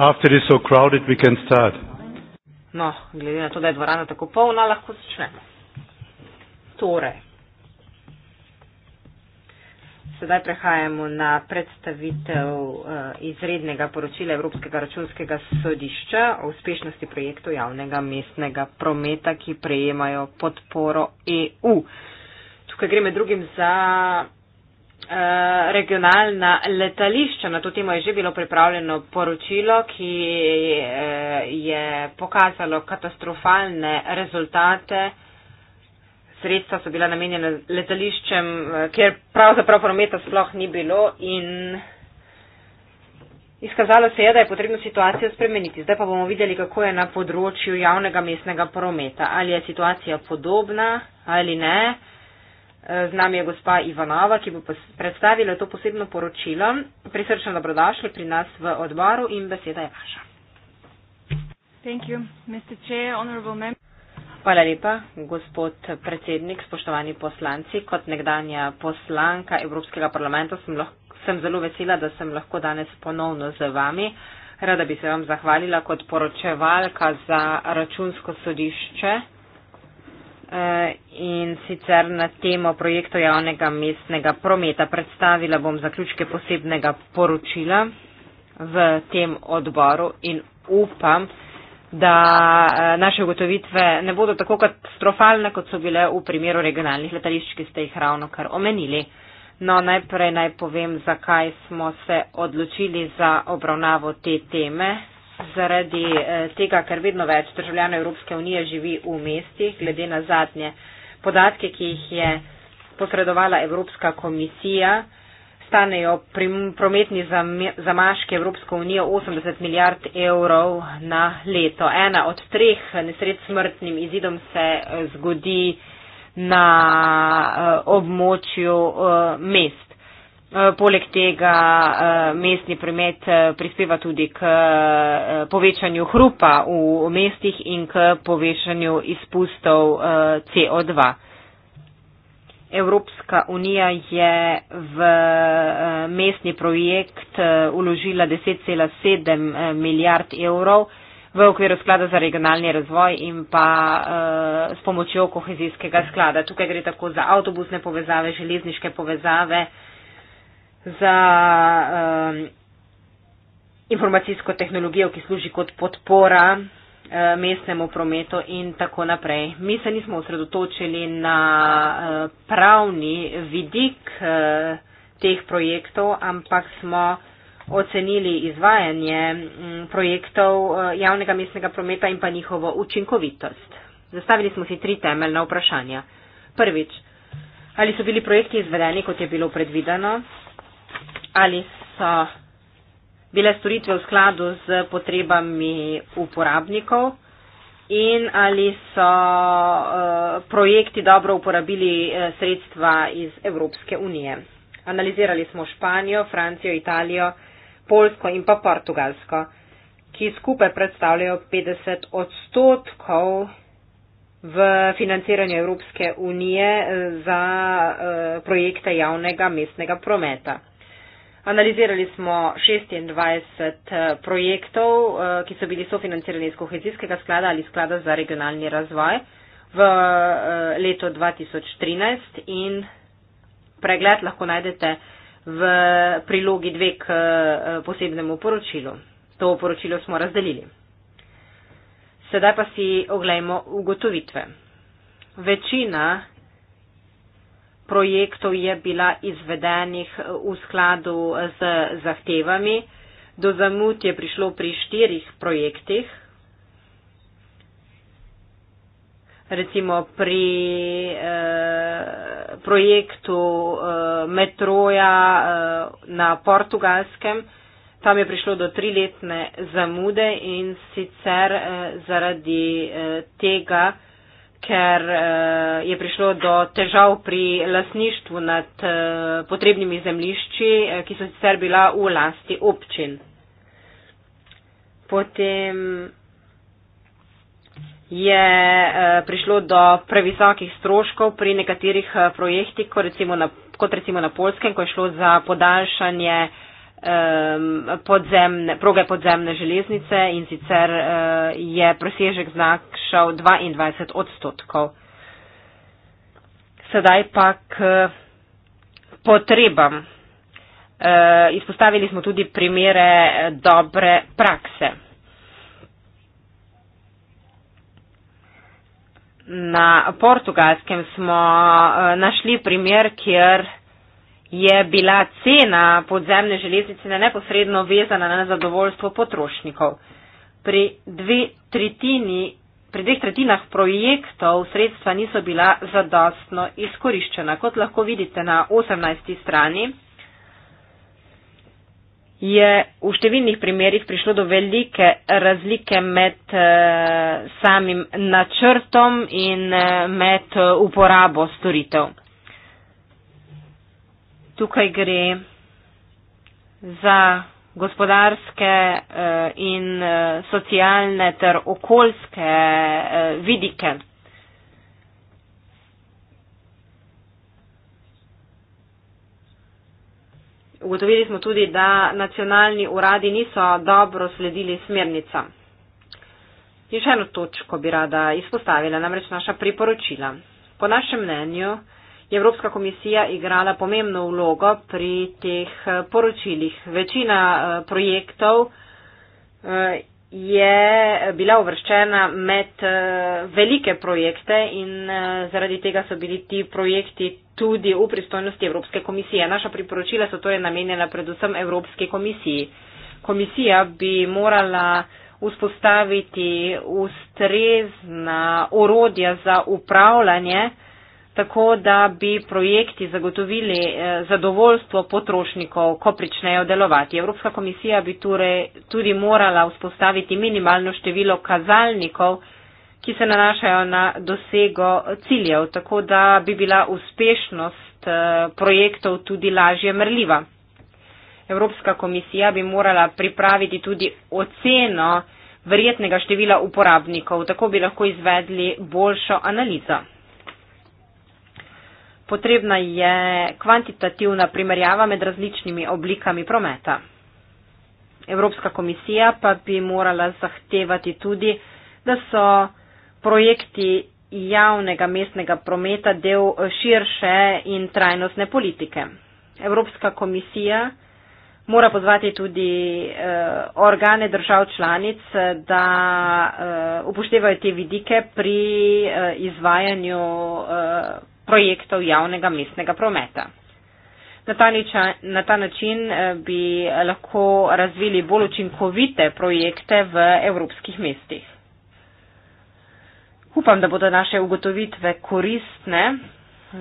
crowded, no, glede na to, da je dvorana tako polna, lahko začnemo. Torej, sedaj prehajamo na predstavitev uh, izrednega poročila Evropskega računskega sodišča o uspešnosti projektov javnega mestnega prometa, ki prejemajo podporo EU. Tukaj gre med drugim za Eh, regionalna letališča. Na to temo je že bilo pripravljeno poročilo, ki eh, je pokazalo katastrofalne rezultate. Sredstva so bila namenjena letališčem, eh, kjer pravzaprav prometa sploh ni bilo in izkazalo se je, da je potrebno situacijo spremeniti. Zdaj pa bomo videli, kako je na področju javnega mestnega prometa. Ali je situacija podobna ali ne. Uh, Z nami je gospa Ivanova, ki bo predstavila to posebno poročilo. Prisrčno dobrodošli pri nas v odboru in beseda je vaša. Hvala lepa, gospod predsednik, spoštovani poslanci. Kot nekdanja poslanka Evropskega parlamenta sem, lahko, sem zelo vesela, da sem lahko danes ponovno z vami. Rada bi se vam zahvalila kot poročevalka za računsko sodišče. Eh, in sicer na temo projekto javnega mestnega prometa. Predstavila bom zaključke posebnega poročila v tem odboru in upam, da eh, naše ugotovitve ne bodo tako katastrofalne, kot so bile v primeru regionalnih letališč, ki ste jih ravno kar omenili. No, najprej naj povem, zakaj smo se odločili za obravnavo te teme zaradi eh, tega, ker vedno več državljanov Evropske unije živi v mestih, glede na zadnje podatke, ki jih je posredovala Evropska komisija, stanejo prometni zamaški Evropsko unijo 80 milijard evrov na leto. Ena od treh nesreč smrtnim izidom se eh, zgodi na eh, območju mest. Eh, poleg tega eh, mestni promet eh, prispeva tudi k povečanju hrupa v mestih in k povečanju izpustov CO2. Evropska unija je v mestni projekt uložila 10,7 milijard evrov v okviru sklada za regionalni razvoj in pa s pomočjo kohezijskega sklada. Tukaj gre tako za avtobusne povezave, železniške povezave, za um, informacijsko tehnologijo, ki služi kot podpora uh, mestnemu prometu in tako naprej. Mi se nismo osredotočili na uh, pravni vidik uh, teh projektov, ampak smo ocenili izvajanje um, projektov uh, javnega mestnega prometa in pa njihovo učinkovitost. Zastavili smo si tri temeljna vprašanja. Prvič, ali so bili projekti izvedeni, kot je bilo predvideno? ali so bile storitve v skladu z potrebami uporabnikov in ali so eh, projekti dobro uporabili eh, sredstva iz Evropske unije. Analizirali smo Španijo, Francijo, Italijo, Polsko in pa Portugalsko, ki skupaj predstavljajo 50 odstotkov v financiranju Evropske unije eh, za projekte javnega mestnega prometa. Analizirali smo 26 eh, projektov, eh, ki so bili sofinancirani iz kohezijskega sklada ali sklada za regionalni razvoj v eh, leto 2013 in pregled lahko najdete v prilogi dve k posebnemu poročilu. To poročilo smo razdelili. Sedaj pa si oglejmo ugotovitve. Večina projektov je bila izvedenih eh, v skladu z zahtevami. Do zamud je prišlo pri štirih projektih, recimo pri eh, projektu eh, metroja eh, na portugalskem. Tam je prišlo do triletne zamude in sicer eh, zaradi eh, tega, ker uh, je prišlo do težav pri lasništvu nad uh, potrebnimi zemlišči, uh, eh, ki so sicer bila v lasti občin. Potem je uh, prišlo do previsokih stroškov pri nekaterih uh, projektih, kot recimo, na, kot recimo na Polskem, ko je šlo za podaljšanje uh, podzemne, proge podzemne železnice in sicer eh, je presežek znašal 22 odstotkov. Sedaj pa k potrebam. Eh, izpostavili smo tudi primere dobre prakse. Na portugalskem smo eh, našli primer, kjer je bila cena podzemne železnice neposredno vezana na nezadovoljstvo potrošnikov. Pri, dve tretjini, pri dveh tretjinah projektov sredstva niso bila zadostno izkoriščena. Kot lahko vidite na 18. strani, je v številnih primerjih prišlo do velike razlike med eh, samim načrtom in eh, med eh, uporabo storitev tukaj gre za gospodarske eh, in eh, socialne ter okoljske eh, vidike. Ugotovili smo tudi, da nacionalni uradi niso dobro sledili smernicam. In še eno točko bi rada izpostavila, namreč naša priporočila. Po našem mnenju, je Evropska komisija igrala pomembno vlogo pri teh eh, poročilih. Večina eh, projektov eh, je bila uvrščena med velike projekte in zaradi tega so bili ti projekti tudi v pristojnosti Evropske komisije. Naša priporočila so torej namenjena predvsem Evropske komisiji. Komisija bi morala vzpostaviti ustrezna orodja za upravljanje tako, da bi projekti zagotovili eh, zadovoljstvo potrošnikov, ko pričnejo delovati. Evropska komisija bi torej tudi morala vzpostaviti minimalno število kazalnikov, ki se nanašajo na dosego ciljev, tako da bi bila uspešnost eh, projektov tudi lažje mrljiva. Evropska komisija bi morala pripraviti tudi oceno verjetnega števila uporabnikov, tako bi lahko izvedli boljšo analizo. Potrebna je kvantitativna primerjava med različnimi oblikami prometa. Evropska komisija pa bi morala zahtevati tudi, da so projekti javnega mestnega prometa del širše in trajnostne politike. Evropska komisija mora pozvati tudi eh, organe držav članic, da eh, upoštevajo te vidike pri eh, izvajanju. Eh, projektov javnega mestnega prometa. Na ta, niča, na ta način eh, bi lahko razvili bolj učinkovite projekte v evropskih mestih. Upam, da bodo naše ugotovitve koristne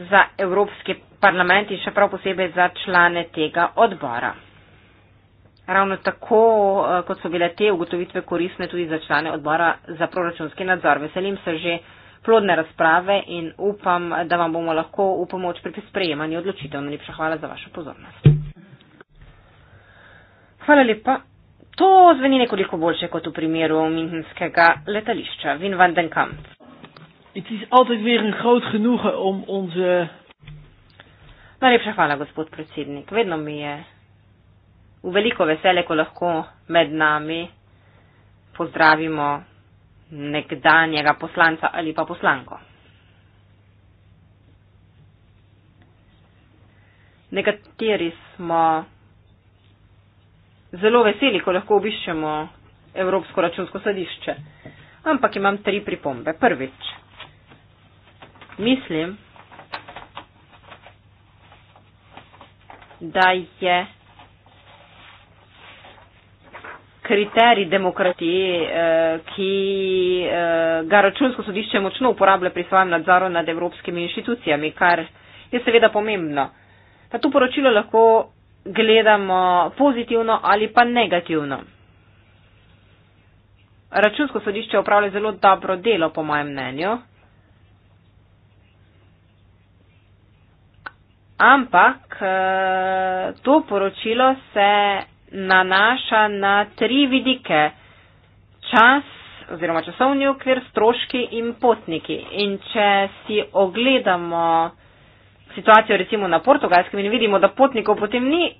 za Evropski parlament in še prav posebej za člane tega odbora. Ravno tako, eh, kot so bile te ugotovitve koristne tudi za člane odbora za proračunski nadzor. Veselim se že plodne razprave in upam, da vam bomo lahko v pomoč pri sprejemanju odločitev. Najlepša hvala za vašo pozornost. Hvala lepa. To zveni nekoliko boljše kot v primeru minhenskega letališča. Vin van den Kamp. It is altijd weer een groot genoegen om onze. Najlepša hvala, gospod predsednik. Vedno mi je v veliko vesele, ko lahko med nami pozdravimo nekdanjega poslanca ali pa poslanko. Nekateri smo zelo veseli, ko lahko obiščemo Evropsko računsko sodišče, ampak imam tri pripombe. Prvič, mislim, da je kriterij demokratije, eh, ki eh, ga računsko sodišče močno uporablja pri svojem nadzoru nad evropskimi inštitucijami, kar je seveda pomembno. Na to poročilo lahko gledamo pozitivno ali pa negativno. Računsko sodišče upravlja zelo dobro delo, po mojem mnenju. Ampak eh, to poročilo se nanaša na tri vidike. Čas oziroma časovni okvir, stroški in potniki. In če si ogledamo situacijo recimo na portugalskem in vidimo, da potnikov potem ni,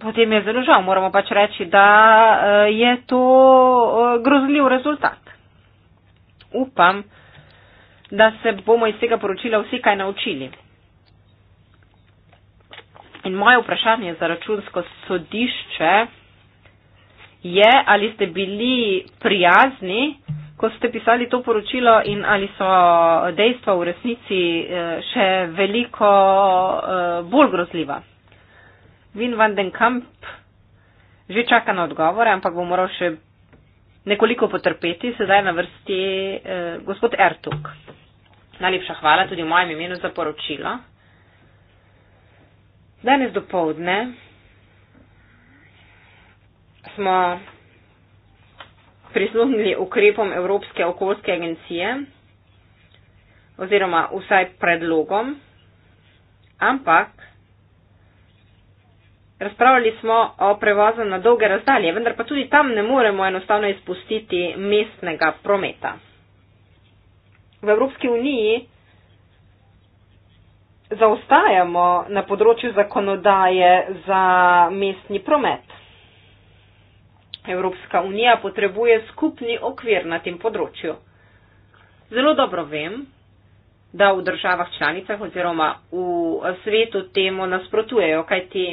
potem je zelo žal. Moramo pač reči, da eh, je to eh, grozljiv rezultat. Upam, da se bomo iz tega poročila vsi kaj naučili. In moje vprašanje za računsko sodišče je, ali ste bili prijazni, ko ste pisali to poročilo in ali so dejstva v resnici eh, še veliko eh, bolj grozljiva. Vin van den Kamp že čaka na odgovore, ampak bo moral še nekoliko potrpeti. Sedaj na vrsti eh, gospod Ertuk. Najlepša hvala tudi v mojem imenu za poročilo. Danes do povdne smo prisluhnili ukrepom Evropske okoljske agencije oziroma vsaj predlogom, ampak razpravljali smo o prevozu na dolge razdalje, vendar pa tudi tam ne moremo enostavno izpustiti mestnega prometa. V Evropski uniji zaostajamo na področju zakonodaje za mestni promet. Evropska unija potrebuje skupni okvir na tem področju. Zelo dobro vem, da v državah članicah oziroma v svetu temu nasprotujejo, kajti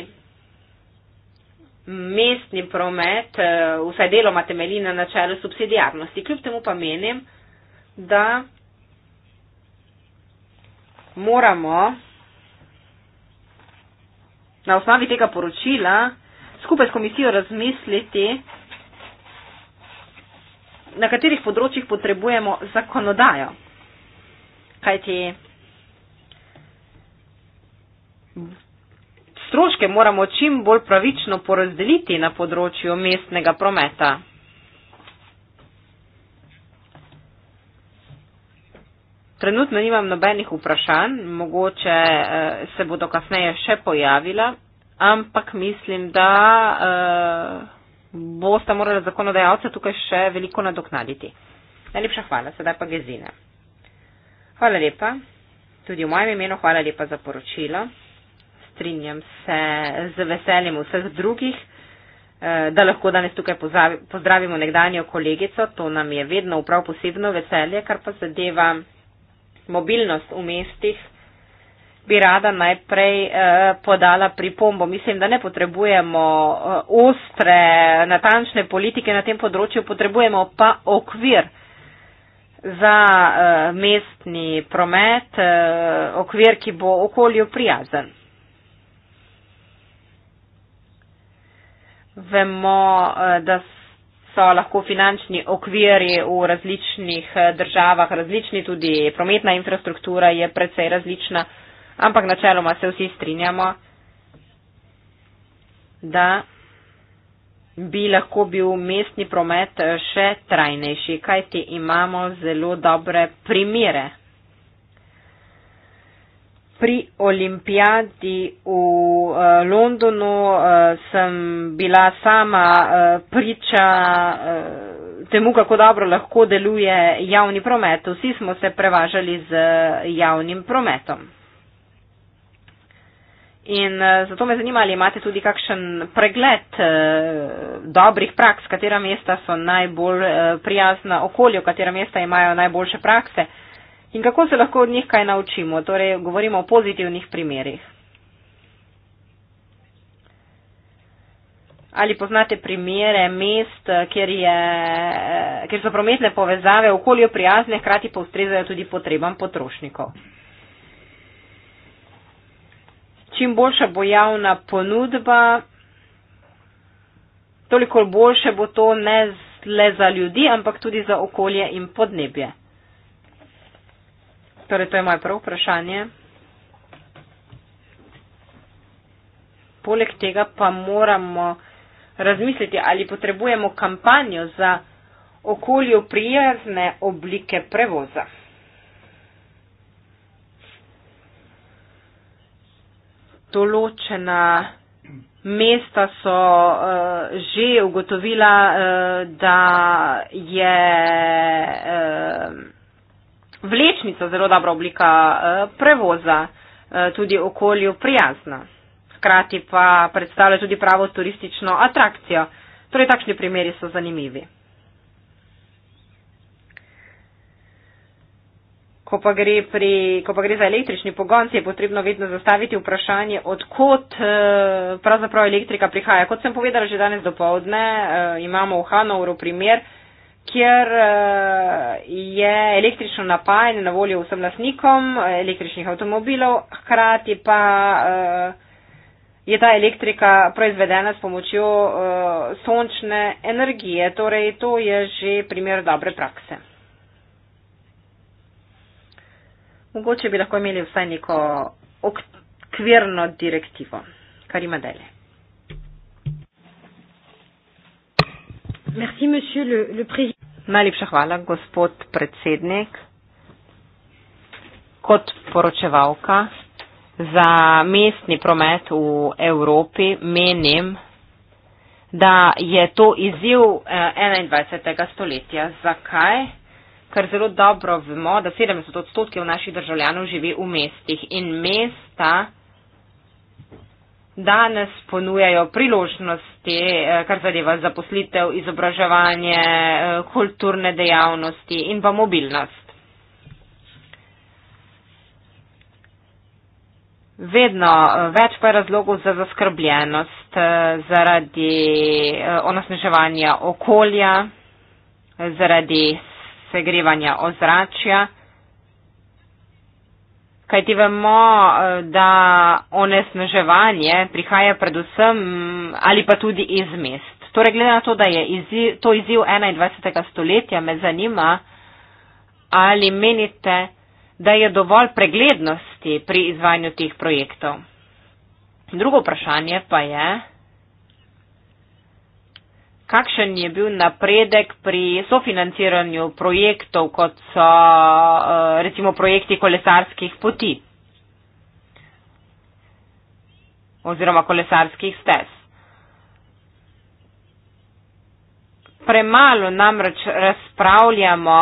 mestni promet eh, vsaj deloma temelji na načelu subsidijarnosti. Kljub temu pa menim, da moramo na osnovi tega poročila skupaj s komisijo razmisliti, na katerih področjih potrebujemo zakonodajo. Kajti stroške moramo čim bolj pravično porazdeliti na področju mestnega prometa. Trenutno nimam nobenih vprašanj, mogoče uh, se bodo kasneje še pojavila, ampak mislim, da uh, eh, boste morali zakonodajalce tukaj še veliko nadoknaditi. Najlepša hvala, sedaj pa gezine. Hvala lepa, tudi v mojem imenu hvala lepa za poročilo. Strinjam se z veseljem vseh drugih, eh, da lahko danes tukaj pozdravimo nekdanjo kolegico. To nam je vedno prav posebno veselje, kar pa zadeva mobilnost v mestih, bi rada najprej eh, podala pripombo. Mislim, da ne potrebujemo eh, ostre, natančne politike na tem področju, potrebujemo pa okvir za eh, mestni promet, eh, okvir, ki bo okolju prijazen. Vemo, eh, da so lahko finančni okviri v različnih eh, državah različni, tudi prometna infrastruktura je precej različna, ampak načeloma se vsi strinjamo, da bi lahko bil mestni promet eh, še trajnejši, kajti imamo zelo dobre primere pri olimpijadi v uh, Londonu uh, sem bila sama uh, priča uh, temu, kako dobro lahko deluje javni promet. Vsi smo se prevažali z javnim prometom. In zato me zanima, ali imate tudi kakšen pregled eh, dobrih praks, katera mesta so najbolj eh, prijazna okolju, katera mesta imajo najboljše prakse. Eh, In kako se lahko od njih kaj naučimo? Torej, govorimo o pozitivnih primerih. Ali poznate primere mest, kjer, je, kjer so prometne povezave okolju prijazne, hkrati pa ustrezajo tudi potrebam potrošnikov? Čim boljša bo javna ponudba, toliko boljše bo to ne le za ljudi, ampak tudi za okolje in podnebje. Torej, to je moje prvo vprašanje. Poleg tega pa moramo razmisliti, ali potrebujemo kampanjo za okolju prijazne oblike prevoza. Določena mesta so uh, že ugotovila, uh, da je. Uh, vlečnica zelo dobra oblika eh, prevoza, eh, tudi okolju prijazna. Hkrati pa predstavlja tudi pravo turistično atrakcijo. Torej, takšni primeri so zanimivi. Ko pa, pri, ko pa gre za električni pogon, si je potrebno vedno zastaviti vprašanje, odkot eh, pravzaprav elektrika prihaja. Kot sem povedala že danes dopovdne, imamo v Hanovru primer, kjer eh, je električno napajanje na voljo vsem lasnikom eh, električnih avtomobilov, hkrati pa eh, je ta elektrika proizvedena s pomočjo sončne energije. Torej, to je že primer dobre prakse. Mogoče bi lahko imeli vsaj neko okvirno direktivo, kar ima dalje. Merci, monsieur le, le président. Najlepša hvala, gospod predsednik. Kot poročevalka za mestni promet v Evropi menim, da je to izziv 21. Eh, stoletja. Zakaj? Ker zelo dobro vemo, da 70 odstotkov naših državljanov živi v mestih in mesta danes ponujajo priložnosti, eh, kar zadeva zaposlitev, izobraževanje, eh, kulturne dejavnosti in pa mobilnost. Vedno eh, več pa je razlogov za zaskrbljenost zaradi onosneževanja okolja, zaradi segrevanja ozračja kaj ti vemo, eh, da onesnaževanje prihaja predvsem ali pa tudi iz mest. Torej, glede na to, da je izziv, to izziv 21. stoletja, me zanima, ali menite, da je dovolj preglednosti pri izvajanju teh projektov. Drugo vprašanje pa je, kakšen je bil napredek pri sofinanciranju projektov, kot so eh, recimo projekti kolesarskih poti oziroma kolesarskih stez. Premalo namreč razpravljamo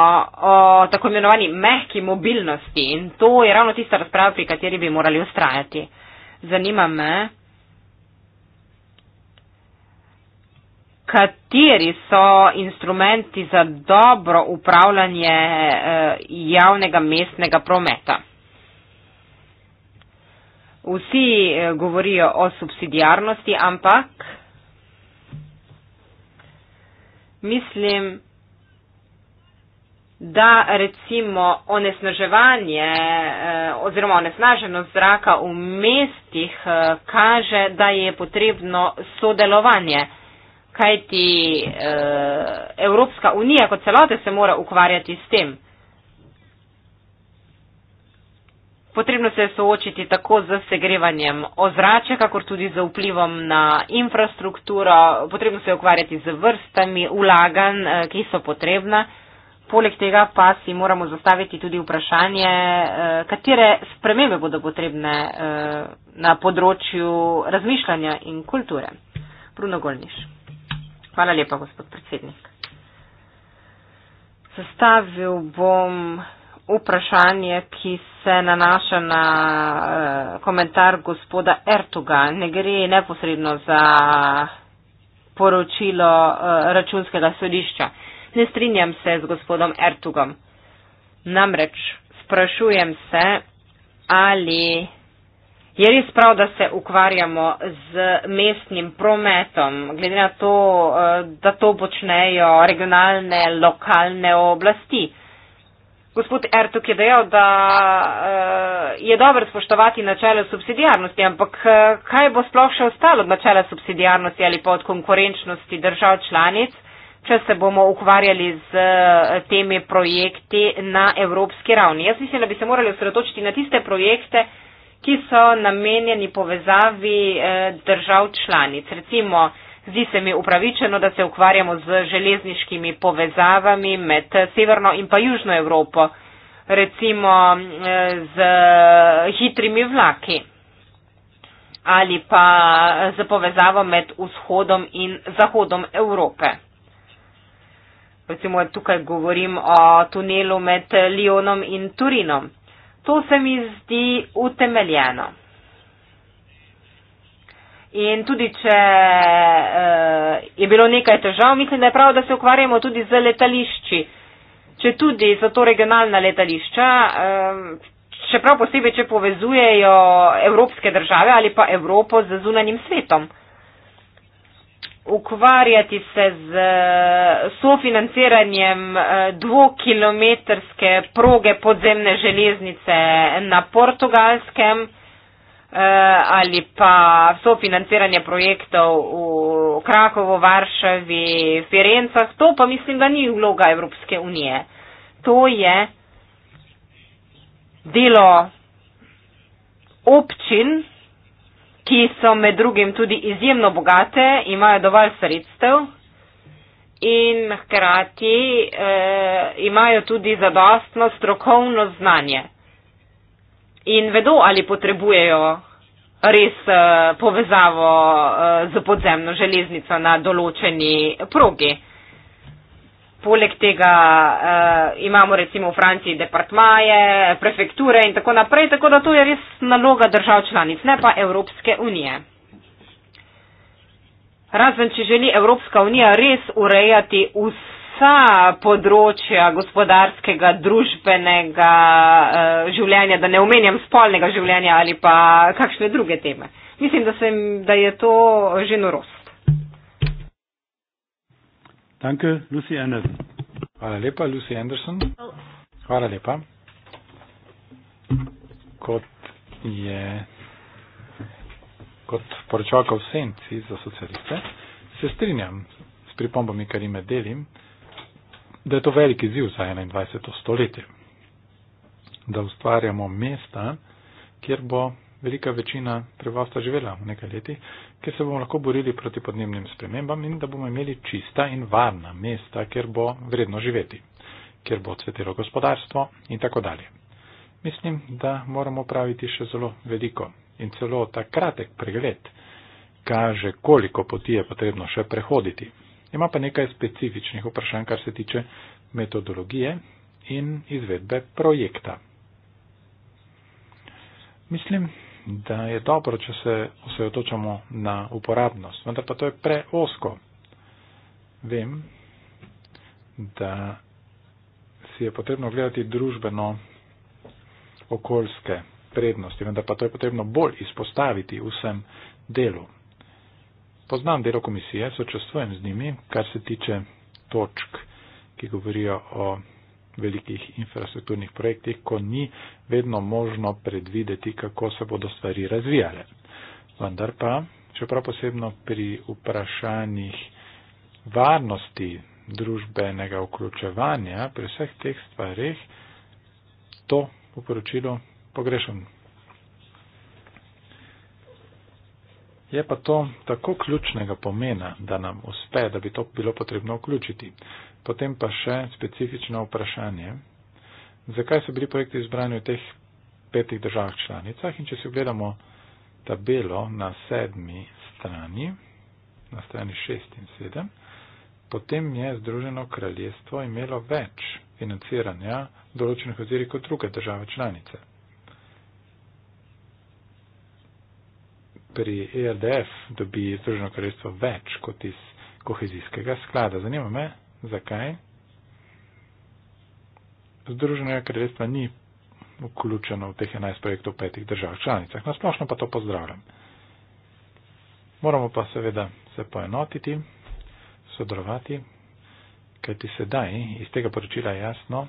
o tako imenovani mehki mobilnosti in to je ravno tista razprava, pri kateri bi morali ustrajati. Zanima me, kateri so instrumenti za dobro upravljanje eh, javnega mestnega prometa. Vsi eh, govorijo o subsidijarnosti, ampak mislim, da recimo onesnaževanje eh, oziroma onesnaženost zraka v mestih kaže, da je potrebno sodelovanje kajti eh, Evropska unija kot celote se mora ukvarjati s tem. Potrebno se je soočiti tako z segrevanjem ozračja, kakor tudi z vplivom na infrastrukturo. Potrebno se je ukvarjati z vrstami ulagan, eh, ki so potrebna. Poleg tega pa si moramo zastaviti tudi vprašanje, eh, katere spremembe bodo potrebne eh, na področju razmišljanja in kulture. Bruno Golniš. Hvala lepa, gospod predsednik. Zastavil bom vprašanje, ki se nanaša na uh, komentar gospoda Ertuga. Ne gre neposredno za poročilo uh, računskega sodišča. Ne strinjam se z gospodom Ertugom. Namreč sprašujem se, ali Je res prav, da se ukvarjamo z mestnim prometom, glede na to, eh, da to počnejo regionalne, lokalne oblasti. Gospod Ertuk je dejal, da eh, je dobro spoštovati načelo subsidijarnosti, ampak eh, kaj bo sploh še ostalo od načela subsidijarnosti ali pa od konkurenčnosti držav članic, če se bomo ukvarjali z temi projekti na evropski ravni? Jaz mislim, da bi se morali osredotočiti na tiste projekte, ki so namenjeni povezavi eh, držav članic. Recimo, zdi se mi upravičeno, da se ukvarjamo z železniškimi povezavami med Severno in pa Južno Evropo, recimo eh, z hitrimi vlaki ali pa z povezavo med vzhodom in zahodom Evrope. Recimo, tukaj govorim o tunelu med Lionom in Turinom. To se mi zdi utemeljeno. In tudi, če uh, je bilo nekaj težav, mislim, da je prav, da se ukvarjamo tudi z letališči. Če tudi za to regionalna letališča, uh, eh, čeprav posebej, če povezujejo evropske države ali pa Evropo z zunanjim svetom. Uh, ukvarjati se z eh, sofinanciranjem eh, dvokilometrske proge podzemne železnice na portugalskem eh, ali pa sofinanciranje projektov v Krakovo, Varšavi, Firencah. To pa mislim, da ni vloga Evropske unije. To je delo občin, ki so med drugim tudi izjemno bogate, imajo dovolj sredstev in hkrati eh, imajo tudi zadostno strokovno znanje. In vedo, ali potrebujejo res eh, povezavo eh, z podzemno železnico na določeni progi. Eh, Poleg tega uh, imamo recimo v Franciji departmaje, prefekture in tako naprej, tako da to je res naloga držav članic, ne pa Evropske unije. Razen, če želi Evropska unija res urejati vsa področja gospodarskega, družbenega uh, življenja, da ne omenjam spolnega življenja ali pa kakšne druge teme. Mislim, da, sem, da je to že norost. Danke, Lucy Anderson. Hvala lepa, Lucy Anderson. Oh. Hvala lepa. Kot je kot poročalka v senci za socialiste, se strinjam s pripombami, kar ime delim, da je to veliki ziv za 21. stoletje. Da ustvarjamo mesta, kjer bo velika večina prebivalstva živela v nekaj letih, ki se bomo lahko borili proti podnebnim spremembam in da bomo imeli čista in varna mesta, kjer bo vredno živeti, kjer bo cvetelo gospodarstvo in tako dalje. Mislim, da moramo praviti še zelo veliko in celo ta kratek pregled kaže, koliko poti je potrebno še prehoditi. Ima pa nekaj specifičnih vprašanj, kar se tiče metodologije in izvedbe projekta. Mislim, da je dobro, če se osredotočamo na uporabnost, vendar pa to je preosko. Vem, da si je potrebno gledati družbeno okoljske prednosti, vendar pa to je potrebno bolj izpostaviti vsem delu. Poznam delo komisije, sočustvujem z njimi, kar se tiče točk, ki govorijo o velikih infrastrukturnih projektih, ko ni vedno možno predvideti, kako se bodo stvari razvijale. Vendar pa, čeprav posebno pri vprašanjih varnosti družbenega vključevanja, pri vseh teh stvarih, to poporočilo pogrešam. Je pa to tako ključnega pomena, da nam uspe, da bi to bilo potrebno vključiti. Potem pa še specifično vprašanje, zakaj so bili projekti izbrani v teh petih državah članicah in če si ogledamo tabelo na sedmi strani, na strani šest in sedem, potem je Združeno kraljestvo imelo več financiranja določenih oziri kot druge države članice. Pri ERDF dobi Združeno kraljestvo več kot iz kohezijskega sklada. Zanima me, Zakaj? Združeno je kraljestvo ni vključeno v teh 11 projektov petih držav članicah. Na splošno pa to pozdravljam. Moramo pa seveda se poenotiti, sodelovati, kajti sedaj iz tega poročila je jasno,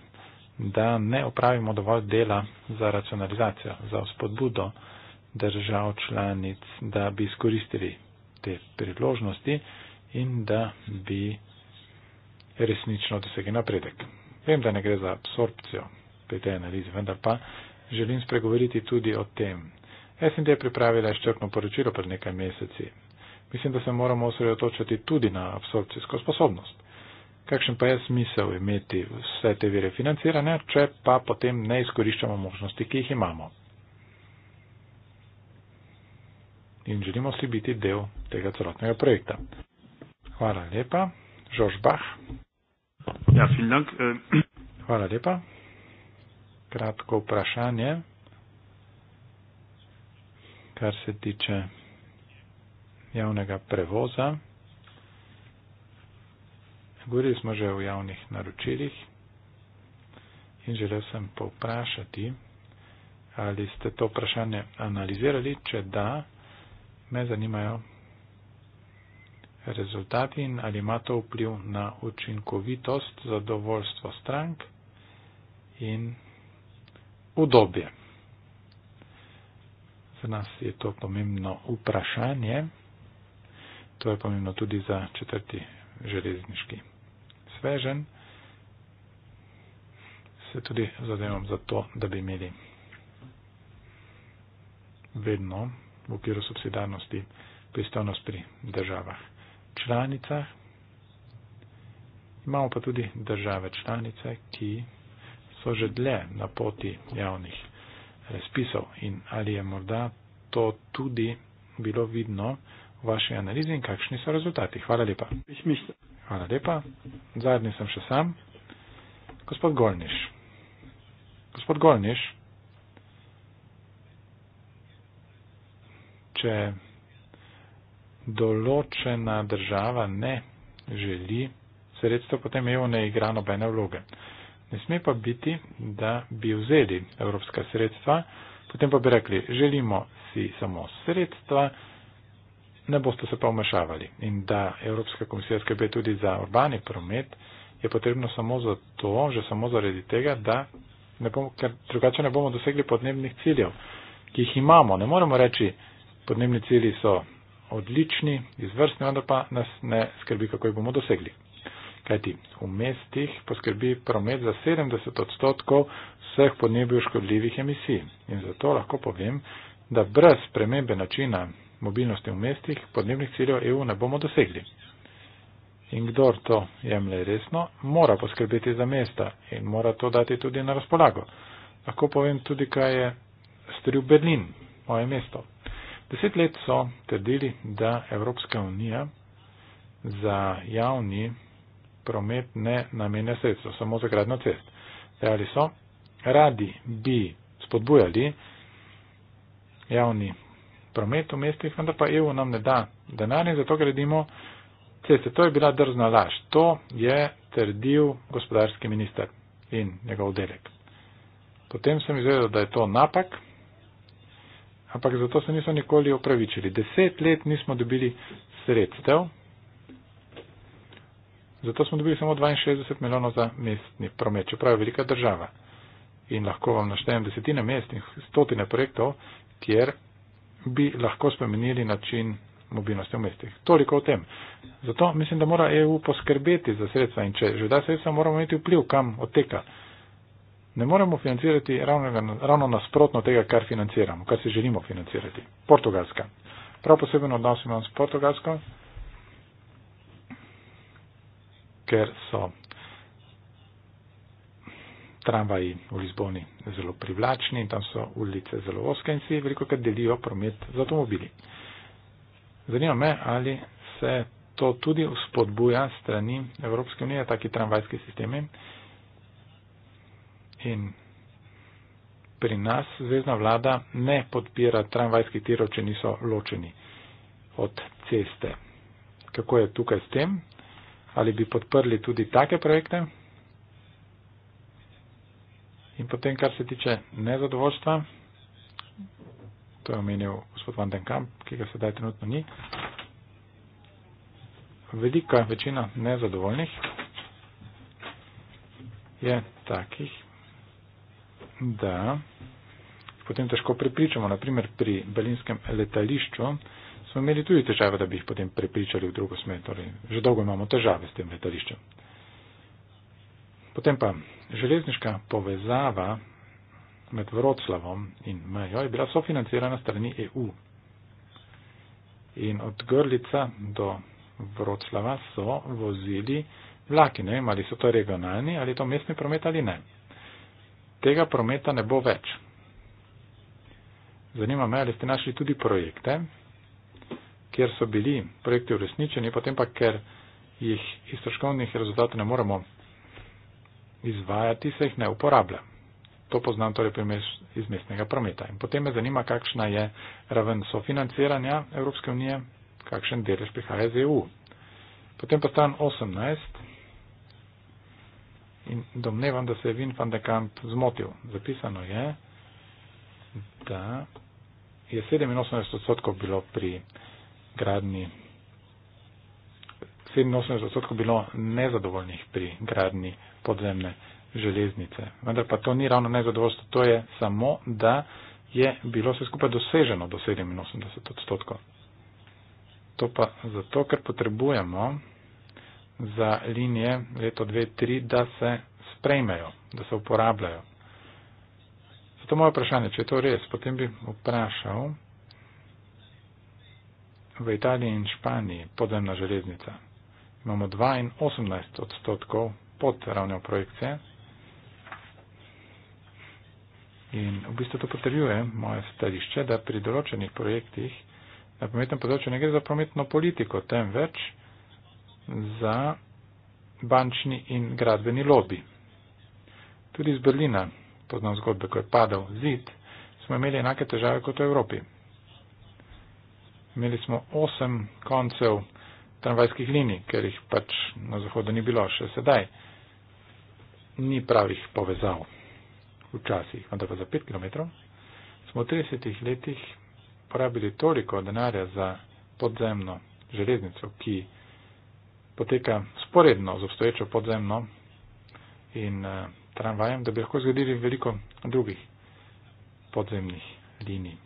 da ne opravimo dovolj dela za racionalizacijo, za vzpodbudo držav članic, da bi izkoristili te priložnosti in da bi resnično dosegel napredek. Vem, da ne gre za absorpcijo pri tej analizi, vendar pa želim spregovoriti tudi o tem. SND je pripravila izčrpno poročilo pred nekaj meseci. Mislim, da se moramo osredotočiti tudi na absorpcijsko sposobnost. Kakšen pa je smisel imeti vse te vire financirane, če pa potem ne izkoriščamo možnosti, ki jih imamo? In želimo si biti del tega celotnega projekta. Hvala lepa. Žož Bah. Ja, vielen Dank. Äh, Hvala lepa. Kratko vprašanje, kar se tiče javnega prevoza. Govorili smo že o javnih naročilih in želel sem povprašati, ali ste to vprašanje analizirali, če da, me zanimajo rezultati in ali ima to vpliv na učinkovitost, zadovoljstvo strank in udobje. Za nas je to pomembno vprašanje, to je pomembno tudi za četrti železniški svežen. Se tudi zavedam za to, da bi imeli vedno v okviru subsidarnosti pristojnost pri državah članicah. Imamo pa tudi države članice, ki so že dlje na poti javnih razpisov in ali je morda to tudi bilo vidno v vaši analizi in kakšni so rezultati. Hvala lepa. Hvala lepa. Zadnji sem še sam. Gospod Golniš. Gospod Golniš. Če določena država ne želi sredstev, potem EU ne igra nobene vloge. Ne sme pa biti, da bi vzeli evropska sredstva, potem pa bi rekli, želimo si samo sredstva, ne boste se pa vmešavali. In da Evropska komisija skrbi tudi za urbani promet, je potrebno samo za to, že samo zaradi tega, da ne bomo, ker drugače ne bomo dosegli podnebnih ciljev, ki jih imamo. Ne moremo reči, podnebni cilji so odlični, izvrstni, vendar pa nas ne skrbi, kako jih bomo dosegli. Kajti v mestih poskrbi promet za 70 odstotkov vseh podnebju škodljivih emisij. In zato lahko povem, da brez spremembe načina mobilnosti v mestih podnebnih ciljev EU ne bomo dosegli. In kdor to jemlje resno, mora poskrbeti za mesta in mora to dati tudi na razpolago. Lahko povem tudi, kaj je storil Berlin, moje mesto. Deset let so trdili, da Evropska unija za javni promet ne namenja sredstva, samo za gradno cest. Dejali so, radi bi spodbujali javni promet v mestih, vendar pa EU nam ne da denarje, zato gradimo ceste. To je bila drzna laž. To je trdil gospodarski minister in njegov delek. Potem sem izvedel, da je to napak ampak zato se niso nikoli opravičili. Deset let nismo dobili sredstev, zato smo dobili samo 62 milijonov za mestni promet, čeprav je velika država. In lahko vam naštejem desetine mest in stotine projektov, kjer bi lahko spremenili način mobilnosti v mestih. Toliko o tem. Zato mislim, da mora EU poskrbeti za sredstva in če že da sredstva, moramo imeti vpliv, kam oteka ne moremo financirati ravno, ravno nasprotno tega, kar financiramo, kar si želimo financirati. Portugalska. Prav poseben odnos imam s Portugalsko, ker so tramvaji v Lizboni zelo privlačni in tam so ulice zelo oske in si veliko krat delijo promet z avtomobili. Zanima me, ali se to tudi spodbuja strani Evropske unije, taki tramvajski sistemi. In pri nas zvezdna vlada ne podpira tramvajskih tirov, če niso ločeni od ceste. Kako je tukaj s tem? Ali bi podprli tudi take projekte? In potem, kar se tiče nezadovoljstva, to je omenil gospod Van den Kamp, ki ga sedaj trenutno ni, velika večina nezadovoljnih je takih, da potem težko prepričamo. Naprimer, pri berlinskem letališču smo imeli tudi težave, da bi jih potem prepričali v drugo smer. Torej, že dolgo imamo težave s tem letališčem. Potem pa železniška povezava med Vroclavom in Mejo je bila sofinancirana strani EU. In od Grlica do Vroclava so vozili vlaki, ne vem, ali so to regionalni ali to mestni promet ali ne tega prometa ne bo več. Zanima me, ali ste našli tudi projekte, kjer so bili projekti uresničeni, potem pa, ker jih iz troškovnih rezultatov ne moremo izvajati, se jih ne uporablja. To poznam torej primer iz mestnega prometa. In potem me zanima, kakšna je raven sofinanciranja Evropske unije, kakšen delež prihaja iz EU. Potem pa stran 18 in domnevam, da se je Vin van de Kamp zmotil. Zapisano je, da je 87 odstotkov bilo pri gradni, 87 odstotkov bilo nezadovoljnih pri gradni podzemne železnice. Vendar pa to ni ravno nezadovoljstvo, to je samo, da je bilo vse skupaj doseženo do 87 odstotkov. To pa zato, ker potrebujemo za linije leto 2003, da se sprejmejo, da se uporabljajo. Zato moje vprašanje, če je to res, potem bi vprašal v Italiji in Španiji podzemna železnica. Imamo 18 odstotkov pod ravnjo projekcije. In v bistvu to potrjuje moje stališče, da pri določenih projektih na pometnem področju ne gre za prometno politiko, temveč za bančni in gradbeni lobby. Tudi iz Berlina, poznam zgodbe, ko je padal zid, smo imeli enake težave kot v Evropi. Imeli smo osem koncev tramvajskih linij, ker jih pač na zahodu ni bilo še sedaj. Ni pravih povezav včasih, vendar pa za 5 km smo v 30 letih porabili toliko denarja za podzemno železnico, ki poteka sporedno z obstoječo podzemno in eh, tramvajem, da bi lahko zgradili veliko drugih podzemnih linij.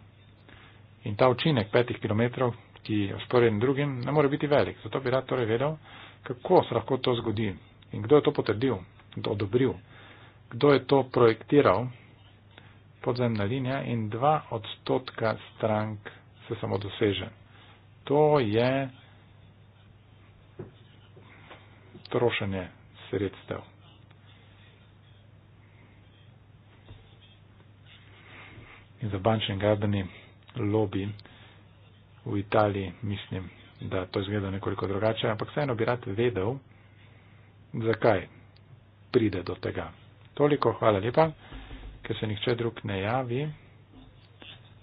In ta učinek petih kilometrov, ki je sporeden drugim, ne more biti velik. Zato bi rad torej vedel, kako se lahko to zgodi in kdo je to potrdil, kdo odobril, kdo je to projektiral, podzemna linija in dva odstotka strank se samo doseže. To je trošenje sredstev. In za bančni gradbeni lobby v Italiji mislim, da to izgleda nekoliko drugače, ampak vseeno bi rad vedel, zakaj pride do tega. Toliko, hvala lepa, ker se nihče drug ne javi.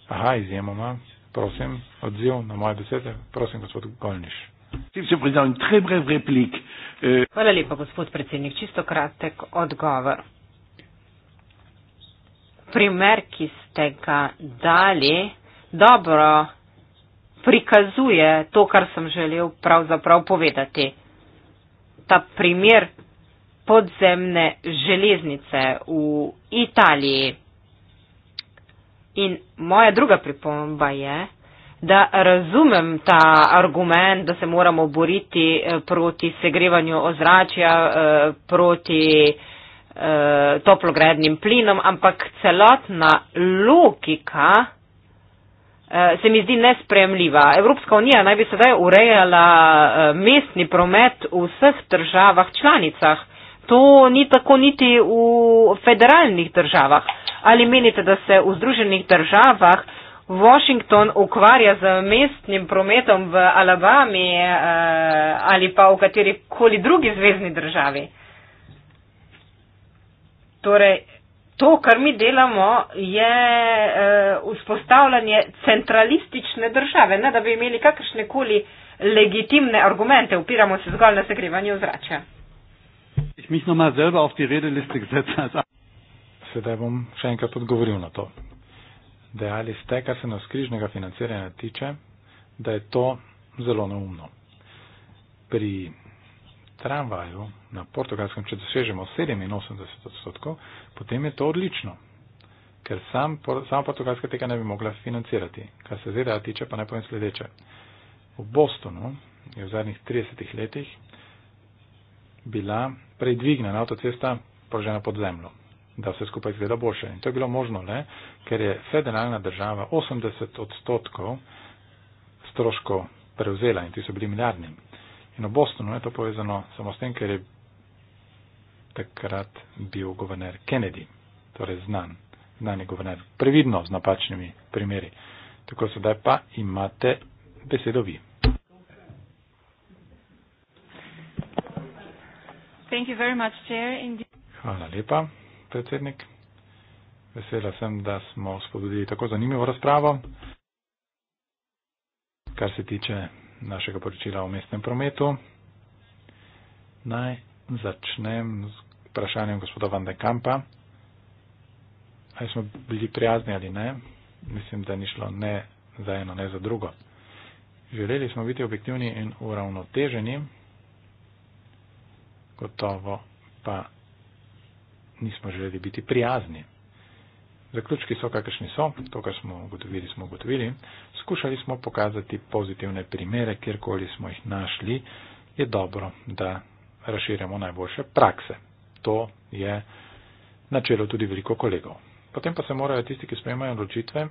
Aha, izjemoma, prosim, odziv na moje besede, prosim, gospod Golniš. Monsieur le Président, une très brève réplique. Euh... Hvala lepa, gospod predsednik. Čisto kratek odgovor. Primer, ki ste ga dali, dobro prikazuje to, kar sem želel pravzaprav povedati. Ta primer podzemne železnice v Italiji. In moja druga pripomba je, da razumem ta argument, da se moramo boriti eh, proti segrevanju ozračja, eh, proti eh, toplogrednim plinom, ampak celotna logika se mi zdi nespremljiva. Evropska unija naj bi sedaj urejala mestni promet v vseh državah članicah. To ni tako niti v federalnih državah. Ali menite, da se v združenih državah Washington ukvarja z mestnim prometom v Alabami uh, ali pa v kateri koli drugi zvezdni državi. Torej, to, kar mi delamo, je uh, vzpostavljanje centralistične države, ne da bi imeli kakršne koli legitimne argumente, upiramo se zgolj na segrevanje ozračja. Sedaj bom še enkrat odgovoril na to dejali ste, kar se navskrižnega financiranja tiče, da je to zelo neumno. Pri tramvaju na portugalskem, če dosežemo 87 odstotkov, potem je to odlično, ker sam, sama portugalska tega ne bi mogla financirati. Kar se ZDA tiče, pa naj povem sledeče. V Bostonu je v zadnjih 30 letih bila predvignjena avtocesta položena pod zemljo da vse skupaj izgleda boljše. In to je bilo možno le, ker je federalna država 80 odstotkov stroško prevzela in ti so bili milijardni. In v Bostonu je to povezano samo s tem, ker je takrat bil guverner Kennedy, torej znan, znani guverner, previdno z napačnimi primeri. Tako sedaj pa imate besedo vi. Hvala lepa predsednik. Vesela sem, da smo spodbudili tako zanimivo razpravo, kar se tiče našega poročila o mestnem prometu. Naj začnem z vprašanjem gospoda Van de Kampa. Ali smo bili prijazni ali ne? Mislim, da ni šlo ne za eno, ne za drugo. Želeli smo biti objektivni in uravnoteženi, gotovo pa nismo želeli biti prijazni. Zaključki so, kakršni so, to, kar smo ugotovili, smo ugotovili. Skušali smo pokazati pozitivne primere, kjerkoli smo jih našli, je dobro, da raširjamo najboljše prakse. To je načelo tudi veliko kolegov. Potem pa se morajo tisti, ki sprejemajo odločitve,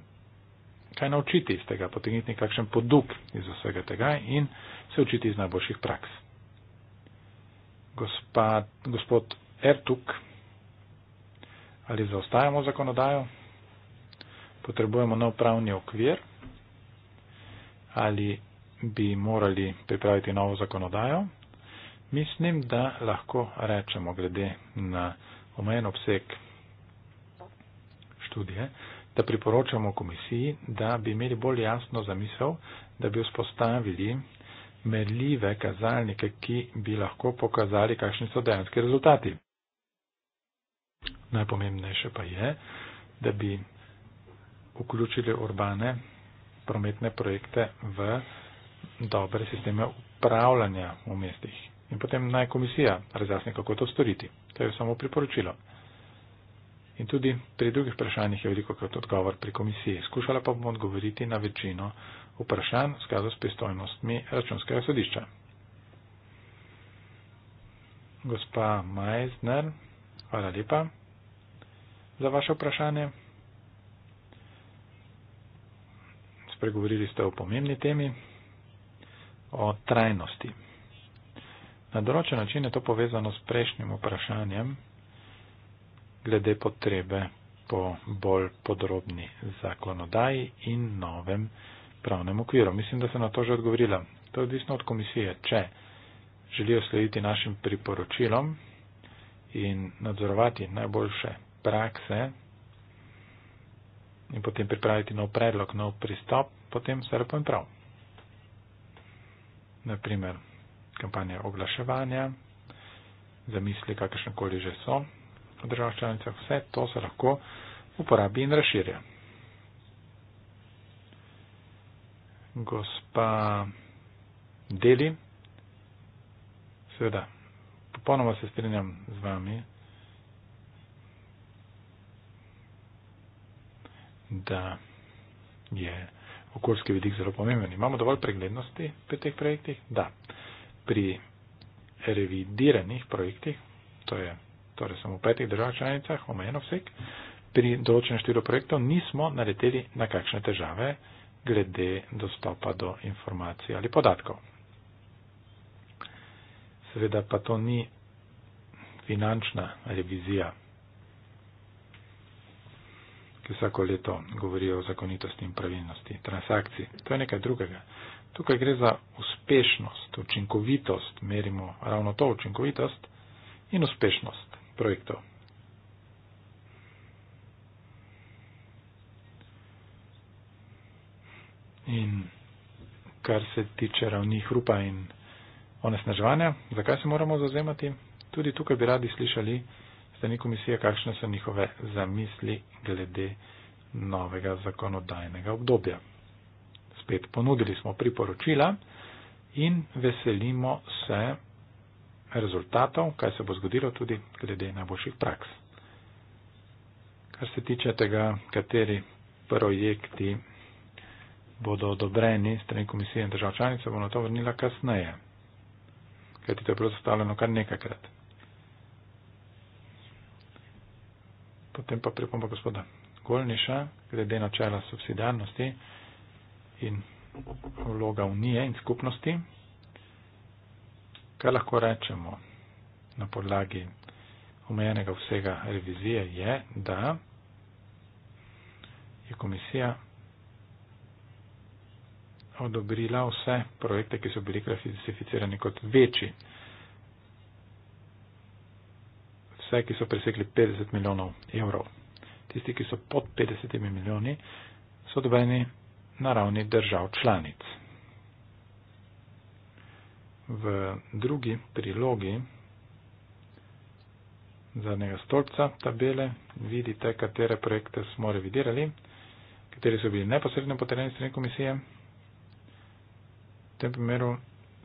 kaj naučiti iz tega, potegniti kakšen poduk iz vsega tega in se učiti iz najboljših praks. Gospa, gospod Ertuk ali zaostajamo zakonodajo, potrebujemo nov pravni okvir, ali bi morali pripraviti novo zakonodajo, mislim, da lahko rečemo glede na omejen obseg študije, da priporočamo komisiji, da bi imeli bolj jasno zamisel, da bi vzpostavili merljive kazalnike, ki bi lahko pokazali, kakšni so dejanski rezultati najpomembnejše pa je, da bi vključili urbane prometne projekte v dobre sisteme upravljanja v mestih. In potem naj komisija razjasni, kako to storiti. To je samo priporočilo. In tudi pri drugih vprašanjih je veliko krat odgovor pri komisiji. Skušala pa bom odgovoriti na večino vprašanj v skladu s pristojnostmi računskega sodišča. Gospa Majzner, hvala lepa za vaše vprašanje. Spregovorili ste o pomembni temi, o trajnosti. Na določen način je to povezano s prejšnjim vprašanjem glede potrebe po bolj podrobni zakonodaji in novem pravnem okviru. Mislim, da sem na to že odgovorila. To je odvisno od komisije. Če želijo slediti našim priporočilom in nadzorovati najboljše prakse in potem pripraviti nov predlog, nov pristop, potem vse lepo in prav. Naprimer, kampanja oglaševanja, zamisli, kakršnekoli že so v državah članicah, vse to se lahko uporabi in razširja. Gospa Deli, seveda, popolnoma se strinjam z vami. da je okoljski vidik zelo pomemben. Imamo dovolj preglednosti pri teh projektih? Da. Pri revidiranih projektih, to je torej samo v petih državah članicah, omejeno vsek, pri določenem številu projektov nismo naredili na kakšne težave glede dostopa do informacij ali podatkov. Seveda pa to ni finančna revizija ki vsako leto govorijo o zakonitosti in pravilnosti transakcij. To je nekaj drugega. Tukaj gre za uspešnost, učinkovitost, merimo ravno to učinkovitost in uspešnost projektov. In kar se tiče ravni hrupa in onesnaževanja, zakaj se moramo zazemati, tudi tukaj bi radi slišali strani komisije, kakšne so njihove zamisli glede novega zakonodajnega obdobja. Spet ponudili smo priporočila in veselimo se rezultatov, kaj se bo zgodilo tudi glede najboljših praks. Kar se tiče tega, kateri projekti bodo odobreni strani komisije in držav članice, bom na to vrnila kasneje, kajti to je bilo zastavljeno kar nekajkrat. potem pa pripomba gospoda Golniša, glede načela subsidijarnosti in vloga unije in skupnosti. Kaj lahko rečemo na podlagi omejenega vsega revizije je, da je komisija odobrila vse projekte, ki so bili klasificirani kot večji. vse, ki so presekli 50 milijonov evrov. Tisti, ki so pod 50 milijoni, so dobeni na ravni držav članic. V drugi prilogi zadnjega stolca tabele vidite, katere projekte smo revidirali, kateri so bili neposredno potrebni strani komisije. V tem primeru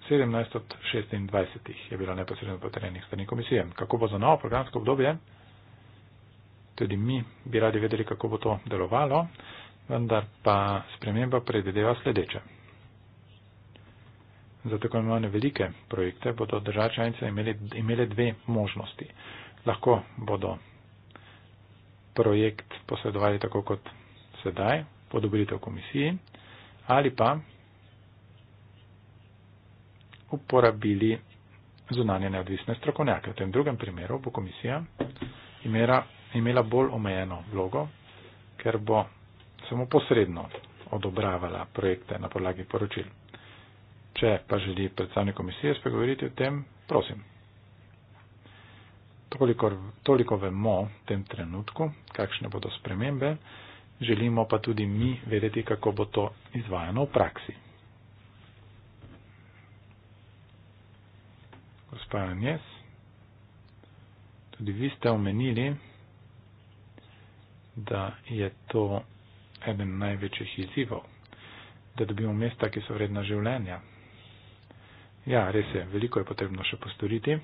17 od 26 je bilo neposredno potrjenih strani komisije. Kako bo za novo programsko obdobje? Tudi mi bi radi vedeli, kako bo to delovalo, vendar pa sprememba predvideva sledeče. Za tako imenovane velike projekte bodo države članice imeli, imeli dve možnosti. Lahko bodo projekt posredovali tako kot sedaj, po dobritev komisiji, ali pa uporabili zunanje neodvisne strokovnjake. V tem drugem primeru bo komisija imela, imela bolj omejeno vlogo, ker bo samo posredno odobravala projekte na podlagi poročil. Če pa želi predstavnik komisije spregovoriti o tem, prosim. Toliko, toliko vemo v tem trenutku, kakšne bodo spremembe, želimo pa tudi mi vedeti, kako bo to izvajano v praksi. pripravljen jaz. Tudi vi ste omenili, da je to eden največjih izzivov, da dobimo mesta, ki so vredna življenja. Ja, res je, veliko je potrebno še postoriti.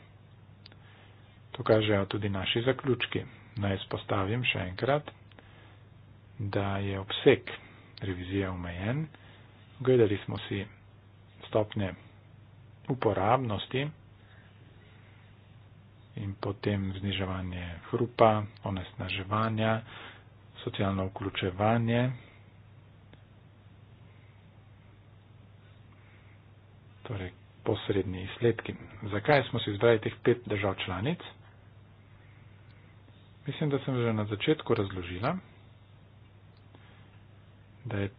To kažejo tudi naši zaključki. Naj spostavim še enkrat, da je obseg revizije omejen. Gledali smo si stopnje uporabnosti in potem zniževanje hrupa, onesnaževanja, socialno vključevanje. Torej, posredni izsledki. Zakaj smo si izbrali teh pet držav članic? Mislim, da sem že na začetku razložila, da je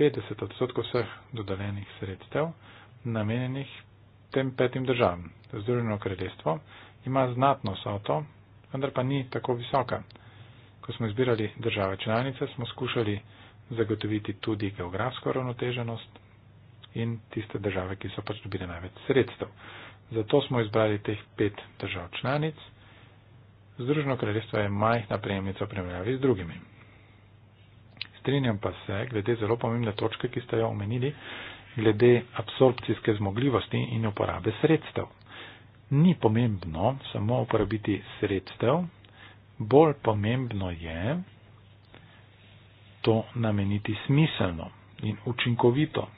50 odstotkov vseh dodaljenih sredstev namenjenih tem petim državam. Združeno kraljestvo ima znatno soto, vendar pa ni tako visoka. Ko smo izbirali države članice, smo skušali zagotoviti tudi geografsko ravnoteženost in tiste države, ki so pač dobile največ sredstev. Zato smo izbrali teh pet držav članic. Združeno kraljestvo je majhna prejemnica v primerjavi z drugimi. Strinjam pa se, glede zelo pomembne točke, ki ste jo omenili, glede absorpcijske zmogljivosti in uporabe sredstev. Ni pomembno samo uporabiti sredstev, bolj pomembno je to nameniti smiselno in učinkovito.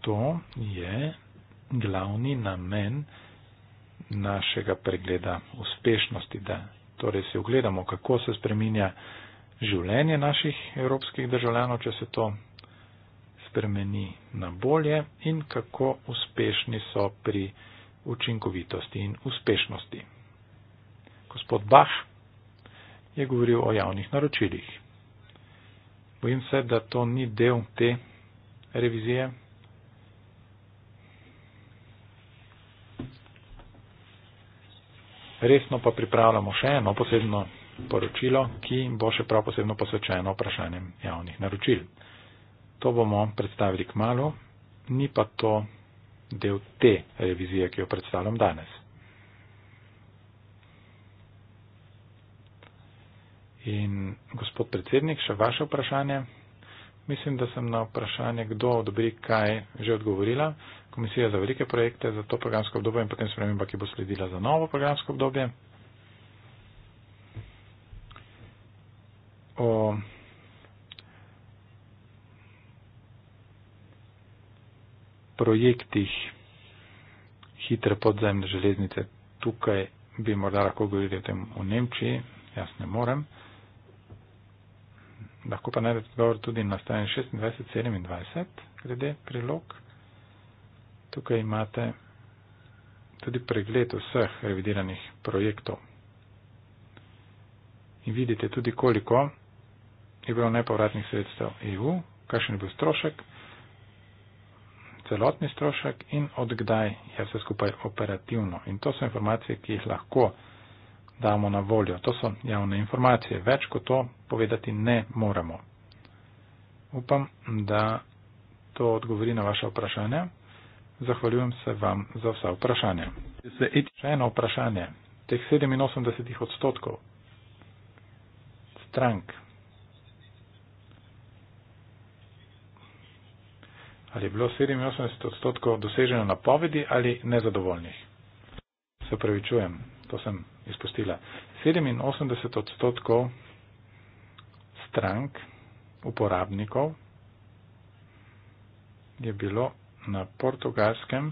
To je glavni namen našega pregleda uspešnosti, da torej se ogledamo, kako se spreminja življenje naših evropskih državljanov, če se to spremeni na bolje in kako uspešni so pri učinkovitosti in uspešnosti. Gospod Bach je govoril o javnih naročilih. Bojim se, da to ni del te revizije. Resno pa pripravljamo še eno posebno poročilo, ki bo še prav posebno posvečeno vprašanjem javnih naročil. To bomo predstavili k malu, ni pa to del te revizije, ki jo predstavljam danes. In gospod predsednik, še vaše vprašanje. Mislim, da sem na vprašanje, kdo odobri kaj, že odgovorila. Komisija za velike projekte za to programsko obdobje in potem sprememba, ki bo sledila za novo programsko obdobje. O projektih hitre podzemne železnice. Tukaj bi morda lahko govorili o tem v Nemčiji, jaz ne morem. Lahko pa najdete odgovor tudi na stran 26.27 glede prilog. Tukaj imate tudi pregled vseh revidiranih projektov. In vidite tudi, koliko je bilo nepovratnih sredstev EU, kakšen je bil strošek celotni strošek in odkdaj je vse skupaj operativno. In to so informacije, ki jih lahko damo na voljo. To so javne informacije. Več kot to povedati ne moremo. Upam, da to odgovori na vaše vprašanje. Zahvaljujem se vam za vsa vprašanja. Še eno vprašanje. Teh 87 odstotkov strank Ali je bilo 87 odstotkov doseženo na povedi ali nezadovoljnih? Se pravičujem, to sem izpustila. 87 odstotkov strank, uporabnikov je bilo na portugalskem.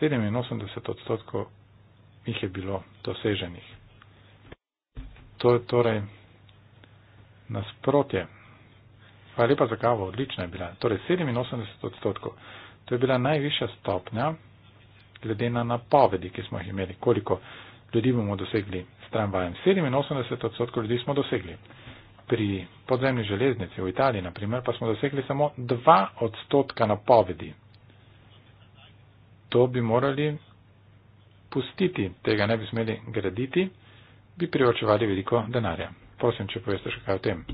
87 odstotkov jih je bilo doseženih. To je torej nasprotje Hvala lepa za kavo, odlična je bila. Torej 87 odstotkov. To je bila najvišja stopnja glede na napovedi, ki smo jih imeli, koliko ljudi bomo dosegli s tramvajem. 87 odstotkov ljudi smo dosegli. Pri podzemni železnici v Italiji, na primer, pa smo dosegli samo 2 odstotka napovedi. To bi morali pustiti, tega ne bi smeli graditi, bi privočevali veliko denarja. Prosim, če poveste še kaj o tem.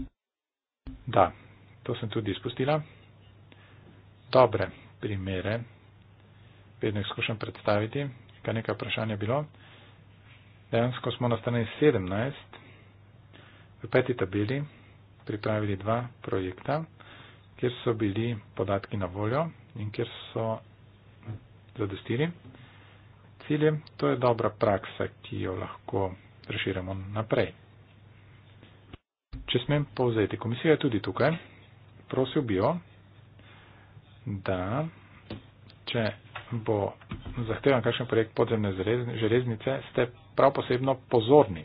Da, to sem tudi izpustila, dobre primere, vedno jih skušam predstaviti, kar nekaj vprašanja bilo. Dejansko smo na strani 17 v peti tabeli pripravili dva projekta, kjer so bili podatki na voljo in kjer so zadostili. Cilje, to je dobra praksa, ki jo lahko reširamo naprej. Če smem povzeti, komisija je tudi tukaj prosil bi jo, da če bo zahtevan kakšen projekt podzemne železnice, ste prav posebno pozorni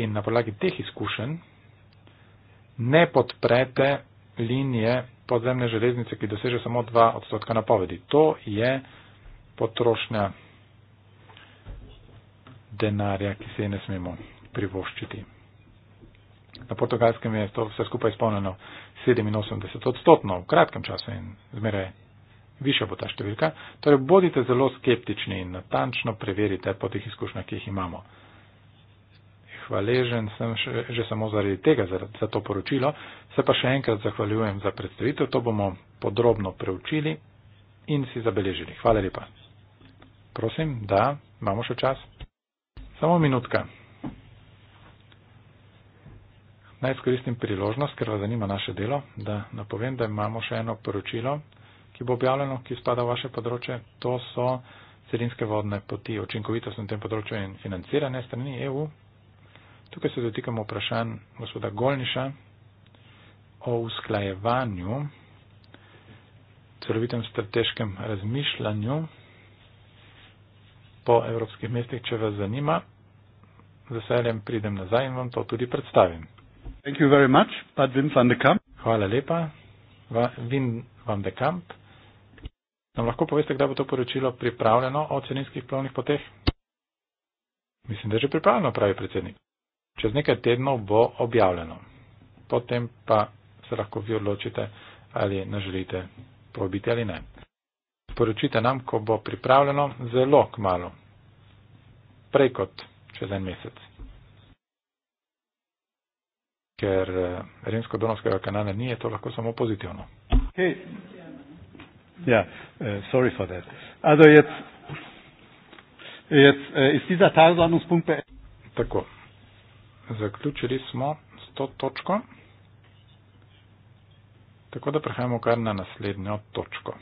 in na podlagi teh izkušenj ne podprete linije podzemne železnice, ki doseže samo 2 odstotka napovedi. To je potrošnja denarja, ki se je ne smemo privoščiti na portugalskem je to vse skupaj izpolnjeno 87 odstotno v kratkem času in zmeraj više bo ta številka. Torej, bodite zelo skeptični in natančno preverite po teh izkušnjah, ki jih imamo. Hvaležen sem že samo zaradi tega, za to poročilo. Se pa še enkrat zahvaljujem za predstavitev. To bomo podrobno preučili in si zabeležili. Hvala lepa. Prosim, da, imamo še čas. Samo minutka. Naj izkoristim priložnost, ker vas zanima naše delo, da napovem, da imamo še eno poročilo, ki bo objavljeno, ki spada v vaše področje. To so celinske vodne poti, očinkovitost na tem področju in financiranje strani EU. Tukaj se dotikamo vprašanj gospoda Golniša o usklajevanju, celovitem strateškem razmišljanju po evropskih mestih, če vas zanima. Z veseljem pridem nazaj in vam to tudi predstavim. Thank you very much. Pat Wim van de Kamp. Hvala lepa. Va, Wim van de Kamp. Nam lahko poveste, kdaj bo to poročilo pripravljeno o celinskih plovnih poteh? Mislim, da je že pripravljeno, pravi predsednik. Čez nekaj tednov bo objavljeno. Potem pa se lahko vi odločite, ali ne želite pobiti ali ne. Sporočite nam, ko bo pripravljeno, zelo kmalo. Prej kot čez en mesec ker eh, rimsko-donovskega kanala ni, je to lahko samo pozitivno. Okay. Ja, uh, sorry for that. Also jetzt, jetzt uh, ist dieser Tagesordnungspunkt beendet. Tako, zaključili smo s to točko. Tako da prehajamo kar na naslednjo točko.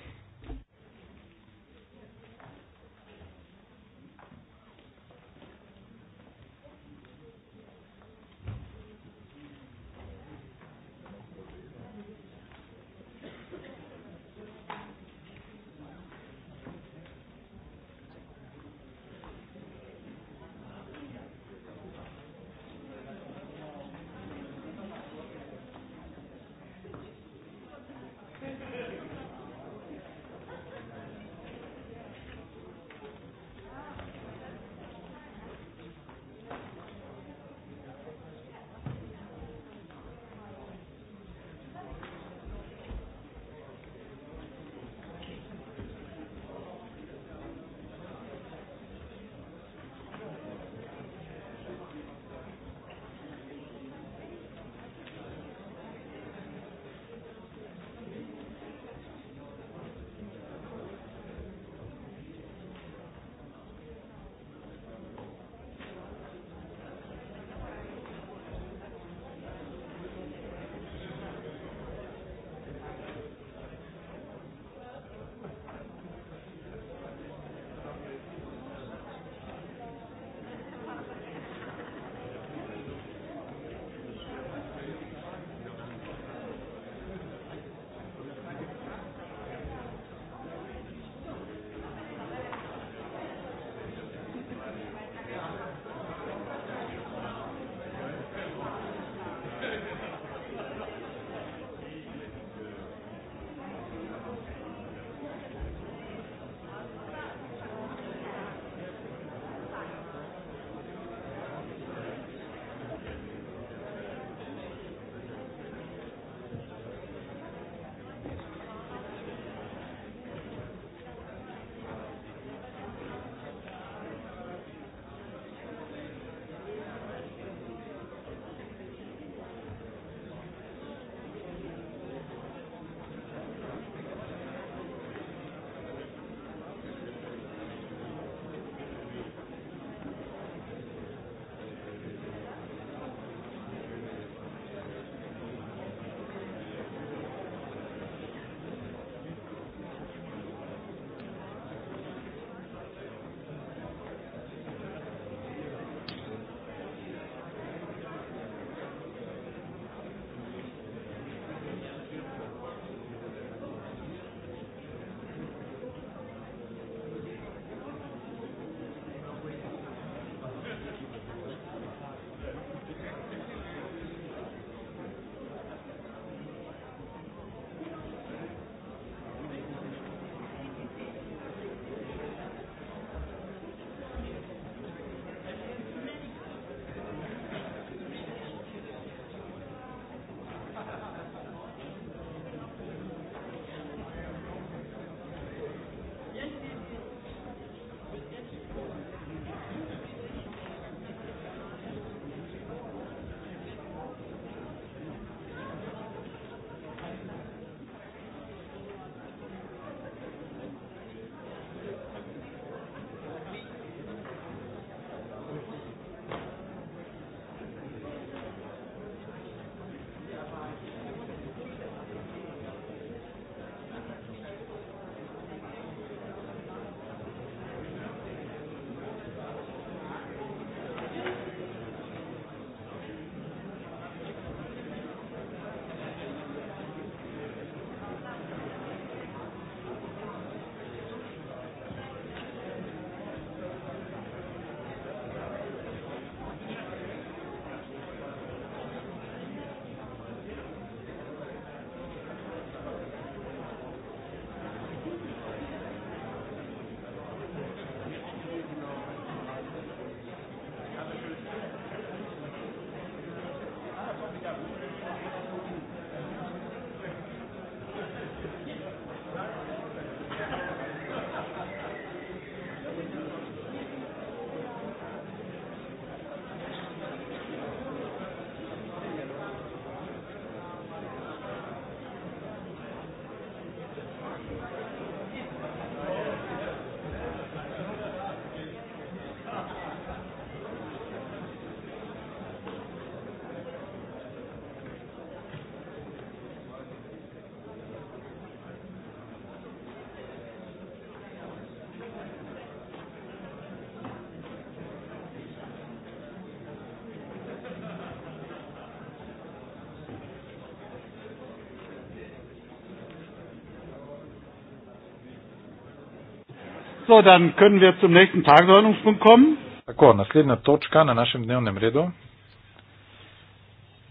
So, dann können wir zum nächsten Tagesordnungspunkt kommen. Tako, naslednja točka na našem dnevnem redu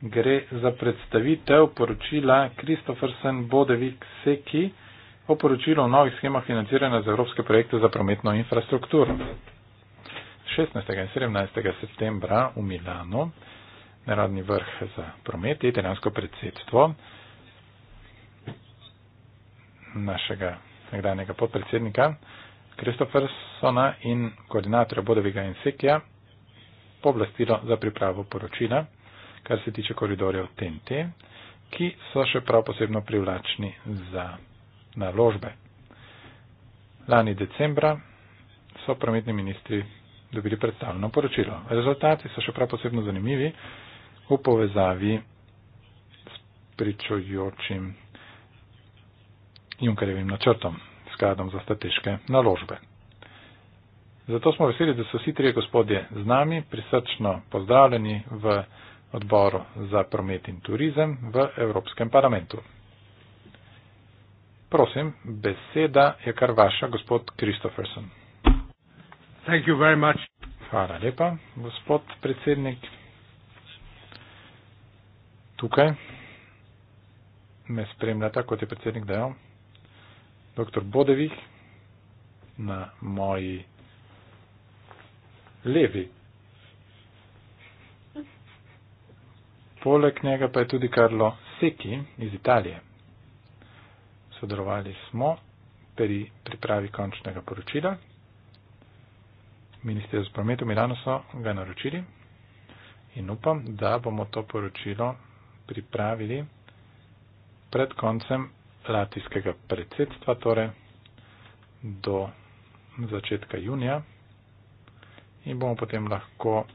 gre za predstavitev poročila Kristoffersen Bodevik Seki o poročilu o novih schemah financiranja za evropske projekte za prometno infrastrukturo. 16. in 17. septembra v Milano, naradni vrh za promet, je italijansko predsedstvo našega nekdanjega podpredsednika. Kristofersona in koordinatorja Bodoviga in Sekija pooblastilo za pripravo poročila, kar se tiče koridorjev TNT, ki so še prav posebno privlačni za naložbe. Lani decembra so prometni ministri dobili predstavljeno poročilo. Rezultati so še prav posebno zanimivi v povezavi s pričojočim Junkarjevim načrtom skladom za strateške naložbe. Zato smo veseli, da so vsi trije gospodje z nami, prisrčno pozdravljeni v odboru za promet in turizem v Evropskem parlamentu. Prosim, beseda je kar vaša, gospod Kristofferson. Hvala lepa, gospod predsednik. Tukaj me spremljata, kot je predsednik dejal dr. Bodevih na moji levi. Poleg njega pa je tudi Karlo Seki iz Italije. Sodelovali smo pri pripravi končnega poročila. Ministerstvo prometu Milano so ga naročili in upam, da bomo to poročilo pripravili pred koncem latvijskega predsedstva, torej do začetka junija in bomo potem lahko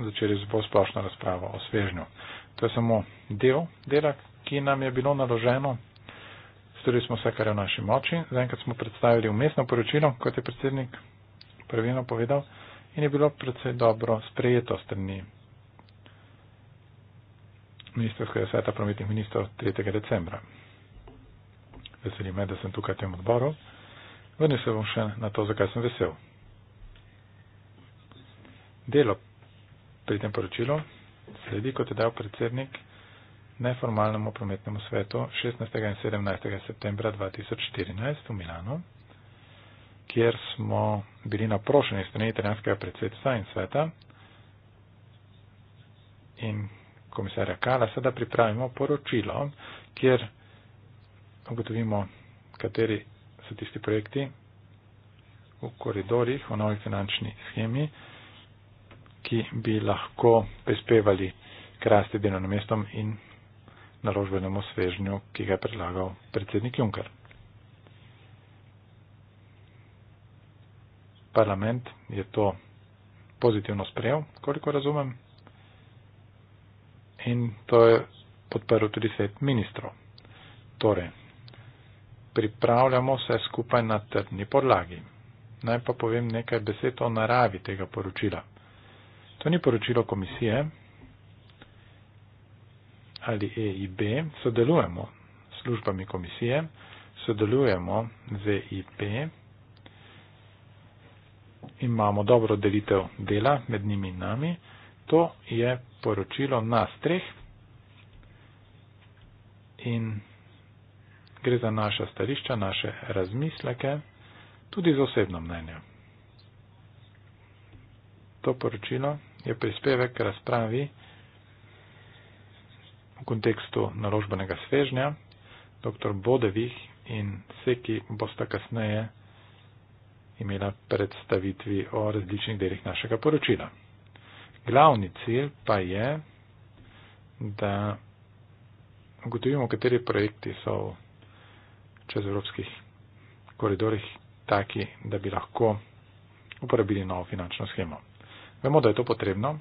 začeli z bolj splošno razpravo o svežnju. To je samo del dela, ki nam je bilo naloženo. Storili smo vse, kar je v naši moči. Zaenkrat smo predstavili umestno poročilo, kot je predsednik pravilno povedal, in je bilo predvsej dobro sprejeto strani ministrskega sveta prometnih ministrov 3. decembra. Veseli me, da sem tukaj v tem odboru. Vrnil se bom še na to, zakaj sem vesel. Delo pri tem poročilu sledi, kot je dal predsednik neformalnemu prometnemu svetu 16. in 17. septembra 2014 v Milano, kjer smo bili naprošeni strani italijanskega predsedstva in sveta in komisarja Kala, sedaj pripravimo poročilo, kjer ugotovimo, kateri so tisti projekti v koridorjih, v novi finančni schemi, ki bi lahko prispevali k rasti delovnim mestom in naložbenemu svežnju, ki ga je predlagal predsednik Juncker. Parlament je to pozitivno sprejel, koliko razumem, in to je podprl tudi svet ministrov. Torej, pripravljamo vse skupaj na trdni podlagi. Naj pa povem nekaj besed o naravi tega poročila. To ni poročilo komisije ali EIB, sodelujemo s službami komisije, sodelujemo z EIB, imamo dobro delitev dela med njimi in nami. To je poročilo nas treh in gre za naša stališča, naše razmisleke, tudi za osebno mnenje. To poročilo je prispevek k razpravi v kontekstu naložbenega svežnja. Dr. Bodevih in Seki bosta kasneje imela predstavitvi o različnih delih našega poročila. Glavni cilj pa je, da ugotovimo, kateri projekti so v čez evropskih koridorih taki, da bi lahko uporabili novo finančno schemo. Vemo, da je to potrebno,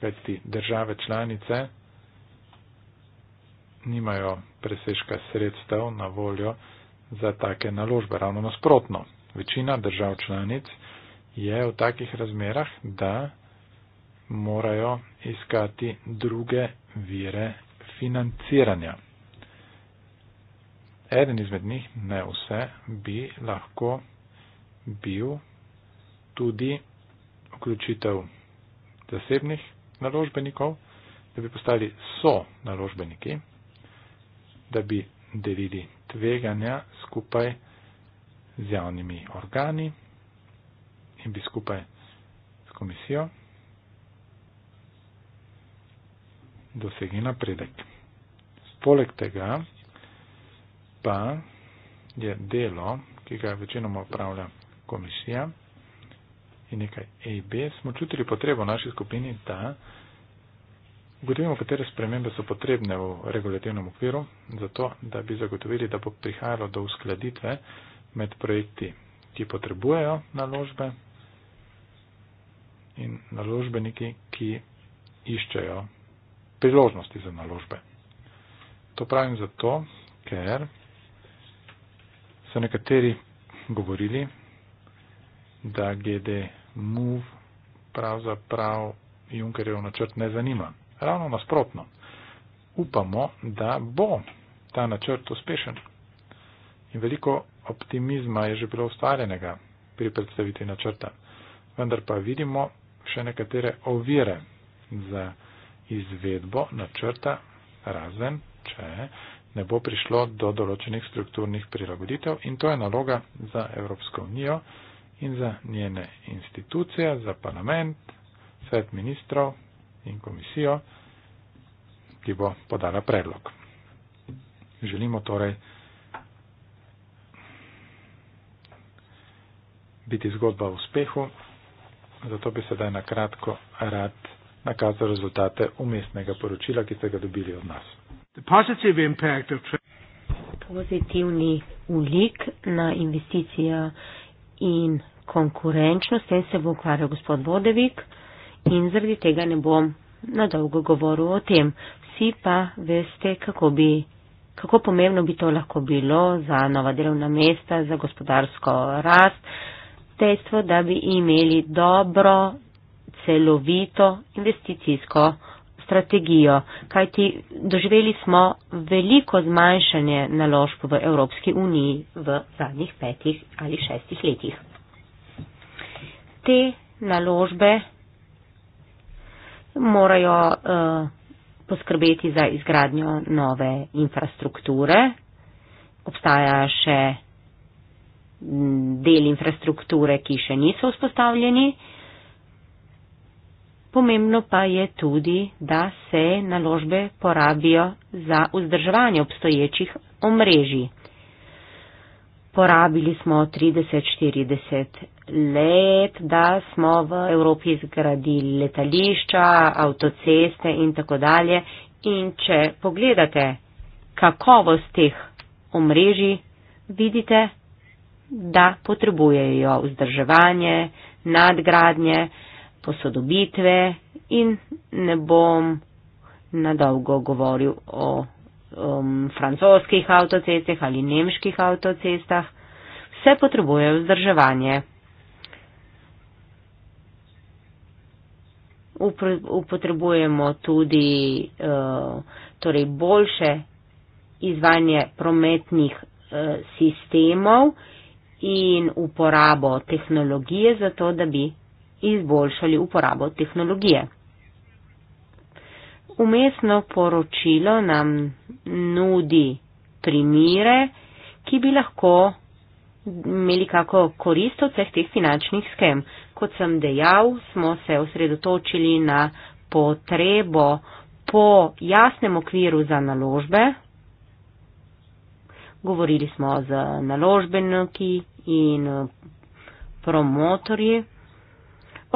kajti države članice nimajo presežka sredstev na voljo za take naložbe. Ravno nasprotno, večina držav članic je v takih razmerah, da morajo iskati druge vire financiranja eden izmed njih, ne vse, bi lahko bil tudi vključitev zasebnih naložbenikov, da bi postali so naložbeniki, da bi delili tveganja skupaj z javnimi organi in bi skupaj s komisijo dosegli napredek. Poleg tega, pa je delo, ki ga večinoma upravlja komisija in nekaj AB, smo čutili potrebo v naši skupini, da ugotovimo, katere spremembe so potrebne v regulativnem okviru, zato da bi zagotovili, da bo prihajalo do uskladitve med projekti, ki potrebujejo naložbe in naložbeniki, ki iščejo priložnosti za naložbe. To pravim zato, ker so nekateri govorili, da GD Move pravzaprav Junkerjev načrt ne zanima. Ravno nasprotno. Upamo, da bo ta načrt uspešen. In veliko optimizma je že bilo ustvarjenega pri predstavitvi načrta. Vendar pa vidimo še nekatere ovire za izvedbo načrta, razen če ne bo prišlo do določenih strukturnih prilagoditev in to je naloga za Evropsko unijo in za njene institucije, za parlament, svet ministrov in komisijo, ki bo podala predlog. Želimo torej biti zgodba o uspehu, zato bi sedaj na kratko rad nakazal rezultate umestnega poročila, ki ste ga dobili od nas. The positive impact of Pozitivni ulik na investicija in konkurenčnost, tem se bo ukvarjal gospod Vodevik in zaradi tega ne bom na dolgo govoril o tem. Vsi pa veste, kako, bi, kako pomembno bi to lahko bilo za nova delovna mesta, za gospodarsko rast, dejstvo, da bi imeli dobro, celovito investicijsko strategijo, kajti doživeli smo veliko zmanjšanje naložb v Evropski uniji v zadnjih petih ali šestih letih. Te naložbe morajo uh, poskrbeti za izgradnjo nove infrastrukture. Obstaja še mm, del infrastrukture, ki še niso vzpostavljeni. Uh, Pomembno pa je tudi, da se naložbe porabijo za vzdrževanje obstoječih omrežij. Porabili smo 30-40 let, da smo v Evropi zgradili letališča, avtoceste in tako dalje. In če pogledate kakovost teh omrežij, vidite, da potrebujejo vzdrževanje, nadgradnje, posodobitve in ne bom nadolgo govoril o um, francoskih avtocestah ali nemških avtocestah. Vse potrebuje vzdrževanje. Upotrebujemo tudi uh, torej boljše izvajanje prometnih uh, sistemov in uporabo tehnologije za to, da bi izboljšali uporabo tehnologije. Umestno poročilo nam nudi primire, ki bi lahko imeli kako korist od vseh teh finančnih skem. Kot sem dejal, smo se osredotočili na potrebo po jasnem okviru za naložbe. Govorili smo z naložbeniki in promotorji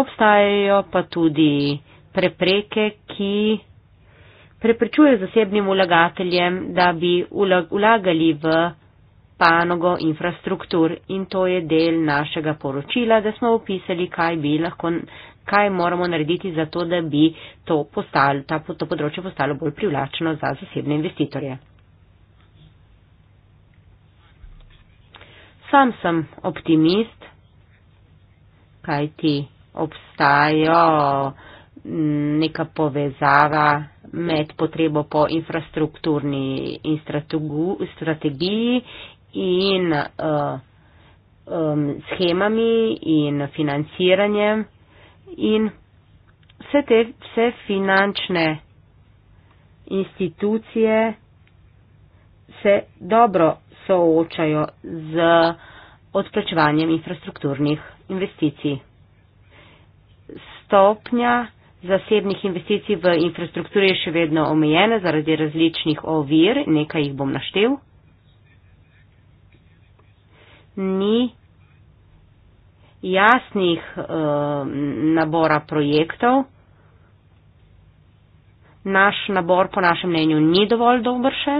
obstajajo pa tudi prepreke, ki preprečujejo zasebnim vlagateljem, da bi vlagali v panogo infrastruktur in to je del našega poročila, da smo opisali, kaj bi lahko, kaj moramo narediti za to, da bi to, postalo, ta, to področje postalo bolj privlačno za zasebne investitorje. Sam sem optimist, kaj ti obstajajo neka povezava med potrebo po infrastrukturni in strategiji in uh, eh, um, schemami in financiranjem in vse te vse finančne institucije se dobro soočajo z odplačevanjem infrastrukturnih investicij stopnja zasebnih investicij v infrastrukturo je še vedno omejena zaradi različnih ovir, nekaj jih bom naštel. Ni jasnih e, nabora projektov. Naš nabor, po našem mnenju, ni dovolj dober še.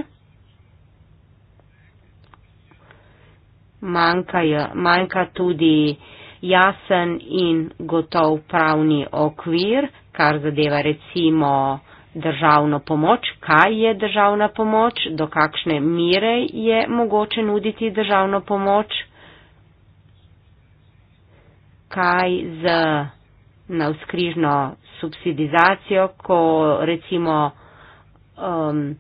Manjka, je, manjka tudi jasen in gotov pravni okvir, kar zadeva recimo državno pomoč, kaj je državna pomoč, do kakšne mire je mogoče nuditi državno pomoč, kaj z navskrižno subsidizacijo, ko recimo um,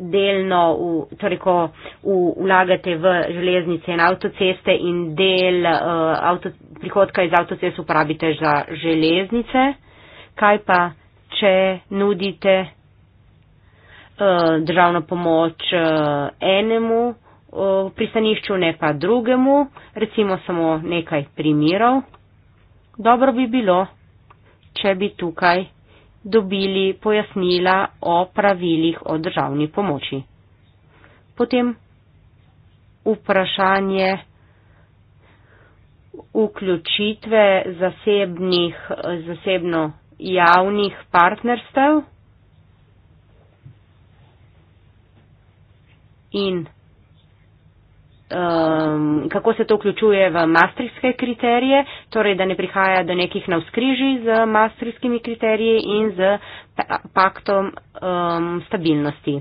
delno, v, torej ko v, vlagate v železnice in avtoceste in del uh, avto, prihodka iz avtocest uporabite za železnice, kaj pa, če nudite uh, državno pomoč uh, enemu uh, pristanišču, ne pa drugemu, recimo samo nekaj primerov, dobro bi bilo, če bi tukaj dobili pojasnila o pravilih o državni pomoči. Potem vprašanje vključitve zasebnih, zasebno javnih partnerstev in um, kako se to vključuje v mastrihske kriterije, torej da ne prihaja do nekih navskriži z mastrihskimi kriteriji in z paktom um, stabilnosti.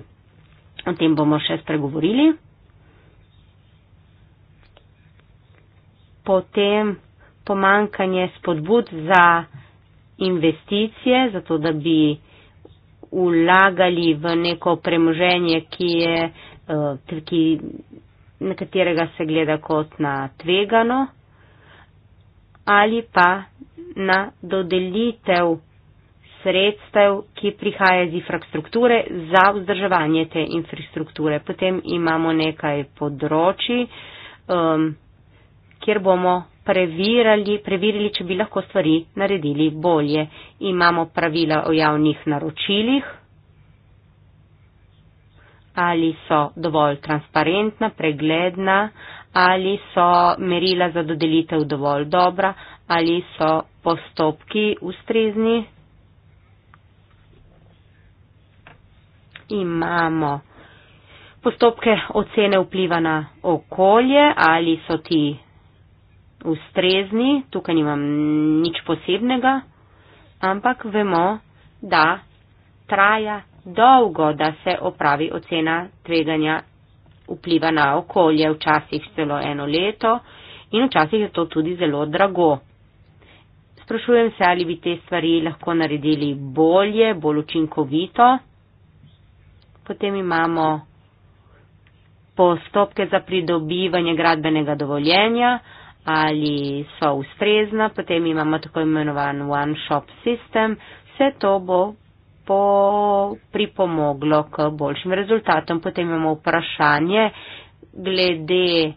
O tem bomo še spregovorili. Potem pomankanje spodbud za investicije, zato da bi vlagali v neko premoženje, ki je, uh, ki na katerega se gleda kot na tvegano ali pa na dodelitev sredstev, ki prihaja iz infrastrukture za vzdrževanje te infrastrukture. Potem imamo nekaj področji, um, kjer bomo Previrali, previrali, če bi lahko stvari naredili bolje. Imamo pravila o javnih naročilih, ali so dovolj transparentna, pregledna, ali so merila za dodelitev dovolj dobra, ali so postopki ustrezni. Imamo postopke ocene vpliva na okolje, ali so ti ustrezni, tukaj nimam nič posebnega, ampak vemo, da traja dolgo, da se opravi ocena tveganja vpliva na okolje, včasih celo eno leto in včasih je to tudi zelo drago. Sprašujem se, ali bi te stvari lahko naredili bolje, bolj učinkovito. Potem imamo postopke za pridobivanje gradbenega dovoljenja, ali so ustrezna, potem imamo tako imenovan one-shop sistem. Vse to bo lahko pripomoglo k boljšim rezultatom. Potem imamo vprašanje glede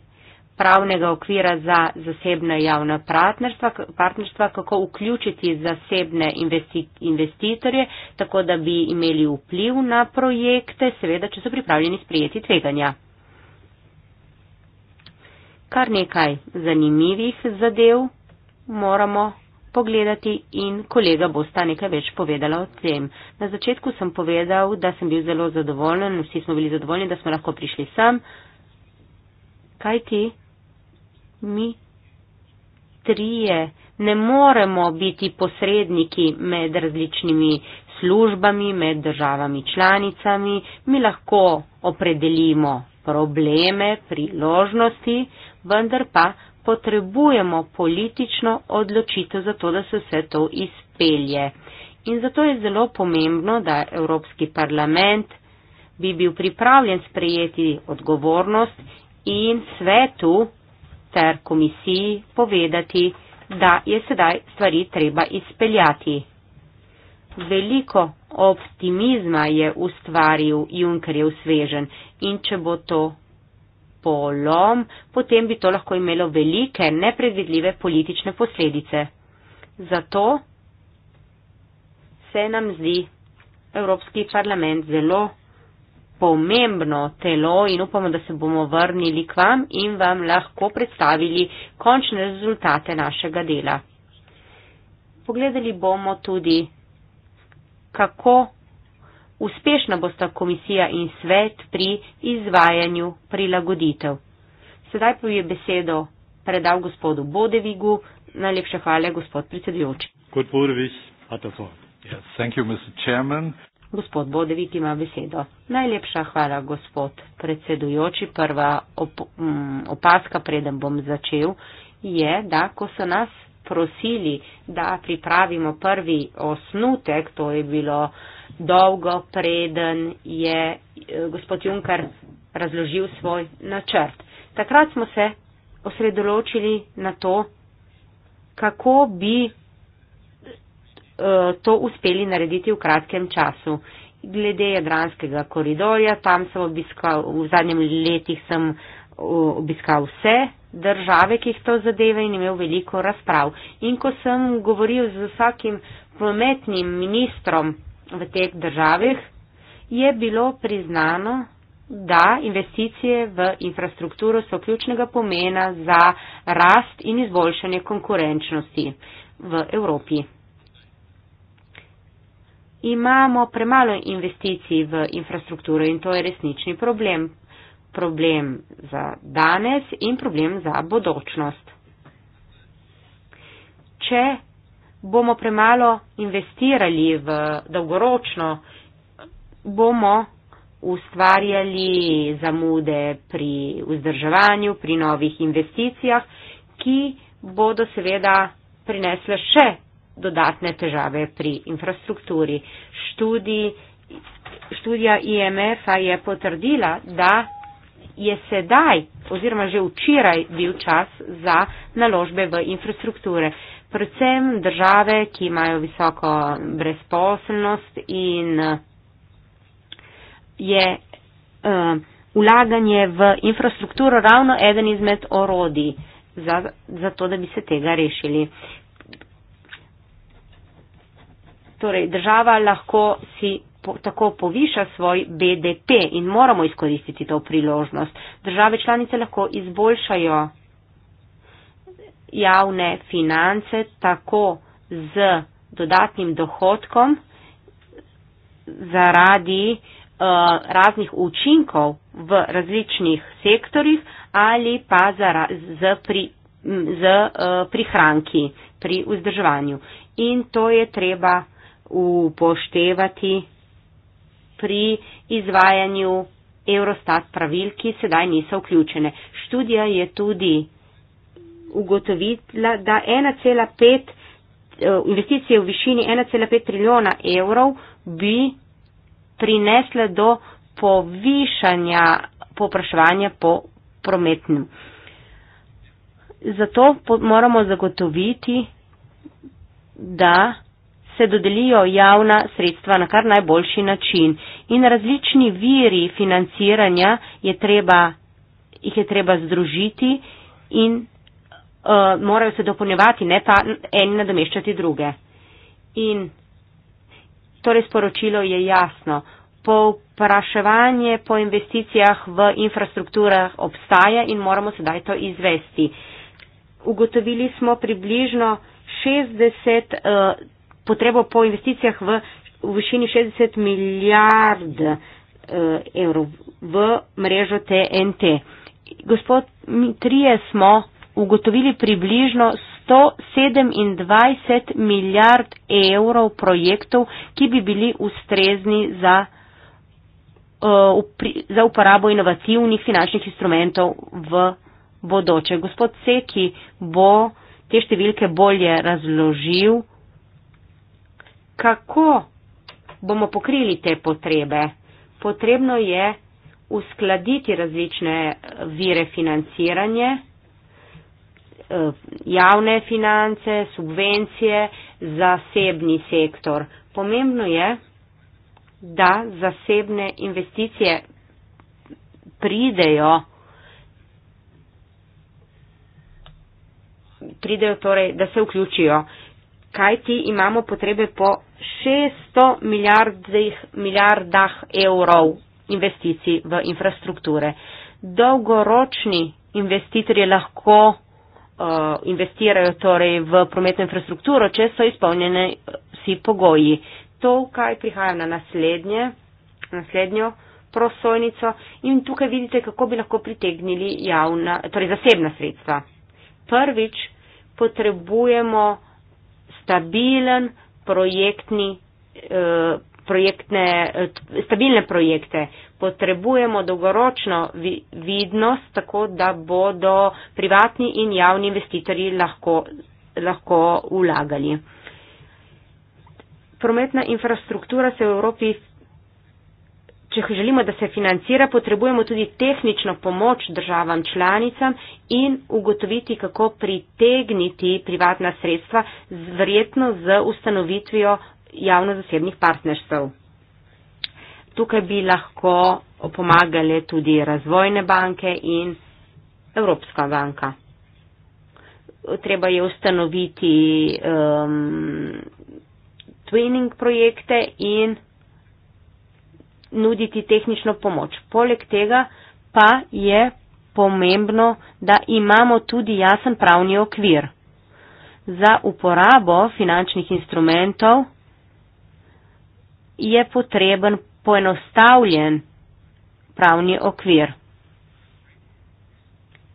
pravnega okvira za zasebne javne partnerstva, kako vključiti zasebne investitorje, tako da bi imeli vpliv na projekte, seveda, če so pripravljeni sprijeti tveganja. Kar nekaj zanimivih zadev moramo pogledati in kolega bosta nekaj več povedala o tem. Na začetku sem povedal, da sem bil zelo zadovoljen, vsi smo bili zadovoljni, da smo lahko prišli sem, kajti mi trije ne moremo biti posredniki med različnimi službami, med državami članicami, mi lahko opredelimo probleme, priložnosti, vendar pa potrebujemo politično odločitev za to, da se vse to izpelje. In zato je zelo pomembno, da Evropski parlament bi bil pripravljen sprejeti odgovornost in svetu ter komisiji povedati, da je sedaj stvari treba izpeljati. Veliko optimizma je ustvaril Junkerjev svežen in če bo to spolom, potem bi to lahko imelo velike nepredvidljive politične posledice. Zato se nam zdi Evropski parlament zelo pomembno telo in upamo, da se bomo vrnili k vam in vam lahko predstavili končne rezultate našega dela. Pogledali bomo tudi, kako Uspešna bosta komisija in svet pri izvajanju prilagoditev. Sedaj pa je besedo predal gospodu Bodevigu. Najlepša hvala, gospod predsedujoči. Gospod Bodevik ima besedo. Najlepša hvala, gospod predsedujoči. Prva op mm, opaska, preden bom začel, je, da ko so nas prosili, da pripravimo prvi osnutek, to je bilo dolgo preden je eh, gospod Juncker razložil svoj načrt. Takrat smo se osredoločili na to, kako bi eh, to uspeli narediti v kratkem času. Glede jadranskega koridorja, tam sem obiskal, v zadnjem letih sem eh, obiskal vse države, ki jih to zadeve in imel veliko razprav. In ko sem govoril z vsakim prometnim ministrom v teh državah, je bilo priznano, da investicije v infrastrukturo so ključnega pomena za rast in izboljšanje konkurenčnosti v Evropi. Imamo premalo investicij v infrastrukturo in to je resnični problem. Problem za danes in problem za bodočnost. Če bomo premalo investirali v dolgoročno, bomo ustvarjali zamude pri vzdrževanju, pri novih investicijah, ki bodo seveda prinesle še dodatne težave pri infrastrukturi. Študij, študija IMF-a je potrdila, da je sedaj oziroma že včeraj bil čas za naložbe v infrastrukture predvsem države, ki imajo visoko brezposobnost in je uh, eh, ulaganje v infrastrukturo ravno eden izmed orodij za, za to, da bi se tega rešili. Torej, država lahko si po, tako poviša svoj BDP in moramo izkoristiti to priložnost. Države članice lahko izboljšajo javne finance tako z dodatnim dohodkom zaradi uh, raznih učinkov v različnih sektorjih ali pa z, z, pri, z uh, prihranki pri vzdrževanju. In to je treba upoštevati pri izvajanju Eurostat pravil, ki sedaj niso vključene. Študija je tudi ugotovila, da 1,5 eh, investicije v višini 1,5 trilijona evrov bi prinesle do povišanja popraševanja po prometnem. Zato moramo zagotoviti, da se dodelijo javna sredstva na kar najboljši način. In različni viri financiranja je treba, jih je treba združiti in uh, morajo se dopolnjevati, ne pa eni nadomeščati druge. In torej sporočilo je jasno. Povpraševanje po investicijah v infrastrukturah obstaja in moramo sedaj to izvesti. Ugotovili smo približno 60 uh, eh, potrebo po investicijah v, v višini 60 milijard uh, evrov v mrežo TNT. Gospod, mi trije smo ugotovili približno 127 milijard evrov projektov, ki bi bili ustrezni za, uh, za uporabo inovativnih finančnih instrumentov v bodoče. Gospod Seki bo te številke bolje razložil, kako bomo pokrili te potrebe. Potrebno je uskladiti različne vire financiranja. Eh, javne finance, subvencije, zasebni sektor. Pomembno je, da zasebne investicije pridejo, pridejo torej, da se vključijo. Kaj ti imamo potrebe po 600 milijardih, milijardah evrov investicij v infrastrukture? Dolgoročni investitorje lahko Eh, investirajo torej v prometno infrastrukturo, če so izpolnjene eh, vsi pogoji. To, kaj prihaja na naslednje, naslednjo prosojnico in tukaj vidite, kako bi lahko pritegnili javna, torej zasebna sredstva. Prvič potrebujemo stabilen projektni eh, projektne, eh, stabilne projekte. Potrebujemo dolgoročno vidnost, tako da bodo privatni in javni investitorji lahko, lahko vlagali. Prometna infrastruktura se v Evropi, če želimo, da se financira, potrebujemo tudi tehnično pomoč državam članicam in ugotoviti, kako pritegniti privatna sredstva, verjetno z ustanovitvijo javno-zasebnih partnerstv. Tukaj bi lahko pomagale tudi razvojne banke in Evropska banka. Treba je ustanoviti um, twinning projekte in nuditi tehnično pomoč. Poleg tega pa je pomembno, da imamo tudi jasen pravni okvir za uporabo finančnih instrumentov je potreben poenostavljen pravni okvir.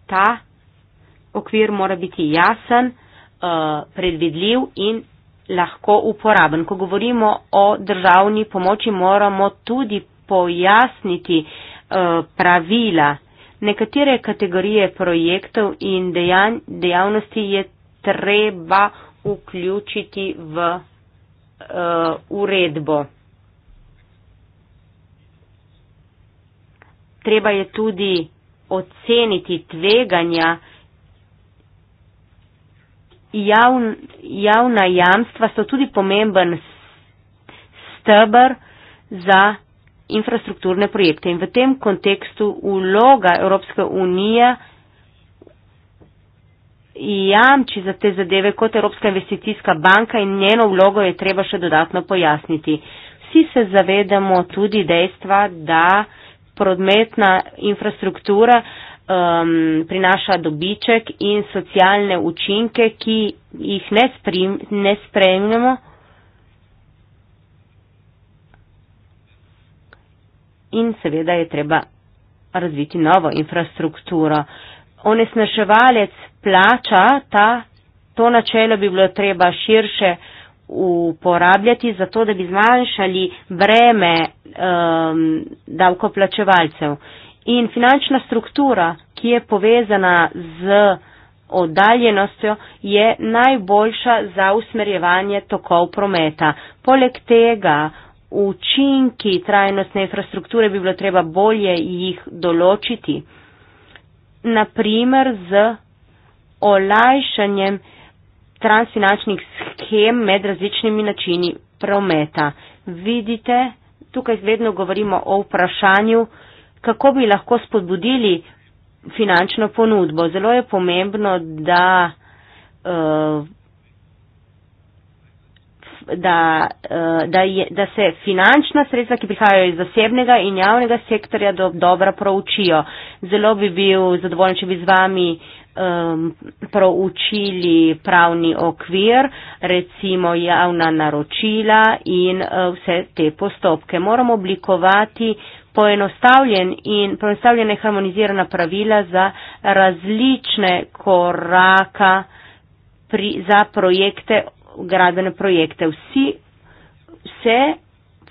Ta okvir mora biti jasen, eh, predvidljiv in lahko uporaben. Ko govorimo o državni pomoči, moramo tudi pojasniti eh, pravila. Nekatere kategorije projektov in dejavnosti je treba vključiti v eh, uredbo. treba je tudi oceniti tveganja, Javn, javna jamstva so tudi pomemben stebr za infrastrukturne projekte in v tem kontekstu uloga Evropske unije jamči za te zadeve kot Evropska investicijska banka in njeno vlogo je treba še dodatno pojasniti. Vsi se zavedamo tudi dejstva, da prometna infrastruktura um, prinaša dobiček in socialne učinke, ki jih ne, sprem, ne spremljamo. In seveda je treba razviti novo infrastrukturo. Onesnaževalec plača ta, to načelo bi bilo treba širše uporabljati za to, da bi zmanjšali breme um, davkoplačevalcev. In finančna struktura, ki je povezana z oddaljenostjo, je najboljša za usmerjevanje tokov prometa. Poleg tega, učinki trajnostne infrastrukture bi bilo treba bolje jih določiti. Naprimer, z olajšanjem transfinančnih schem med različnimi načini prometa. Vidite, tukaj vedno govorimo o vprašanju, kako bi lahko spodbudili finančno ponudbo. Zelo je pomembno, da uh, da, eh, da, je, da se finančna sredstva, ki prihajajo iz zasebnega in javnega sektorja, do, dobro proučijo. Zelo bi bil zadovoljen, če bi z vami um, proučili pravni okvir, recimo javna naročila in uh, vse te postopke. Moramo oblikovati poenostavljen in poenostavljene harmonizirana pravila za različne koraka. Pri, za projekte gradbene projekte. Vsi, vse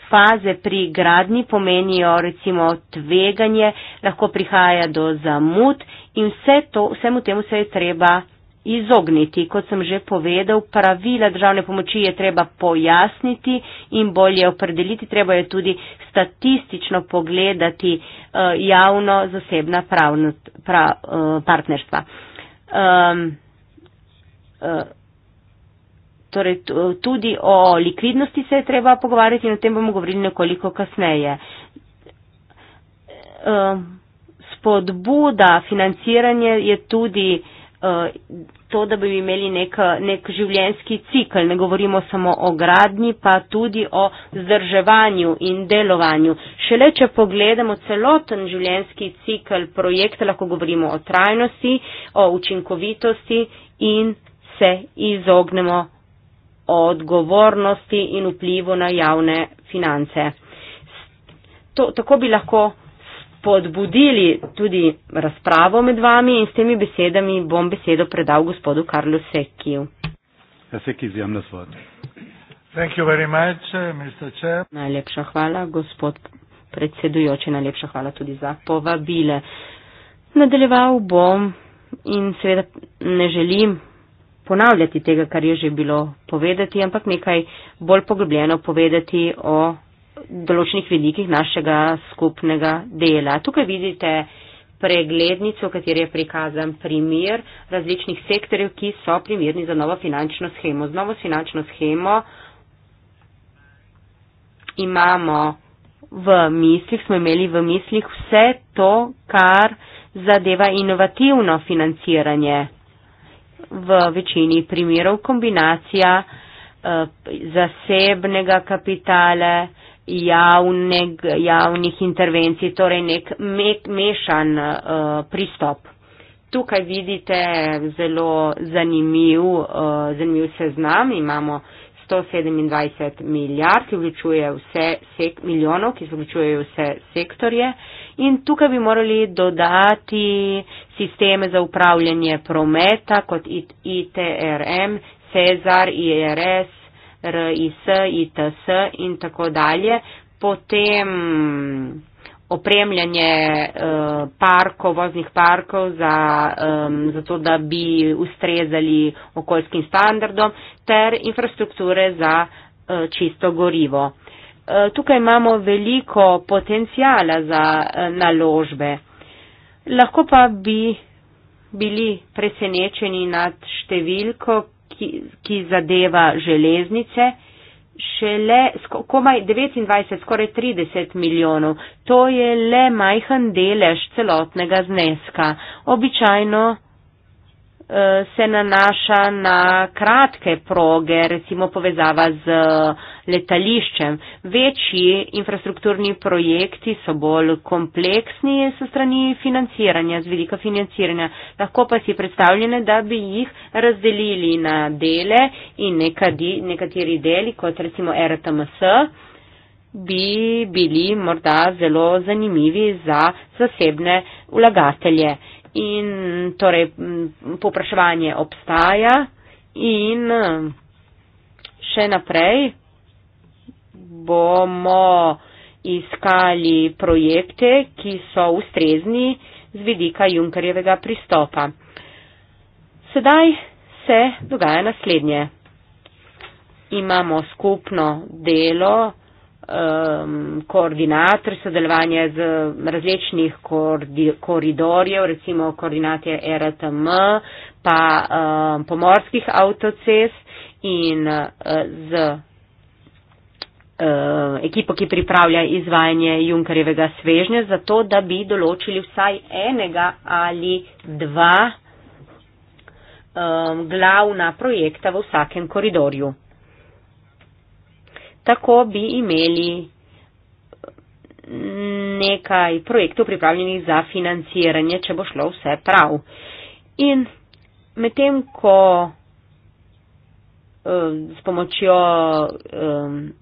faze pri gradni pomenijo recimo tveganje, lahko prihaja do zamud in vse to, vsemu temu se je treba izogniti. Kot sem že povedal, pravila državne pomoči je treba pojasniti in bolje opredeliti, treba je tudi statistično pogledati eh, javno-zasebna pra, eh, partnerstva. Um, uh, torej tudi o likvidnosti se je treba pogovarjati in o tem bomo govorili nekoliko kasneje. Ehm, spodbuda financiranje je tudi eh, to, da bi imeli nek, nek življenski cikl. Ne govorimo samo o gradni, pa tudi o zdrževanju in delovanju. Šele, če pogledamo celoten življenski cikl projekta, lahko govorimo o trajnosti, o učinkovitosti in se izognemo o odgovornosti in vplivu na javne finance. To, tako bi lahko podbudili tudi razpravo med vami in s temi besedami bom besedo predal gospodu Karlu Sekiju. Ja, Sekij, zjem na svoj. Thank you very much, eh, Mr. Chair. Najlepša hvala, gospod predsedujoči, najlepša hvala tudi za povabile. Nadaljeval bom in seveda ne želim ponavljati tega, kar je že bilo povedati, ampak nekaj bolj poglobljeno povedati o določenih velikih našega skupnega dela. Tukaj vidite preglednico, v kateri je prikazan primer različnih sektorjev, ki so primerni za novo finančno schemo. Z novo finančno schemo imamo v mislih, smo imeli v mislih vse to, kar zadeva inovativno financiranje v večini primerov kombinacija eh, zasebnega kapitala, javneg, javnih intervencij, torej nek me, mešan uh, pristop. Tukaj vidite zelo zanimiv, uh, zanimiv seznam, imamo 127 milijard, ki vključuje vse sek, milijonov, ki vključujejo vse sektorje. Uh, in tukaj bi morali dodati sisteme za upravljanje prometa kot ITRM, CESAR, IRS, RIS, ITS in tako dalje. Potem opremljanje eh, parkov, voznih parkov, za, za to, da bi ustrezali okoljskim standardom ter infrastrukture za eh, čisto gorivo. Eh, tukaj imamo veliko potencijala za eh, naložbe. Lahko pa bi bili presenečeni nad številko, ki, ki zadeva železnice, šele komaj 29, skoraj 30 milijonov. To je le majhen delež celotnega zneska. Običajno uh, se nanaša na kratke proge, recimo povezava z uh, letališčem. Večji infrastrukturni projekti so bolj kompleksni so strani financiranja, z velika financiranja. Lahko pa si predstavljene, da bi jih razdelili na dele in nekadi, nekateri deli, kot recimo RTMS, bi bili morda zelo zanimivi za zasebne vlagatelje. In torej popraševanje obstaja in še naprej bomo iskali projekte, ki so ustrezni z vidika Junkerjevega pristopa. Sedaj se dogaja naslednje. Imamo skupno delo, um, koordinator sodelovanja z različnih koridorjev, recimo koordinate RTM, pa um, pomorskih avtocest in uh, z Eh, ekipo, ki pripravlja izvajanje Junkarjevega svežnja, zato da bi določili vsaj enega ali dva um, glavna projekta v vsakem koridorju. Tako bi imeli nekaj projektov pripravljenih za financiranje, če bo šlo vse prav. In medtem, ko um, s pomočjo um,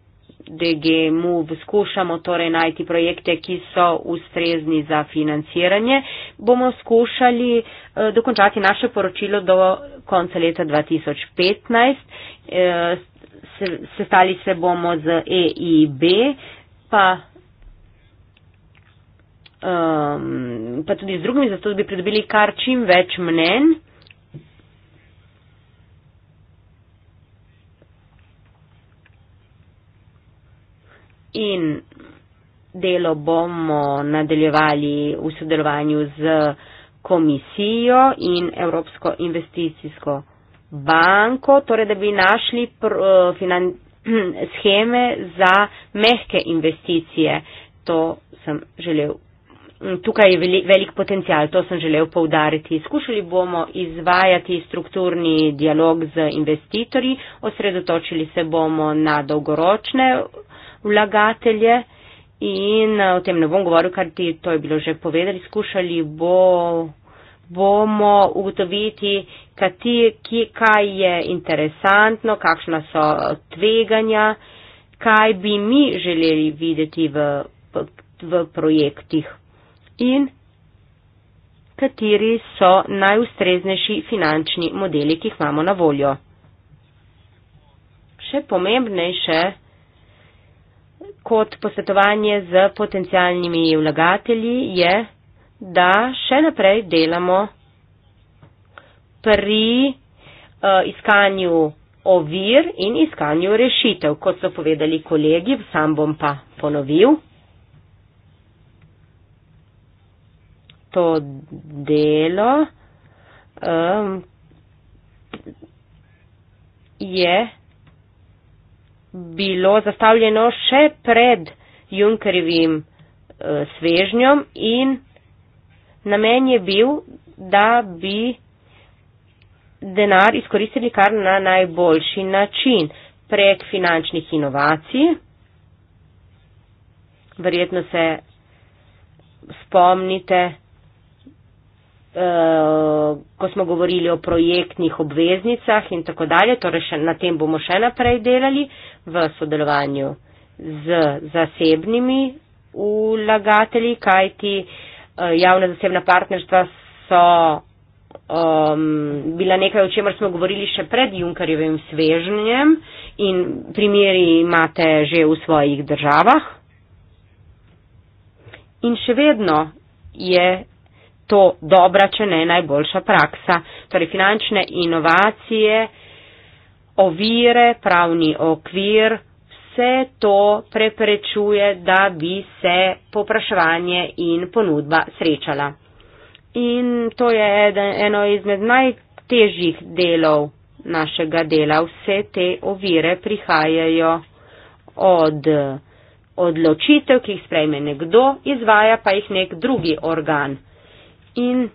DGM-u skušamo torej najti projekte, ki so ustrezni za financiranje, bomo skušali eh, dokončati naše poročilo do konca leta 2015. Eh, sestali se bomo z EIB, pa, um, pa tudi z drugimi, zato da bi pridobili kar čim več mnen. in delo bomo nadaljevali v sodelovanju z komisijo in Evropsko investicijsko banko, torej da bi našli pr, eh, finan, scheme za mehke investicije. To sem želel. Mm, tukaj je velik potencial, to sem želel povdariti. Skušali bomo izvajati strukturni dialog z investitorji, osredotočili se bomo na dolgoročne vlagatelje in eh, o tem ne bom govoril, kar ti to je bilo že povedali, skušali bo, bomo ugotoviti, kati, ki, kaj je interesantno, kakšna so tveganja, kaj bi mi želeli videti v, v projektih in kateri so najustreznejši finančni modeli, ki jih imamo na voljo. Še pomembnejše, kot posvetovanje z potencijalnimi vlagatelji je, da še naprej delamo pri uh, iskanju ovir in iskanju rešitev, kot so povedali kolegi, sam bom pa ponovil. To delo um, je bilo zastavljeno še pred Junkerjevim uh, svežnjom in namen je bil, da bi denar izkoristili kar na najboljši način prek finančnih inovacij. Verjetno se spomnite Eh, ko smo govorili o projektnih obveznicah in tako dalje, torej še, na tem bomo še naprej delali v sodelovanju z zasebnimi ulagatelji, kajti eh, javna zasebna partnerstva so um, bila nekaj, o čemer smo govorili še pred Junkarjevim svežnjem in primeri imate že v svojih državah. In še vedno je to dobra, če ne najboljša praksa. Torej, finančne inovacije, ovire, pravni okvir, vse to preprečuje, da bi se popraševanje in ponudba srečala. In to je eno izmed najtežjih delov našega dela. Vse te ovire prihajajo od odločitev, ki jih sprejme nekdo, izvaja pa jih nek drugi organ in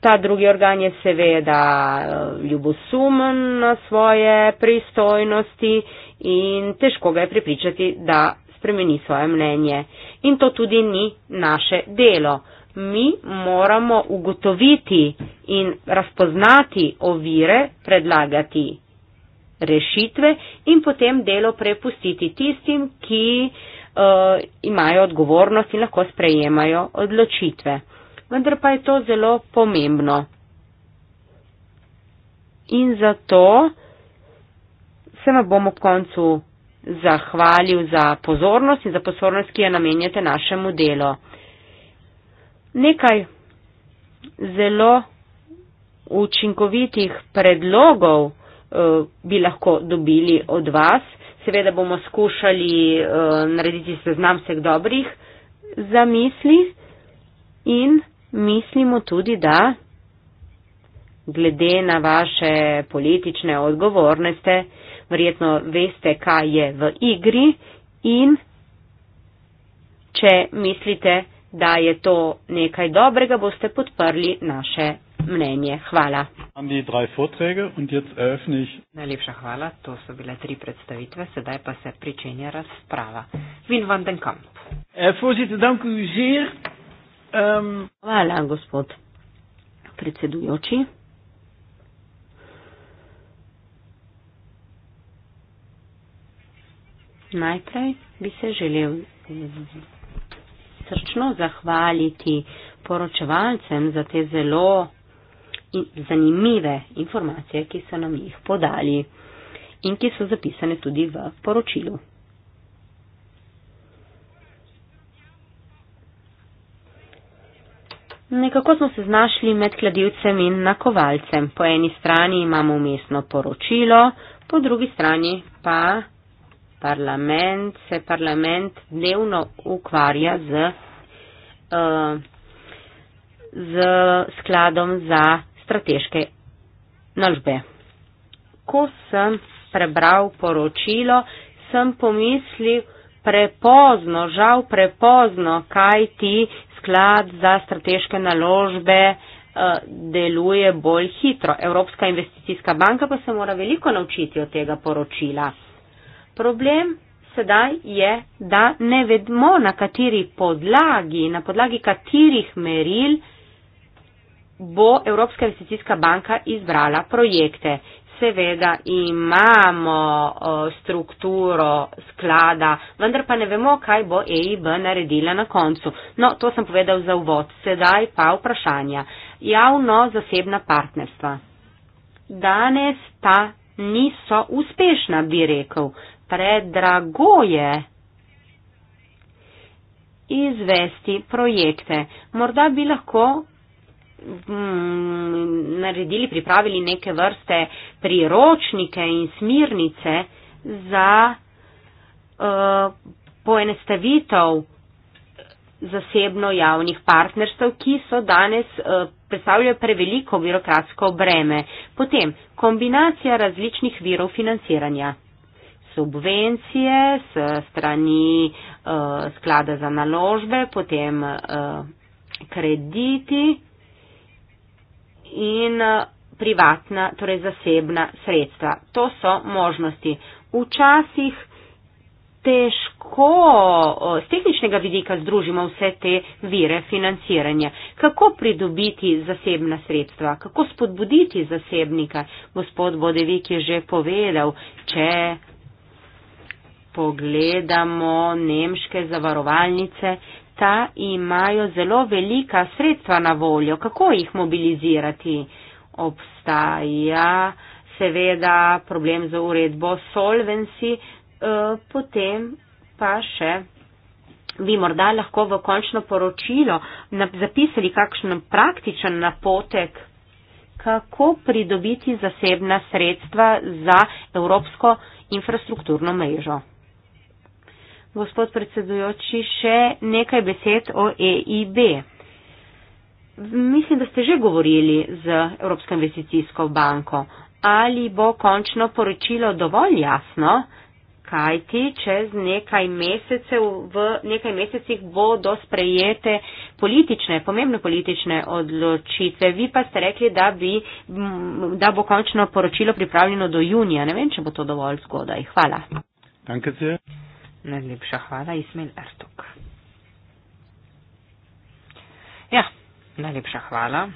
ta drugi organ je seveda eh, ljubosumen na svoje pristojnosti in težko ga je pripričati, da spremeni svoje mnenje. In to tudi ni naše delo. Mi moramo ugotoviti in razpoznati ovire, predlagati rešitve in potem delo prepustiti tistim, ki Eh, imajo odgovornost in lahko sprejemajo odločitve. Vendar pa je to zelo pomembno. In zato se me bom ob koncu zahvalil za pozornost in za pozornost, ki jo namenjate našemu delu. Nekaj zelo učinkovitih predlogov uh, bi lahko dobili od vas, seveda bomo skušali uh, narediti seznam vseh dobrih zamisli in mislimo tudi, da glede na vaše politične odgovornosti, verjetno veste, kaj je v igri in če mislite, da je to nekaj dobrega, boste podprli naše mnenje. Hvala. Najlepša hvala. To so bile tri predstavitve. Sedaj pa se pričenja razprava. Vin van den Kamp. Eh, ehm, hvala, gospod predsedujoči. Najprej bi se želel eh, srčno zahvaliti poročevalcem za te zelo in zanimive informacije, ki so nam jih podali in ki so zapisane tudi v poročilu. Nekako smo se znašli med kladivcem in nakovalcem. Po eni strani imamo umestno poročilo, po drugi strani pa parlament, se parlament dnevno ukvarja z, uh, z skladom za strateške naložbe. Ko sem prebral poročilo, sem pomislil prepozno, žal prepozno, kaj ti sklad za strateške naložbe eh, deluje bolj hitro. Evropska investicijska banka pa se mora veliko naučiti od tega poročila. Problem sedaj je, da ne vedmo, na kateri podlagi, na podlagi katerih meril bo Evropska investicijska banka izbrala projekte. Seveda imamo o, strukturo sklada, vendar pa ne vemo, kaj bo EIB naredila na koncu. No, to sem povedal za uvod. Sedaj pa vprašanja. Javno-zasebna partnerstva. Danes ta niso uspešna, bi rekel. Predrago je izvesti projekte. Morda bi lahko Mm, naredili, pripravili neke vrste priročnike in smirnice za uh, eh, poenestavitev zasebno-javnih partnerstv, ki so danes uh, predstavljajo preveliko birokratsko breme. Potem kombinacija različnih virov financiranja. Subvencije s strani uh, sklada za naložbe, potem uh, krediti in eh, privatna, torej zasebna sredstva. To so možnosti. Včasih težko z eh, tehničnega vidika združimo vse te vire financiranja. Kako pridobiti zasebna sredstva, kako spodbuditi zasebnika? Gospod Bodevik je že povedal, če pogledamo nemške zavarovalnice, leta imajo zelo velika sredstva na voljo. Kako jih mobilizirati? Obstaja seveda problem za uredbo solvency, eh, potem pa še. Vi morda lahko v končno poročilo zapisali kakšen praktičen napotek, kako pridobiti zasebna sredstva za evropsko infrastrukturno mrežo gospod predsedujoči, še nekaj besed o EIB. Mislim, da ste že govorili z Evropsko investicijsko banko. Ali bo končno poročilo dovolj jasno, kajti čez nekaj mesecev, v nekaj mesecih bodo sprejete politične, pomembne politične odločitve. Vi pa ste rekli, da, bi, da bo končno poročilo pripravljeno do junija. Ne vem, če bo to dovolj zgodaj. Hvala. Danke sehr. Najlepša hvala, Ismail Ertok. Ja, najlepša hvala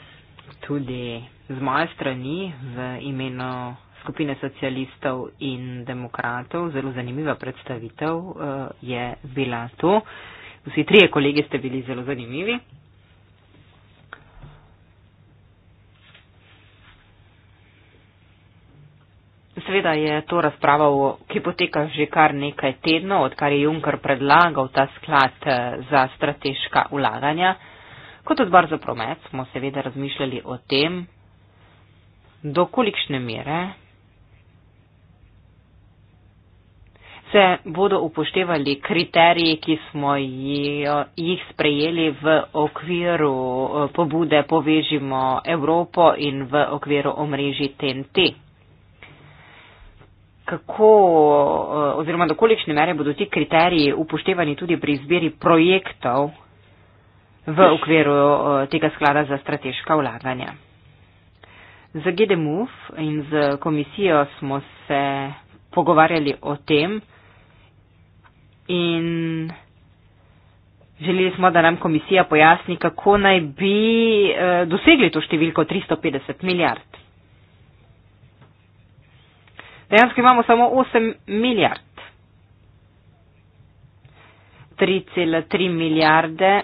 tudi z moje strani v imenu skupine socialistov in demokratov. Zelo zanimiva predstavitev eh, je bila to. Vsi trije kolegi ste bili zelo zanimivi. Sveda je to razprava, ki poteka že kar nekaj tedno, odkar je Juncker predlagal ta sklad eh, za strateška ulaganja. Kot odbor za promet smo seveda razmišljali o tem, do kolikšne mere se bodo upoštevali kriteriji, ki smo jih sprejeli v okviru eh, pobude Povežimo Evropo in v okviru omrežji TNT kako eh, oziroma do kolikšne mere bodo ti kriteriji upoštevani tudi pri izbiri projektov v okviru eh, tega sklada za strateška vlaganja. Z GDMUF in z komisijo smo se pogovarjali o tem in želeli smo, da nam komisija pojasni, kako naj bi eh, dosegli to številko 350 milijard. Dejansko imamo samo 8 milijard. 3,3 milijarde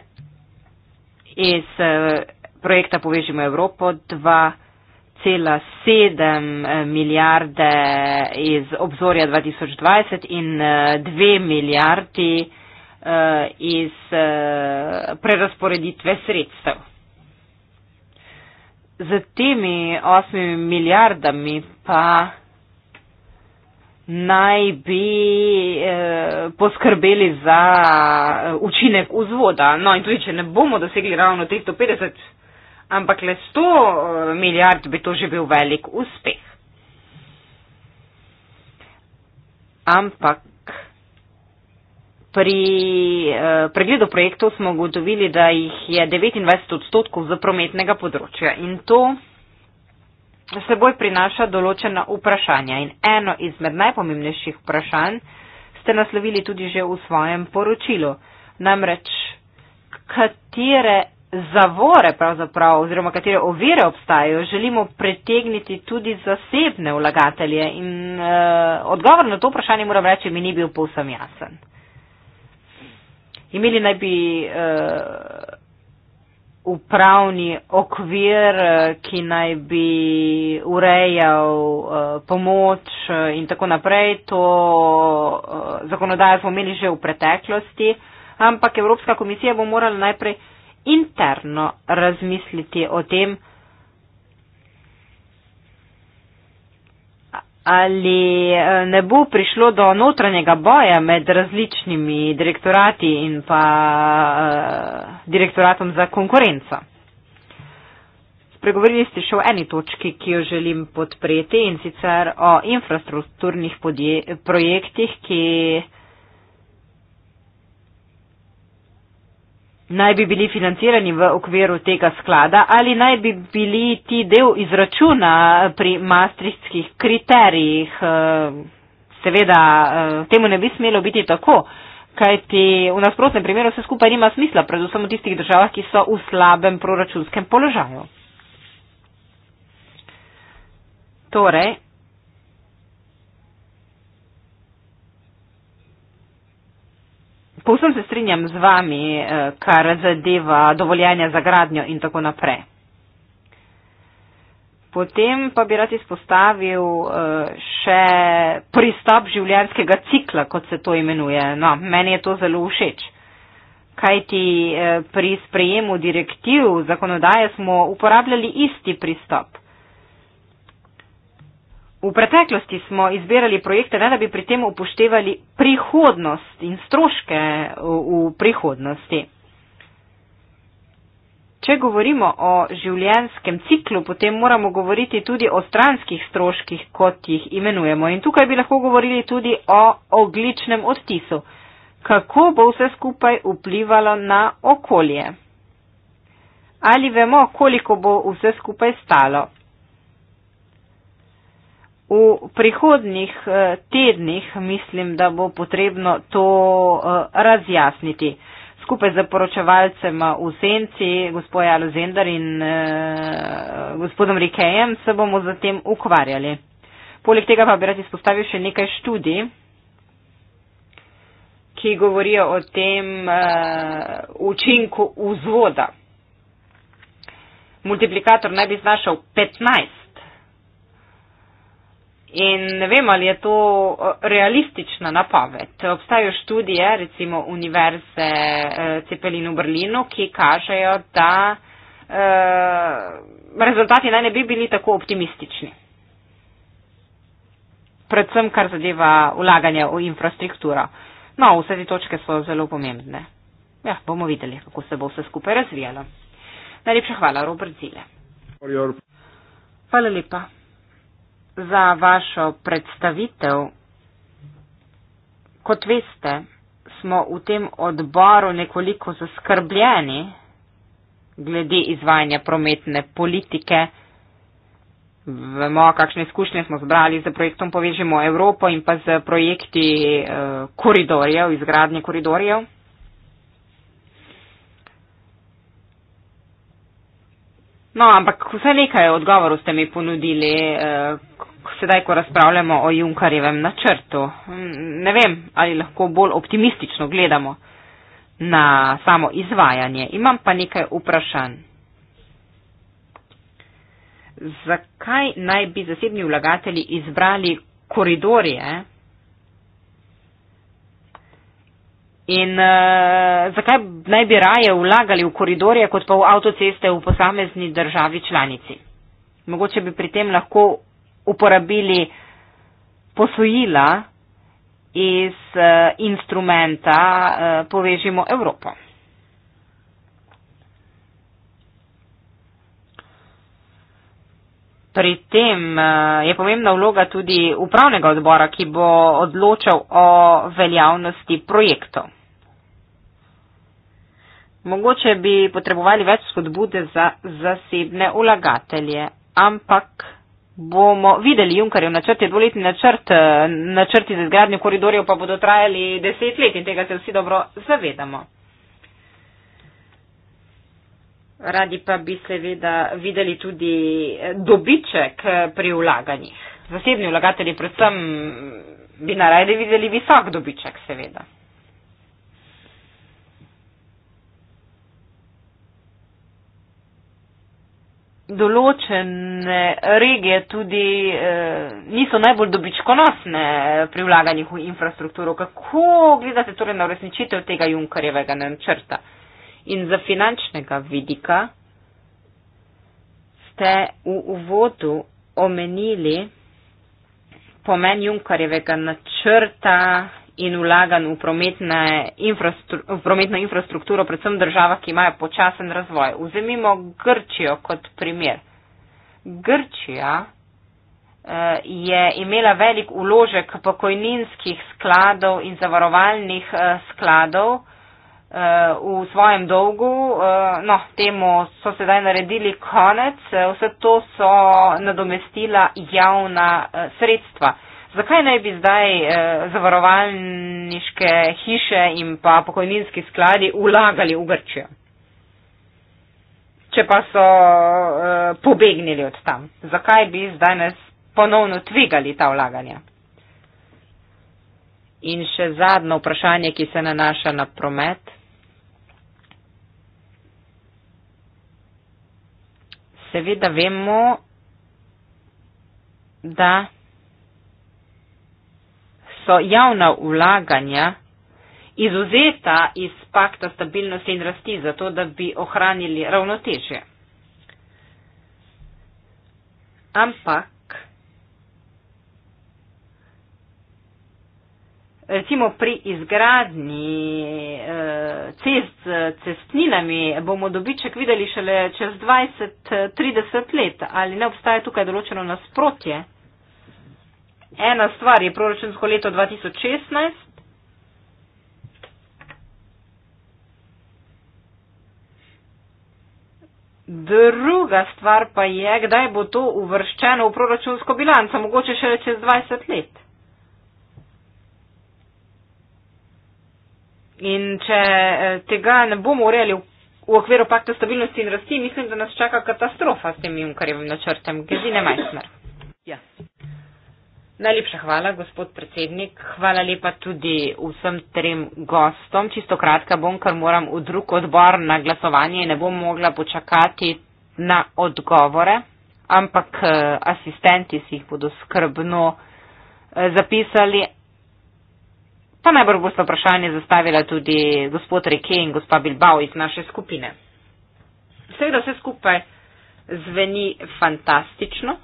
iz eh, projekta Povežimo Evropo, 2,7 eh, milijarde iz obzorja 2020 in 2 eh, milijardi iz prerasporeditve sredstev. Z temi 8 milijardami pa naj bi eh, poskrbeli za eh, učinek vzvoda. No in tudi, če ne bomo dosegli ravno 350, ampak le 100 eh, milijard, bi to že bil velik uspeh. Ampak pri eh, pregledu projektov smo ugotovili, da jih je 29 odstotkov z prometnega področja in to s seboj prinaša določena vprašanja in eno izmed najpomembnejših vprašanj ste naslovili tudi že v svojem poročilu. Namreč, katere zavore pravzaprav oziroma katere ovire obstajajo, želimo pretegniti tudi zasebne vlagatelje in eh, odgovor na to vprašanje moram reči mi ni bil povsem jasen. Imeli naj bi. Eh, upravni okvir, eh, ki naj bi urejal eh, pomoč eh, in tako naprej. To zakonodajo smo imeli že v preteklosti, ampak Evropska komisija bo morala najprej interno razmisliti o tem, ali eh, ne bo prišlo do notranjega boja med različnimi direktorati in pa uh, direktoratom za konkurenco. Spregovorili ste še o eni točki, ki jo želim podpreti in sicer o infrastrukturnih podje, projektih, ki naj bi bili financirani v okviru tega sklada ali naj bi bili ti del izračuna pri mastrihskih kriterijih. Eh, seveda, eh, temu ne bi smelo biti tako, kajti v nasprotnem primeru vse skupaj nima smisla, predvsem v tistih državah, ki so v slabem proračunskem položaju. Torej, povsem se strinjam z vami, eh, kar zadeva dovoljenja za gradnjo in tako naprej. Potem pa bi rad izpostavil eh, še pristop življenskega cikla, kot se to imenuje. No, meni je to zelo všeč. Kaj ti eh, pri sprejemu direktiv zakonodaje smo uporabljali isti pristop. V preteklosti smo izbirali projekte, ne da bi pri tem upoštevali prihodnost in stroške v prihodnosti. Če govorimo o življenskem ciklu, potem moramo govoriti tudi o stranskih stroških, kot jih imenujemo. In tukaj bi lahko govorili tudi o ogličnem odtisu. Kako bo vse skupaj vplivalo na okolje? Ali vemo, koliko bo vse skupaj stalo? V prihodnih eh, tednih mislim, da bo potrebno to eh, razjasniti. Skupaj z poročevalcem v senci, gospoja Luzendar in eh, gospodom Rikejem, se bomo zatem ukvarjali. Poleg tega pa bi rad izpostavil še nekaj študij, ki govorijo o tem eh, učinku vzvoda. Multiplikator naj bi znašal 15. In ne vem, ali je to eh, realistična napoved. Obstajajo študije, recimo univerze eh, Cepelin v Berlinu, ki kažejo, da eh, rezultati naj ne bi bili tako optimistični. Predvsem, kar zadeva ulaganje v infrastrukturo. No, vse te točke so zelo pomembne. Ja, bomo videli, kako se bo vse skupaj razvijalo. Najlepša hvala, Robert Zile. Hvala lepa za vašo predstavitev. Kot veste, smo v tem odboru nekoliko zaskrbljeni glede izvajanja prometne politike. Vemo, kakšne izkušnje smo zbrali z projektom Povežimo Evropo in pa z projekti eh, koridorjev, izgradnje koridorjev. No, ampak vse nekaj odgovorov ste mi ponudili, eh, sedaj, ko razpravljamo o Junkarjevem načrtu. Ne vem, ali lahko bolj optimistično gledamo na samo izvajanje. Imam pa nekaj vprašanj. Zakaj naj bi zasebni vlagatelji izbrali koridorje? In uh, zakaj naj bi raje vlagali v koridorje, kot pa v avtoceste v posamezni državi članici? Mogoče bi pri tem lahko uporabili posojila iz uh, instrumenta uh, Povežimo Evropo. Pri tem eh, je pomembna vloga tudi upravnega odbora, ki bo odločal o veljavnosti projektov. Mogoče bi potrebovali več spodbude za zasebne ulagatelje, ampak bomo videli Junkarjev načrt, je dvoletni načrt, eh, načrti za izgradnjo koridorjev pa bodo trajali deset let in tega se vsi dobro zavedamo. Radi pa bi seveda videli tudi eh, dobiček eh, pri vlaganjih. Zasebni vlagatelji predvsem bi naradi videli visok dobiček, seveda. določene regije tudi eh, niso najbolj dobičkonosne pri vlaganjih v infrastrukturo. Kako gledate torej na uresničitev tega Junkarjevega načrta? In za finančnega vidika ste v uvodu omenili pomen Junkarjevega načrta in vlaganj v, infrastru v prometno infrastrukturo, predvsem država, ki imajo počasen razvoj. Vzemimo Grčijo kot primer. Grčija eh, je imela velik uložek pokojninskih skladov in zavarovalnih eh, skladov eh, v svojem dolgu. Eh, no, temu so sedaj naredili konec. Eh, vse to so nadomestila javna eh, sredstva zakaj ne bi zdaj eh, zavarovalniške hiše in pa pokojninski skladi ulagali v Grčijo, če pa so eh, pobegnili od tam? Zakaj bi zdaj nas ponovno tvegali ta ulaganja? In še zadnje vprašanje, ki se nanaša na promet. Seveda vemo, da so javna vlaganja izuzeta iz pakta stabilnosti in rasti, zato da bi ohranili ravnotežje. Ampak, recimo pri izgradnji eh, cest cestninami bomo dobiček videli šele čez 20-30 let, ali ne obstaja tukaj določeno nasprotje? ena stvar je proračunsko leto 2016. Druga stvar pa je, kdaj bo to uvrščeno v proračunsko bilanco, mogoče še čez 20 let. In če eh, tega ne bomo urejali v, v okviru pakta stabilnosti in rasti, mislim, da nas čaka katastrofa s tem junkarjevim načrtem. Gezine Majsmer. Ja. Najlepša hvala, gospod predsednik. Hvala lepa tudi vsem trem gostom. Čisto kratka bom, ker moram v drug odbor na glasovanje in ne bom mogla počakati na odgovore, ampak eh, asistenti si jih bodo skrbno eh, zapisali. Pa najbolj boste vprašanje zastavila tudi gospod Reke in gospa Bilbao iz naše skupine. Vse, da vse skupaj zveni fantastično.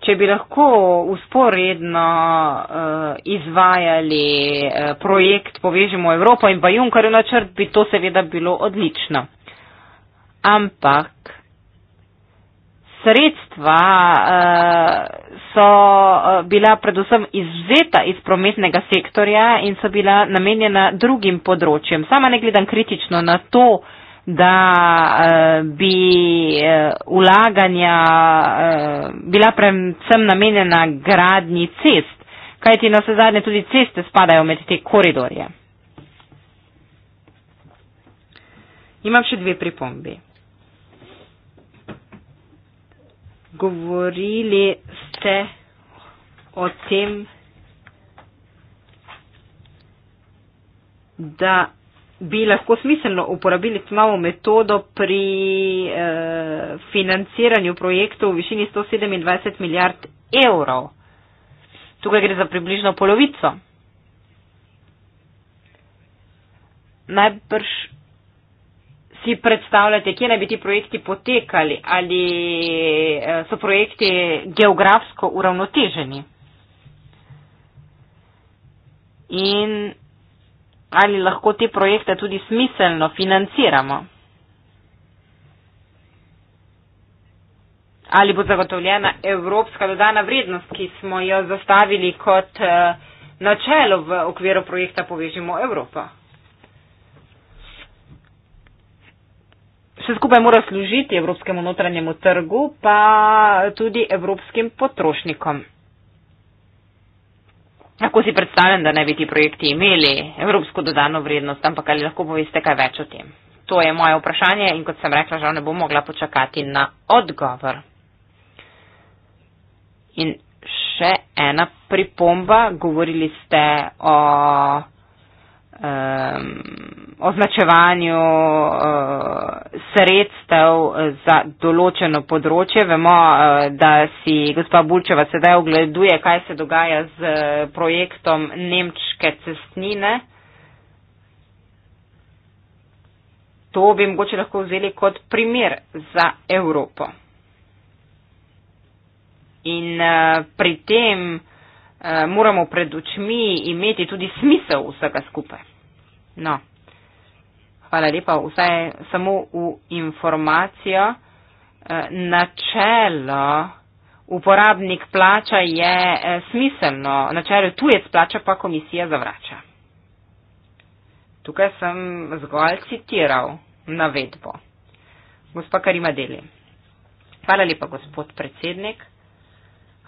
Če bi lahko usporedno uh, izvajali uh, projekt Povežimo Evropo in Bajunkarjo načrt, bi to seveda bilo odlično. Ampak sredstva uh, so bila predvsem izvzeta iz prometnega sektorja in so bila namenjena drugim področjem. Sama ne gledam kritično na to, uh, da eh, bi vlaganja eh, eh, bila predvsem namenjena gradnji cest, kajti na vse zadnje tudi ceste spadajo med te koridorje. Imam še dve pripombi. Govorili ste o tem, da bi lahko smiselno uporabili tmavo metodo pri eh, financiranju projektov v višini 127 milijard evrov. Tukaj gre za približno polovico. Najbrž si predstavljate, kje naj bi ti projekti potekali ali eh, so projekti geografsko uravnoteženi. In ali lahko te projekte tudi smiselno financiramo. Ali bo zagotovljena evropska dodana vrednost, ki smo jo zastavili kot eh, načelo v okviru projekta Povežimo Evropo. Vse skupaj mora služiti evropskemu notranjemu trgu, pa tudi evropskim potrošnikom. Lahko si predstavljam, da ne bi ti projekti imeli evropsko dodano vrednost, ampak ali lahko poveste kaj več o tem? To je moje vprašanje in kot sem rekla, žal ne bom mogla počakati na odgovor. In še ena pripomba, govorili ste o eh, označevanju eh, sredstev za določeno področje. Vemo, eh, da si gospa Bulčeva sedaj ogleduje, kaj se dogaja z eh, projektom Nemčke cestnine. To bi mogoče lahko vzeli kot primer za Evropo. In eh, pri tem eh, moramo pred očmi imeti tudi smisel vsega skupaj. No. Hvala lepa. Vsaj samo v informacijo. Eh, načelo uporabnik plača je eh, smiselno, načelo tujec plača pa komisija zavrača. Tukaj sem zgolj citiral navedbo. Gospa Karima Deli. Hvala lepa, gospod predsednik.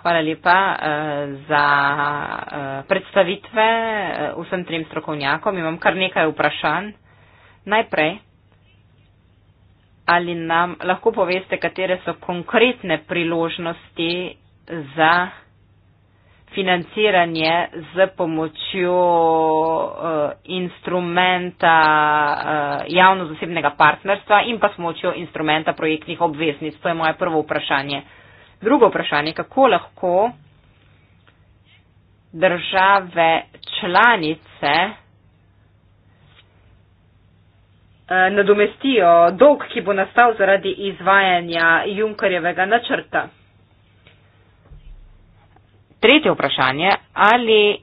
Hvala lepa uh, za uh, predstavitve uh, vsem trem strokovnjakom. Imam kar nekaj vprašanj. Najprej, ali nam lahko poveste, katere so konkretne priložnosti za financiranje z pomočjo uh, instrumenta uh, javno-zasebnega partnerstva in pa s pomočjo instrumenta projektnih obveznic? To je moje prvo vprašanje. Uh, Drugo vprašanje, kako lahko države članice eh, nadomestijo dolg, ki bo nastal zaradi izvajanja Junkarjevega načrta. Tretje vprašanje, ali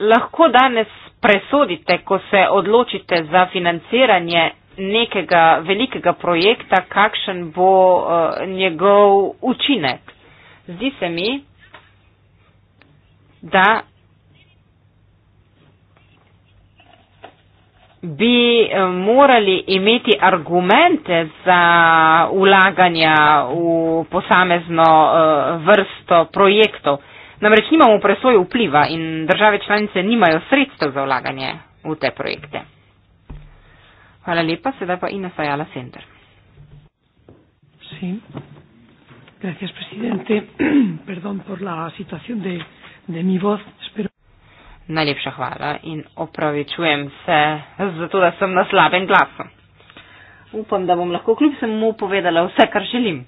lahko danes presodite, ko se odločite za financiranje nekega velikega projekta, kakšen bo uh, njegov učinek. Zdi se mi, da bi eh, morali imeti argumente za ulaganja v posamezno uh, vrsto projektov. Namreč nimamo presoje vpliva in države članice nimajo sredstev za ulaganje v te projekte. Hvala lepa. Sedaj pa Ina Fajala Sender. Sí. Gracias, presidente. Perdón por la situación de, de mi voz. Espero... Najlepša hvala in opravičujem se za to, da sem na slabem glasu. Upam, da bom lahko kljub samo povedala vse, kar želim.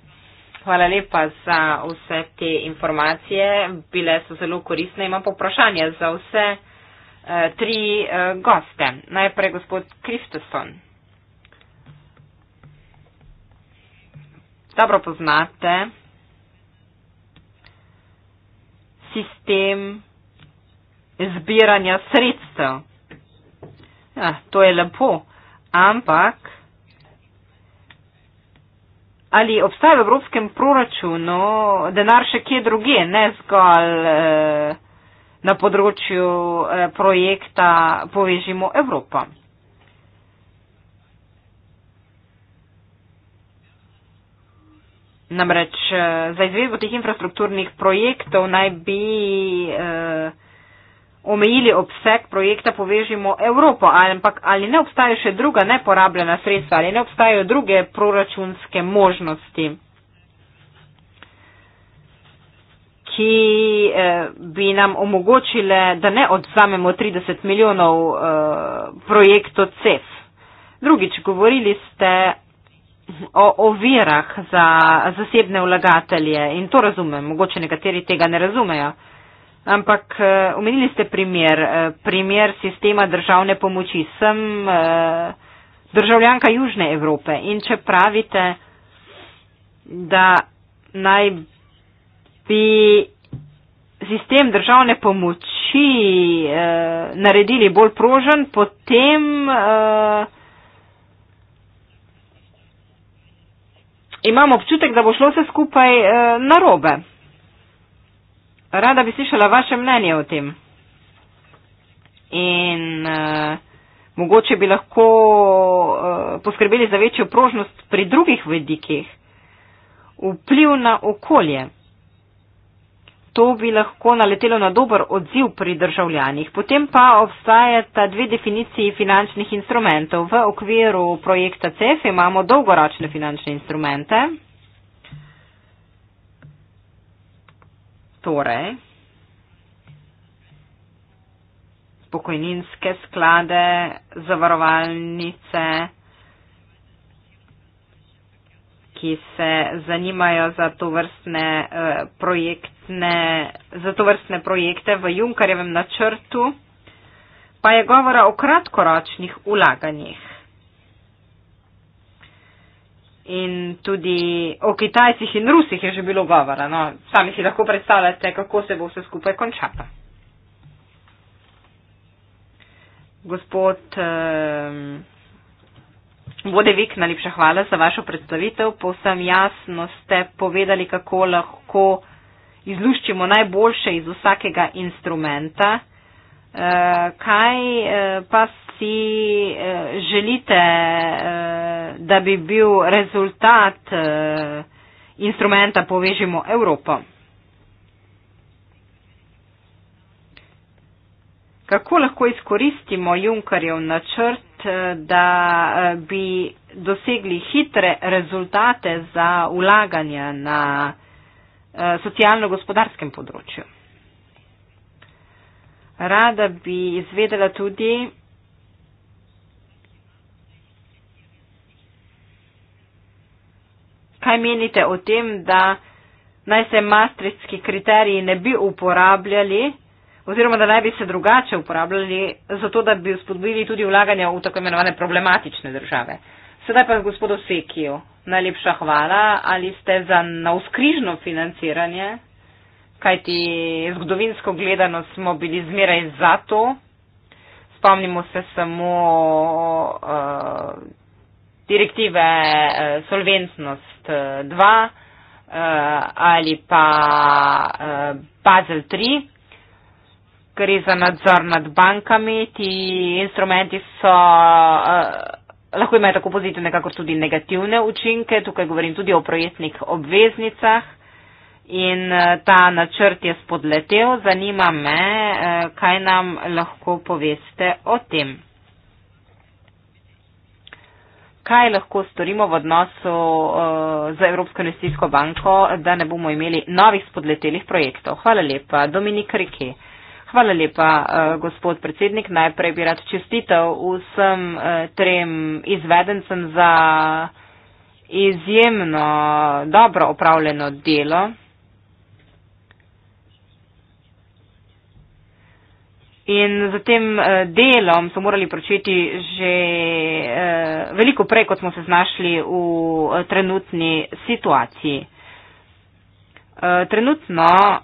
Hvala lepa za vse te informacije. Bile so zelo koristne. Imam pa vprašanje za vse eh, tri eh, goste. Najprej gospod Kristoson. dobro poznate sistem zbiranja sredstev. Ja, to je lepo, ampak ali obstaja v evropskem proračunu denar še kje druge, ne zgolj eh, na področju eh, projekta Povežimo Evropo? Namreč eh, za izvedbo teh infrastrukturnih projektov naj bi eh, omejili obseg projekta Povežimo Evropo, ampak ali ne obstajajo še druga neporabljena sredstva, ali ne obstajajo druge proračunske možnosti, ki eh, bi nam omogočile, da ne odzamemo 30 milijonov projektov CEF. Drugič, govorili ste o ovirah za zasebne vlagatelje in to razumem, mogoče nekateri tega ne razumejo. Ampak eh, omenili ste primer, eh, primer sistema državne pomoči. Sem eh, državljanka Južne Evrope in če pravite, da naj bi sistem državne pomoči naredili bolj prožen, potem. imam občutek, da bo šlo vse skupaj e, narobe. Rada bi slišala vaše mnenje o tem. In e, mogoče bi lahko e, poskrbeli za večjo prožnost pri drugih vedikih. Vpliv na okolje. To bi lahko naletelo na dober odziv pri državljanih. Potem pa obstajata dve definiciji finančnih instrumentov. V okviru projekta CEF imamo dolgoročne finančne instrumente. Torej, pokojninske sklade, zavarovalnice, ki se zanimajo za to vrstne uh, eh, projekte tovrstne, za tovrstne projekte v Junkarjevem načrtu, pa je govora o kratkoročnih ulaganjih. In tudi o Kitajcih in Rusih je že bilo govora. No, sami si lahko predstavljate, kako se bo vse skupaj končalo. Gospod eh, Vodevik, najlepša hvala za vašo predstavitev. Povsem jasno ste povedali, kako lahko izluščimo najboljše iz vsakega instrumenta. Eh, kaj eh, pa si eh, želite, da bi bil rezultat instrumenta Povežimo Evropo? Kako lahko izkoristimo Junkarjev načrt, da bi dosegli hitre rezultate za ulaganje na Eh, socijalno-gospodarskem področju. Rada bi izvedela tudi, kaj menite o tem, da naj se mastritski kriteriji ne bi uporabljali oziroma da naj bi se drugače uporabljali, zato da bi spodbili tudi vlaganja v tako imenovane problematične države. Uh, Sedaj pa gospodu Sekiju. Najlepša hvala. Ali ste za navskrižno financiranje? Kajti zgodovinsko gledano smo bili zmeraj za to. Spomnimo se samo uh, direktive uh, Solventnost 2 uh, eh, ali pa uh, Bazel 3. Gre za nadzor nad bankami. Ti instrumenti so. Uh, lahko imajo tako pozitivne, kakor tudi negativne učinke. Tukaj govorim tudi o projektnih obveznicah. In eh, ta načrt je spodletel, zanima me, eh, kaj nam lahko poveste o tem. Kaj lahko storimo v odnosu eh, z Evropsko investicijsko banko, da ne bomo imeli novih spodletelih projektov? Hvala lepa, Dominik Rike. Hvala lepa, eh, gospod predsednik. Najprej bi rad čestitev vsem eh, trem izvedencem za izjemno dobro opravljeno delo. In za tem eh, delom so morali pročeti že veliko prej, kot smo se znašli v trenutni situaciji. Trenutno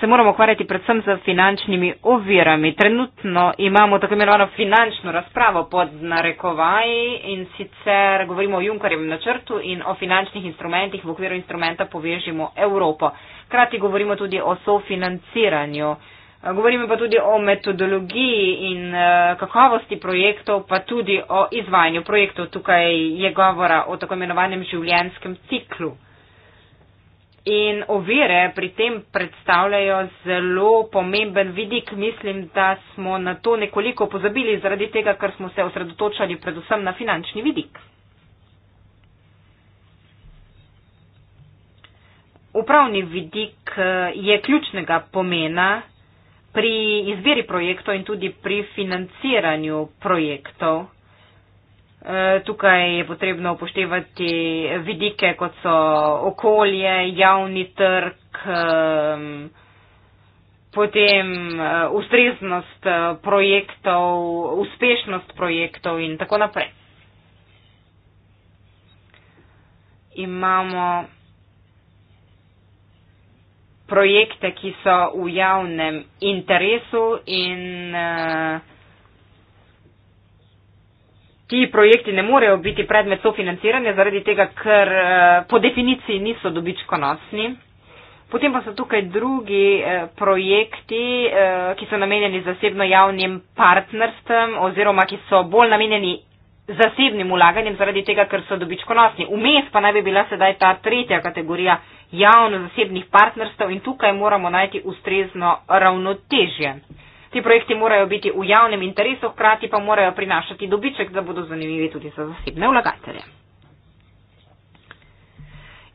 se moramo ukvarjati predvsem z finančnimi ovirami. Trenutno imamo tako imenovano finančno razpravo pod narekovaji in sicer govorimo o Junkarjevem načrtu in o finančnih instrumentih v okviru instrumenta povežimo Evropo. Krati govorimo tudi o sofinanciranju. Govorimo pa tudi o metodologiji in eh, kakovosti projektov, pa tudi o izvajanju projektov. Tukaj je govora o tako imenovanem življenskem ciklu. In ovire pri tem predstavljajo zelo pomemben vidik. Mislim, da smo na to nekoliko pozabili zaradi tega, ker smo se osredotočali predvsem na finančni vidik. Upravni vidik eh, je ključnega pomena pri izbiri projektov in tudi pri financiranju projektov. Eh, tukaj je potrebno upoštevati vidike, kot so okolje, javni trg, ehm, potem eh, ustreznost eh, projektov, uspešnost projektov in tako naprej. Imamo projekte, ki so v javnem interesu in uh, ti projekti ne morejo biti predmet sofinanciranja, zaradi tega, ker eh, po definiciji niso dobičkonosni. Potem pa so tukaj drugi eh, projekti, eh, ki so namenjeni zasebno-javnim partnerstvom oziroma ki so bolj namenjeni zasebnim ulaganjem, zaradi tega, ker so dobičkonosni. Vmes pa naj bi bila sedaj ta tretja kategorija javno-zasebnih partnerstv in tukaj moramo najti ustrezno ravnotežje. Ti projekti morajo biti v javnem interesu, hkrati pa morajo prinašati dobiček, da bodo zanimivi tudi za zasebne vlagatelje.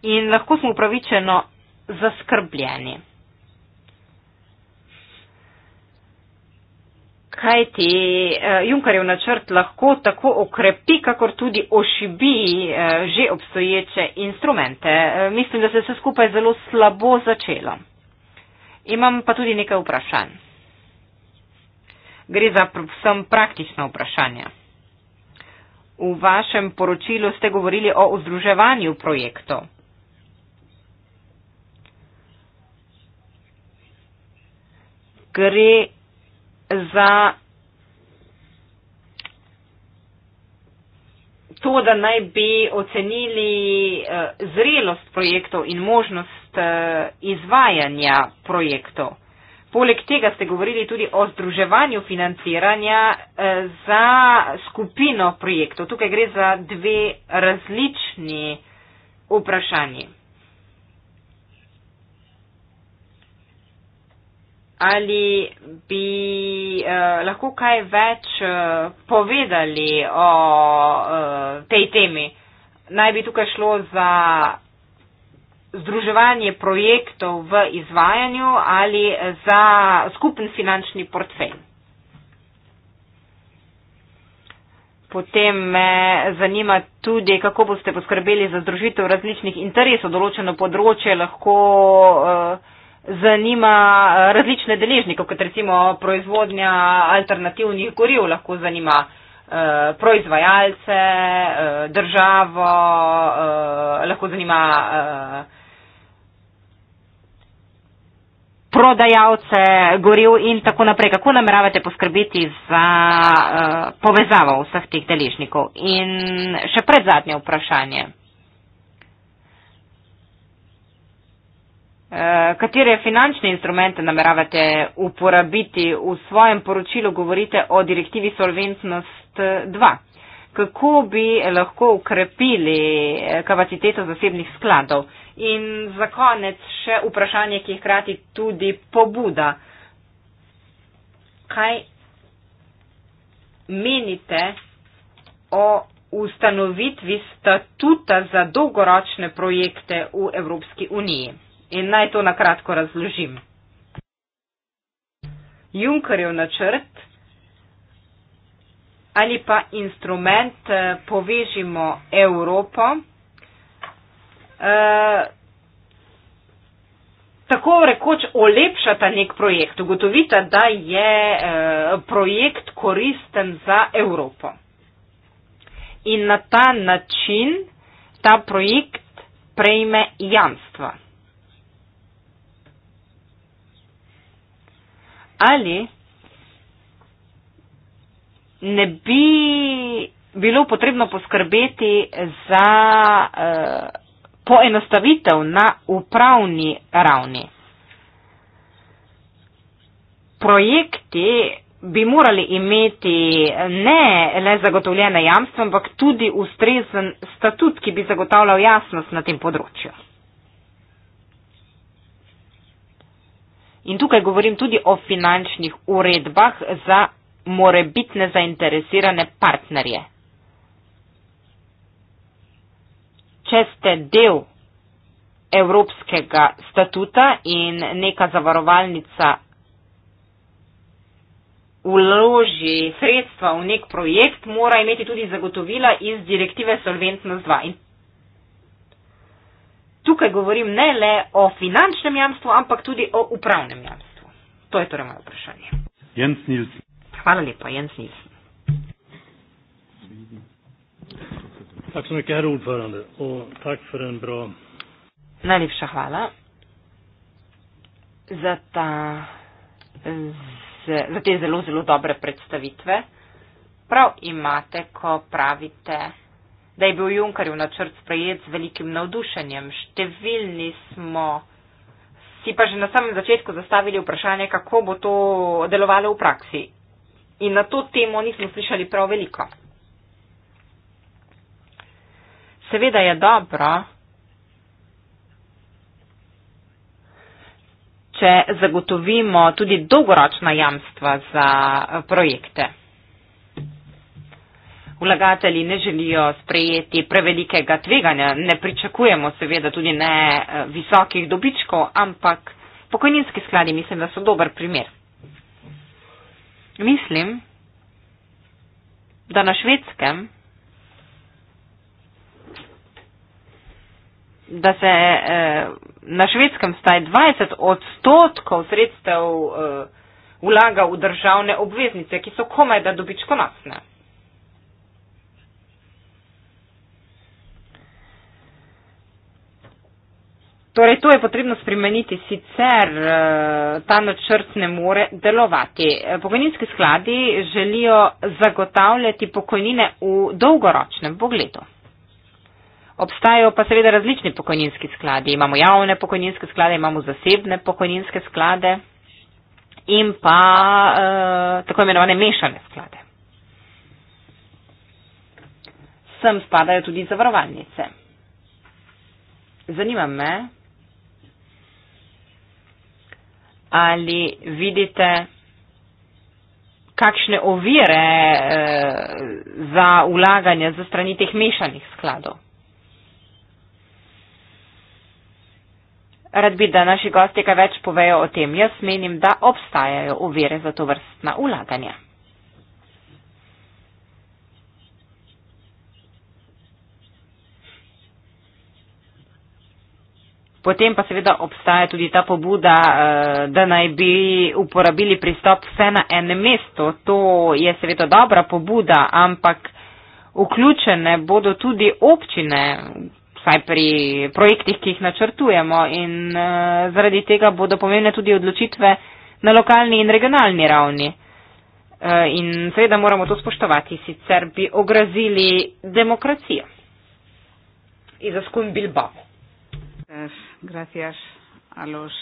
In lahko smo upravičeno zaskrbljeni. Kaj ti eh, Junkarjev načrt lahko tako okrepi, kakor tudi ošibi eh, že obstoječe instrumente? Eh, mislim, da se je vse skupaj zelo slabo začelo. Imam pa tudi nekaj vprašanj gre za vsem praktično vprašanje. V vašem poročilu ste govorili o združevanju projektov. Gre za to, da naj bi ocenili eh, zrelost projektov in možnost eh, izvajanja projektov. Poleg tega ste govorili tudi o združevanju financiranja eh, za skupino projektov. Tukaj gre za dve različni vprašanji. Ali bi eh, lahko kaj več eh, povedali o eh, tej temi? Naj bi tukaj šlo za združevanje projektov v izvajanju ali za skupen finančni portfelj. Potem me zanima tudi, kako boste poskrbeli za združitev različnih interesov. Določeno področje lahko uh, zanima različne deležnike, kot recimo proizvodnja alternativnih goriv, lahko zanima uh, proizvajalce, uh, državo, uh, lahko zanima. Uh, prodajalce goril in tako naprej. Kako nameravate poskrbiti za uh, povezavo vseh teh deležnikov? In še pred zadnje vprašanje. Eh, katere finančne instrumente nameravate uporabiti? V svojem poročilu govorite o direktivi Solventnost 2. Eh, Kako bi lahko ukrepili kapaciteto zasebnih skladov? Uh, In za konec še vprašanje, ki je hkrati tudi pobuda. Kaj menite o ustanovitvi statuta za dolgoročne projekte v Evropski uniji? In naj to nakratko razložim. Junkerjev načrt ali pa instrument eh, povežimo Evropo. Eh, tako rekoč olepšata nek projekt, ugotovita, da je eh, projekt koristen za Evropo. In na ta način ta projekt prejme jamstva. Ali ne bi bilo potrebno poskrbeti za. Eh, poenostavitev na upravni ravni. Projekti bi morali imeti ne le zagotovljene jamstva, ampak tudi ustrezen statut, ki bi zagotavljal jasnost na tem področju. In tukaj govorim tudi o finančnih uredbah za morebitne zainteresirane partnerje. če ste del Evropskega statuta in neka zavarovalnica uloži sredstva v nek projekt, mora imeti tudi zagotovila iz direktive Solventnost 2. In tukaj govorim ne le o finančnem jamstvu, ampak tudi o upravnem jamstvu. To je torej moje vprašanje. Jens Nilsen. Hvala lepa, Jens Nilsen. Tack så mycket, herr ordförande. Och tack för en bra... Najlepša hvala za ta, za te zelo, zelo dobre predstavitve. Prav imate, ko pravite, da je bil Junkarjev načrt sprejet z velikim navdušenjem. Številni smo si pa že na samem začetku zastavili vprašanje, kako bo to delovalo v praksi. In na to temo nismo slišali prav veliko. seveda je dobro, če zagotovimo tudi dolgoročna jamstva za eh, projekte. Vlagatelji ne želijo sprejeti prevelikega tveganja, ne pričakujemo seveda tudi ne eh, visokih dobičkov, ampak pokojninski skladi mislim, da so dober primer. Mislim, da na švedskem da se e, na švedskem staj 20 odstotkov sredstev e, vlaga v državne obveznice, ki so komaj da dobičkonosne. Torej, to je potrebno spremeniti, sicer eh, ta načrt ne more delovati. Pokojninski skladi želijo zagotavljati pokojnine v dolgoročnem pogledu. Obstajajo pa seveda različni pokojninski skladi. Imamo javne pokojninske sklade, imamo zasebne pokojninske sklade in pa eh, tako imenovane mešane sklade. Sem spadajo tudi zavarovalnice. Zanima me, ali vidite kakšne ovire eh, za ulaganje za strani teh mešanih skladov. Rad bi, da naši gostje kaj več povejo o tem. Jaz menim, da obstajajo uvere za to vrstna ulaganja. Potem pa seveda obstaja tudi ta pobuda, eh, da naj bi uporabili pristop vse na enem mestu. To je seveda dobra pobuda, ampak vključene bodo tudi občine, vsaj pri projektih, ki jih načrtujemo in uh, zaradi tega bodo pomembne tudi odločitve na lokalni in regionalni ravni. Uh, in seveda moramo to spoštovati, sicer bi ogrozili demokracijo. Izaskun Bilbao. Gracias, Aloš.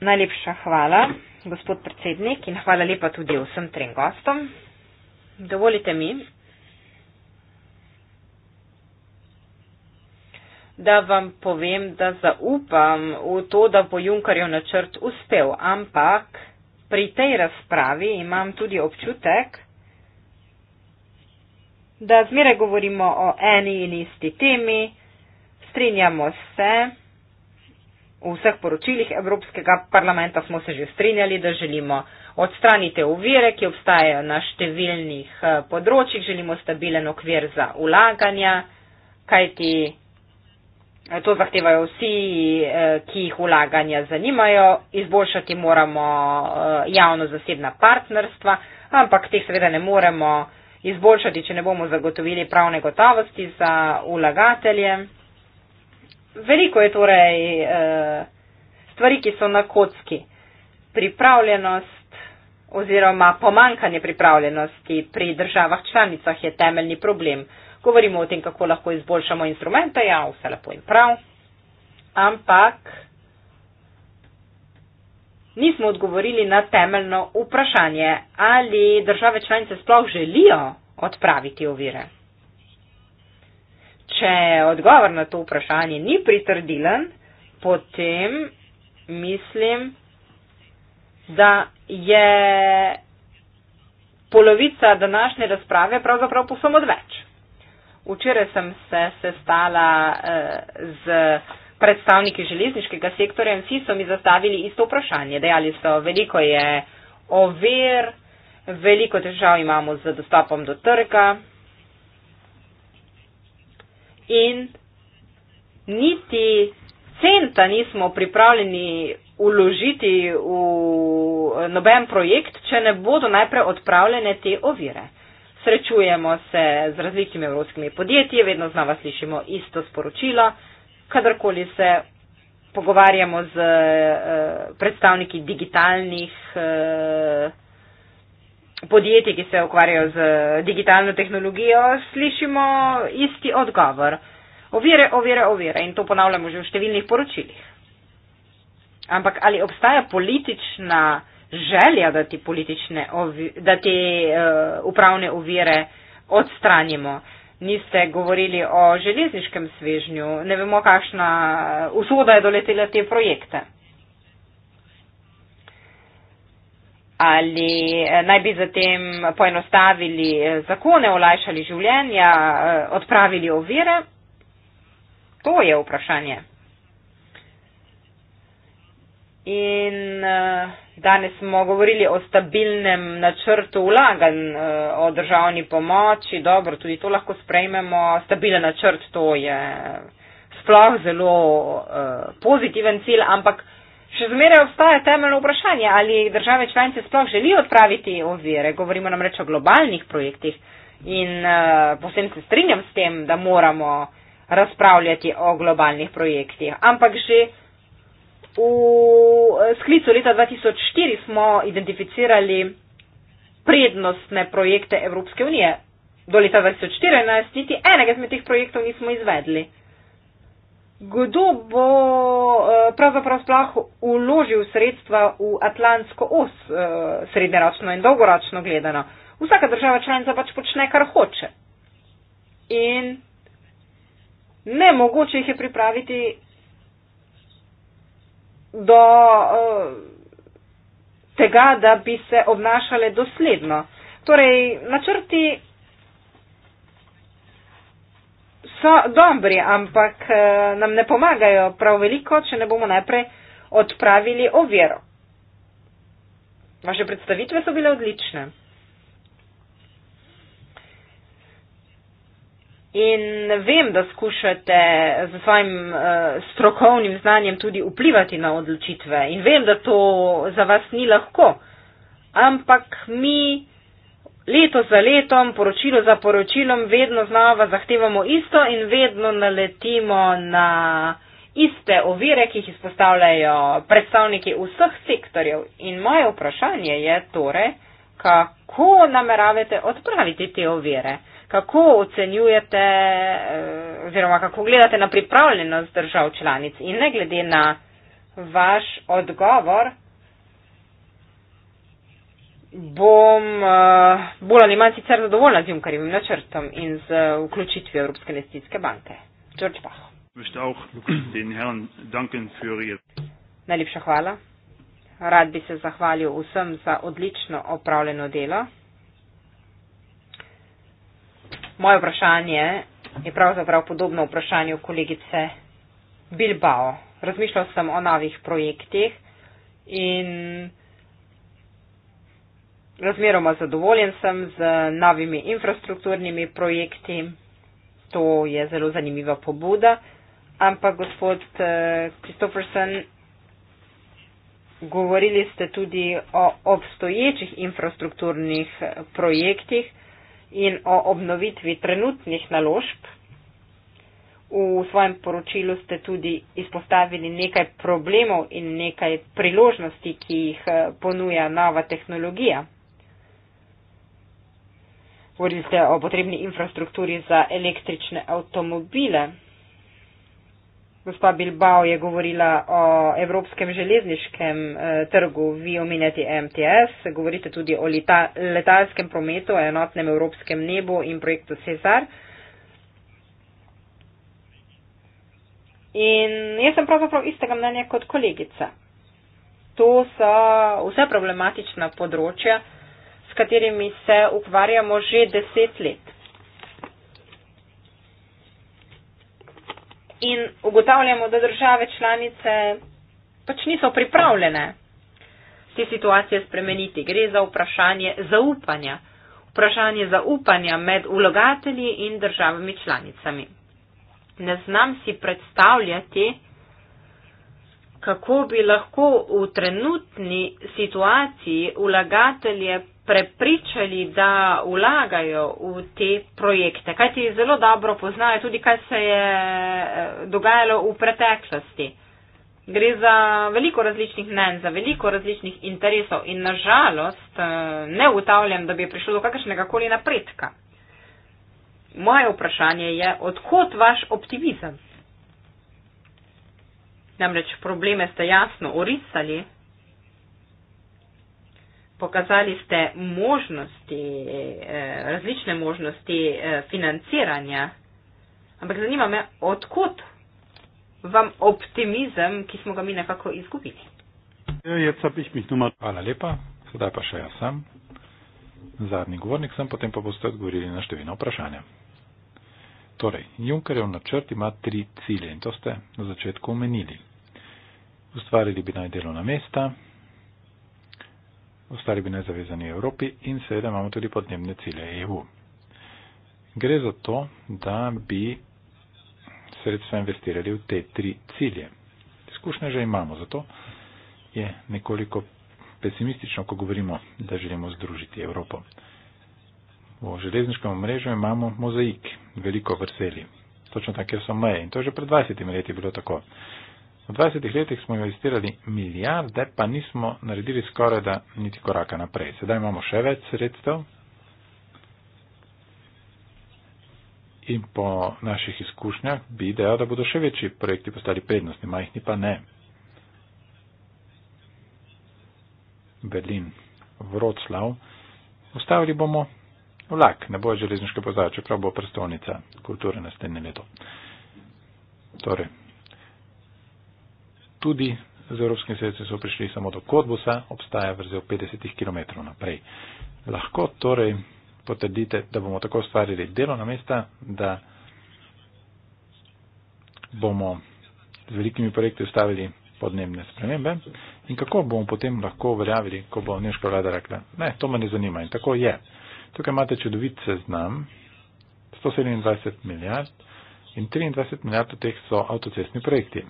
Najlepša hvala, gospod predsednik, in hvala lepa tudi vsem trem gostom. Dovolite mi, da vam povem, da zaupam v to, da bo Junkarjev načrt uspel, ampak pri tej razpravi imam tudi občutek, da zmeraj govorimo o eni in isti temi, strinjamo se, v vseh poročilih Evropskega parlamenta smo se že strinjali, da želimo odstraniti uvire, ki obstajajo na številnih eh, področjih, želimo stabilen okvir za ulaganja, kajti Eh, to zahtevajo vsi, eh, ki jih vlaganja zanimajo. Izboljšati moramo eh, javno-zasebna partnerstva, ampak teh seveda ne moremo izboljšati, če ne bomo zagotovili pravne gotovosti za vlagatelje. Veliko je torej stvari, ki so na kocki. Pripravljenost oziroma pomankanje pripravljenosti pri državah članicah je temeljni problem govorimo o tem, kako lahko izboljšamo instrumente, ja, vse lepo in prav, ampak nismo odgovorili na temeljno vprašanje, ali države članice sploh želijo odpraviti ovire. Če odgovor na to vprašanje ni pritrdilen, potem mislim, da je polovica današnje razprave pravzaprav posamo odveč. Včeraj sem se sestala eh, z predstavniki železniškega sektorja in vsi so mi zastavili isto vprašanje. Dejali so, veliko je ovir, veliko težav imamo z dostopom do trga in niti centa nismo pripravljeni uložiti v noben projekt, če ne bodo najprej odpravljene te ovire srečujemo se z različnimi evropskimi podjetji, vedno znova slišimo isto sporočilo, kadarkoli se pogovarjamo z eh, predstavniki digitalnih eh, podjetij, ki se ukvarjajo z digitalno tehnologijo, slišimo isti odgovor. Ovire, ovire, ovire in to ponavljamo že v številnih poročilih. Ampak ali obstaja politična želja, da ti, ovire, da ti uh, upravne ovire odstranimo. Niste govorili o železniškem svežnju, ne vemo, kakšna usoda je doletela te projekte. Ali eh, naj bi zatem poenostavili eh, zakone, olajšali življenja, odpravili ovire? To je vprašanje. In uh, Danes smo govorili o stabilnem načrtu vlagan, eh, o državni pomoči, dobro, tudi to lahko sprejmemo. Stabilen načrt to je sploh zelo eh, pozitiven cilj, ampak še zmeraj obstaja temeljno vprašanje, ali države članice sploh želijo odpraviti ovire. Govorimo namreč o globalnih projektih in eh, posebno se strinjam s tem, da moramo razpravljati o globalnih projektih, ampak že V eh, sklicu leta 2004 smo identificirali prednostne projekte Evropske unije. Do leta 2014 niti enega izmed teh projektov nismo izvedli. Kdo bo eh, pravzaprav sploh uložil sredstva v Atlantsko os, eh, srednjeročno in dolgoročno gledano? Vsaka država članica pač počne, kar hoče. In ne mogoče jih je pripraviti do eh, tega, da bi se obnašale dosledno. Torej, načrti so dobri, ampak eh, nam ne pomagajo prav veliko, če ne bomo najprej odpravili oviro. Vaše predstavitve so bile odlične. In vem, da skušate z svojim uh, strokovnim znanjem tudi vplivati na odločitve in vem, da to za vas ni lahko. Ampak mi leto za letom, poročilo za poročilom, vedno znova zahtevamo isto in vedno naletimo na iste ovire, ki jih izpostavljajo predstavniki vseh sektorjev. In moje vprašanje je torej, kako nameravate odpraviti te ovire? Kako ocenjujete eh, oziroma kako gledate na pripravljenost držav članic in ne glede na vaš odgovor, bom eh, bolj ali manj sicer zadovoljna z Junkarjevim načrtom in z vključitvijo Evropske investicijske banke. George Bach. Najlepša hvala. Rad bi se zahvalil vsem za odlično opravljeno delo. Moje vprašanje je pravzaprav podobno vprašanju kolegice Bilbao. Razmišljal sem o novih projektih in razmeroma zadovoljen sem z novimi infrastrukturnimi projekti. To je zelo zanimiva pobuda. Ampak, gospod eh, Kristofferson, govorili ste tudi o obstoječih infrastrukturnih eh, projektih in o obnovitvi trenutnih naložb. V svojem poročilu ste tudi izpostavili nekaj problemov in nekaj priložnosti, ki jih eh, ponuja nova tehnologija. Govorili ste o potrebni infrastrukturi za električne avtomobile. Gospa Bilbao je govorila o evropskem železniškem eh, trgu, vi omenjate MTS, govorite tudi o leta, letalskem prometu, enotnem evropskem nebu in projektu Cezar. In jaz sem pravzaprav istega mnenja kot kolegica. To so vse problematična področja, s katerimi se ukvarjamo že deset let. in ugotavljamo, da države članice pač niso pripravljene te situacije spremeniti. Gre za vprašanje zaupanja. Vprašanje zaupanja med vlagatelji in državami članicami. Ne znam si predstavljati, kako bi lahko v trenutni situaciji vlagatelje prepričali, da vlagajo v te projekte, kaj ti zelo dobro poznajo tudi, kaj se je eh, dogajalo v preteklosti. Gre za veliko različnih mnen, za veliko različnih interesov in nažalost eh, ne utavljam, da bi prišlo do kakršnega koli napredka. Moje vprašanje je, odkot vaš optimizem? Namreč probleme ste jasno orisali, pokazali ste možnosti, eh, različne možnosti eh, financiranja. Ampak zanima me, odkot vam optimizem, ki smo ga mi nekako izgubili? Ja, Hvala lepa, sedaj pa še jaz sem. Zadnji govornik sem, potem pa boste odgovorili na številna vprašanja. Torej, Junkerjev načrt ima tri cilje in to ste na začetku omenili. Ustvarili bi naj delovna mesta, ostali bi nezavezani Evropi in seveda imamo tudi podnebne cilje EU. Gre za to, da bi sredstva investirali v te tri cilje. Izkušnje že imamo, zato je nekoliko pesimistično, ko govorimo, da želimo združiti Evropo. V železniškem omrežju imamo mozaik, veliko vrseli, točno tako, ker so meje in to je že pred 20 leti bilo tako. V 20 letih smo investirali milijarde, pa nismo naredili skoraj da niti koraka naprej. Sedaj imamo še več sredstev in po naših izkušnjah bi idejo, da bodo še večji projekti postali prednostni, majhni pa ne. Berlin, Vroclav, ustavili bomo vlak, ne bo železniške pozdrav, čeprav bo prestolnica kulture naslednje leto. Torej, tudi z evropskim sredstvom so prišli samo do Kodbusa, obstaja vrzel 50 km naprej. Lahko torej potrdite, da bomo tako ustvarili delo na mesta, da bomo z velikimi projekti ustavili podnebne spremembe in kako bomo potem lahko uveljavili, ko bo nemška vlada rekla, ne, to me ne zanima in tako je. Tukaj imate čudovit seznam, 127 milijard in 23 milijard od teh so avtocestni projekti.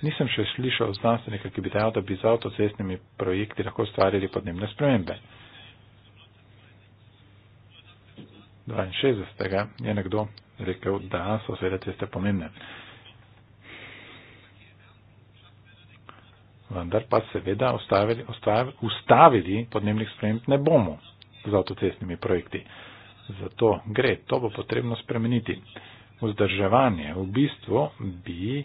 Nisem še slišal znanstvenika, ki bi dejal, da bi z avtocestnimi projekti lahko ustvarili podnebne spremembe. 62. je nekdo rekel, da so seveda ceste pomembne. Vendar pa seveda ustavili, ustavili, ustavili podnebnih sprememb ne bomo z avtocestnimi projekti. Zato gre, to bo potrebno spremeniti. Vzdrževanje v bistvu bi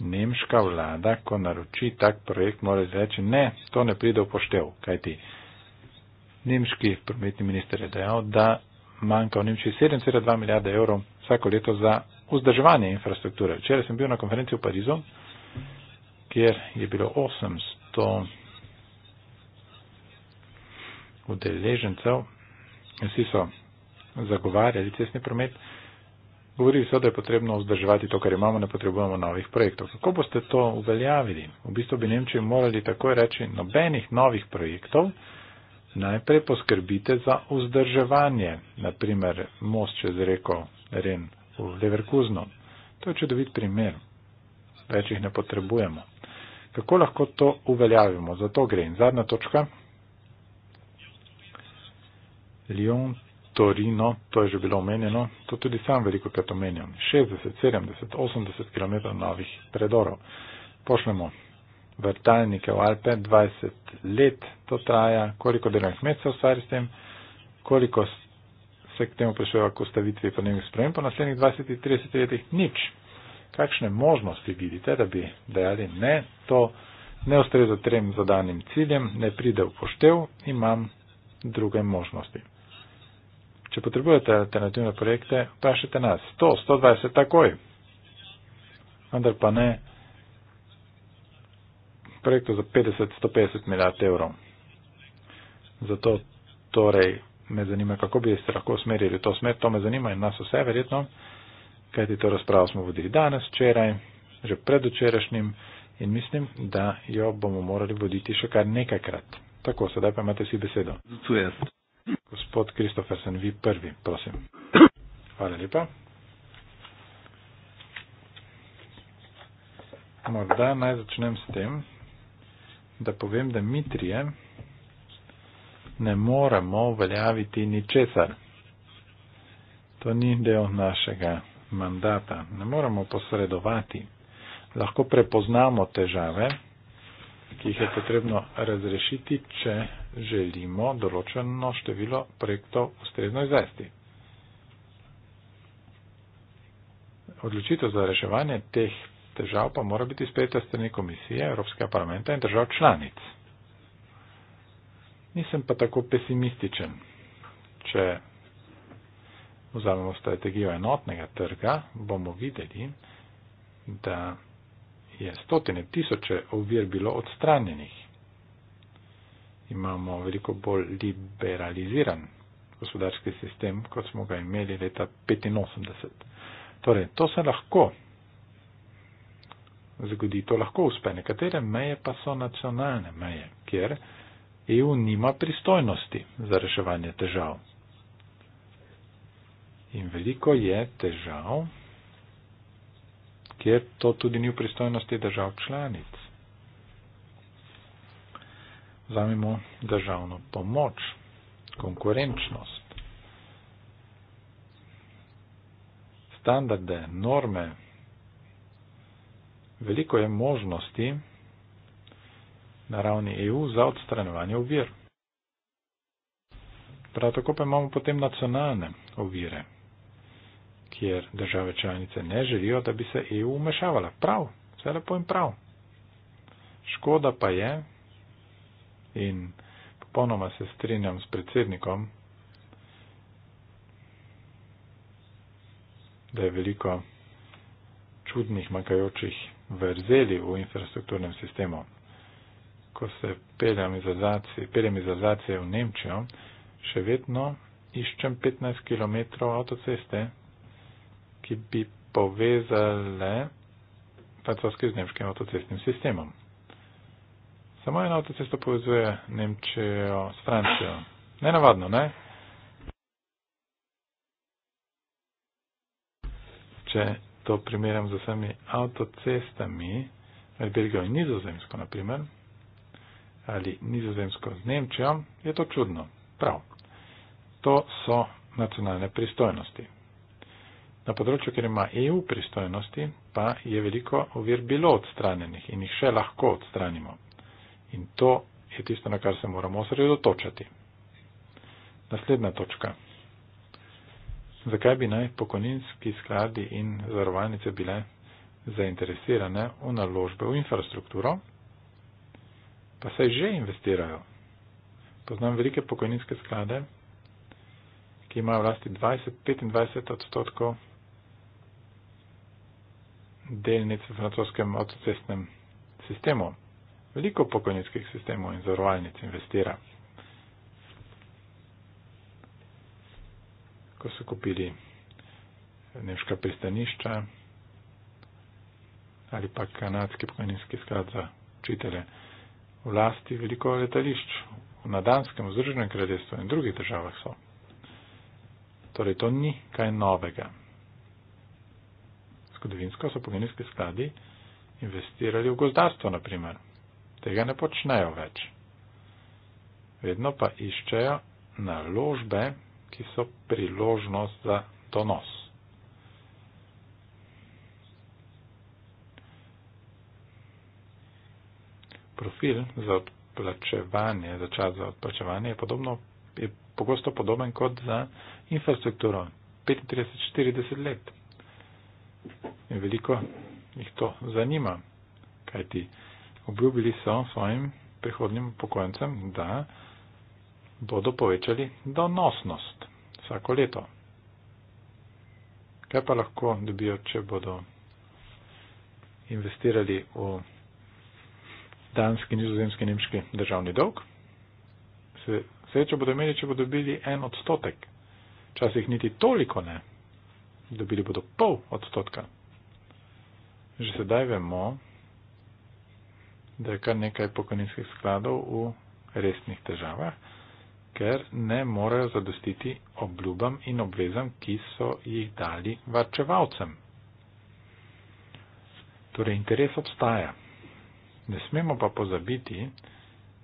nemška vlada, ko naroči tak projekt, mora reči, ne, to ne pride v poštev, kajti nemški prometni minister je dejal, da manjka v Nemčiji 7,2 milijarde evrov vsako leto za vzdrževanje infrastrukture. Včeraj sem bil na konferenci v Parizu, kjer je bilo 800 udeležencev, vsi so zagovarjali cestni promet. Govorili so, da je potrebno vzdrževati to, kar imamo, ne potrebujemo novih projektov. Kako boste to uveljavili? V bistvu bi Nemčiji morali takoj reči, nobenih novih projektov, najprej poskrbite za vzdrževanje, naprimer most čez reko Ren v Leverkusenu. To je čudovit primer, več jih ne potrebujemo. Kako lahko to uveljavimo? Zato gre in zadnja točka. Lyon Torino, to je že bilo omenjeno, to tudi sam veliko krat omenjam. 60, 70, 80 km novih predorov. Pošljemo vrtalnike v Alpe, 20 let to traja, koliko delovnih kmet se ustvari s tem, koliko se k temu prišljajo k ustavitvi podnebnih sprememb po naslednjih 20-30 letih, nič. Kakšne možnosti vidite, da bi dejali ne, to ne ustreza trem zadanim ciljem, ne pride v poštev, imam druge možnosti. Če potrebujete alternativne projekte, vprašajte nas. 100, 120 takoj. Vendar pa ne projektov za 50, 150 milijard evrov. Zato torej me zanima, kako bi se lahko usmerili v to smer. To me zanima in nas vse verjetno, kajti to razpravo smo vodili danes, včeraj, že predvčerajšnjim in mislim, da jo bomo morali voditi še kar nekajkrat. Tako, sedaj pa imate vsi besedo. Zato jaz. Gospod Kristofersen, vi prvi, prosim. Hvala lepa. Morda naj začnem s tem, da povem, da mi trije ne moramo uveljaviti ničesar. To ni del našega mandata. Ne moramo posredovati. Lahko prepoznamo težave, ki jih je potrebno razrešiti, če želimo določeno število projektov ustrezno izvesti. Odločitev za reševanje teh težav pa mora biti sprejeta strani komisije Evropskega parlamenta in držav članic. Nisem pa tako pesimističen, če vzamemo strategijo enotnega trga, bomo videli, da je stotine tisoče ovir bilo odstranjenih imamo veliko bolj liberaliziran gospodarski sistem, kot smo ga imeli leta 1985. Torej, to se lahko zgodi, to lahko uspe. Nekatere meje pa so nacionalne meje, kjer EU nima pristojnosti za reševanje težav. In veliko je težav, kjer to tudi ni v pristojnosti držav članic. Zamimo državno pomoč, konkurenčnost, standarde, norme. Veliko je možnosti na ravni EU za odstranjevanje ovir. Prav tako pa imamo potem nacionalne ovire, kjer države članice ne želijo, da bi se EU umešavala. Prav, vse lepo in prav. Škoda pa je, in popolnoma se strinjam s predsednikom, da je veliko čudnih, makajočih vrzeli v infrastrukturnem sistemu. Ko se peljem iz Azacije v Nemčijo, še vedno iščem 15 km avtoceste, ki bi povezale francoski z nemškim avtocestnim sistemom. Samo ena avtocesta povezuje Nemčijo s Francijo. Nenavadno, ne? Če to primerjam z vsemi avtocestami, med Belgijo in Nizozemsko, na primer, ali Nizozemsko z Nemčijo, je to čudno. Prav. To so nacionalne pristojnosti. Na področju, kjer ima EU pristojnosti, pa je veliko ovir bilo odstranjenih in jih še lahko odstranimo. In to je tisto, na kar se moramo osredotočati. Naslednja točka. Zakaj bi naj pokojninski skladi in zarovalnice bile zainteresirane v naložbe v infrastrukturo, pa saj že investirajo? Poznam velike pokojninske sklade, ki imajo vlasti 20-25 odstotkov delnic v francoskem avtocestnem sistemu veliko pokojninskih sistemov in zavarovalnic investira. Ko so kupili nemška pristanišča ali pa kanadski pokojninski sklad za učitele v lasti veliko letališč na Danskem, v Združenem kraljestvu in drugih državah so. Torej, to ni kaj novega. Skodovinsko so pokojninski skladi investirali v gozdarstvo, na primer tega ne počnejo več. Vedno pa iščejo naložbe, ki so priložnost za donos. Profil za odplačevanje, za čas za odplačevanje je, podobno, je pogosto podoben kot za infrastrukturo. 35-40 let. In veliko jih to zanima, kajti obljubili so svojim prihodnim upokojencem, da bodo povečali donosnost vsako leto. Kaj pa lahko dobijo, če bodo investirali v danski, nizozemski, nemški državni dolg? Srečo bodo imeli, če bodo dobili en odstotek. Včasih niti toliko ne. Dobili bodo pol odstotka. Že sedaj vemo, da je kar nekaj pokojninskih skladov v resnih težavah, ker ne morejo zadostiti obljubam in obvezam, ki so jih dali varčevalcem. Torej, interes obstaja. Ne smemo pa pozabiti,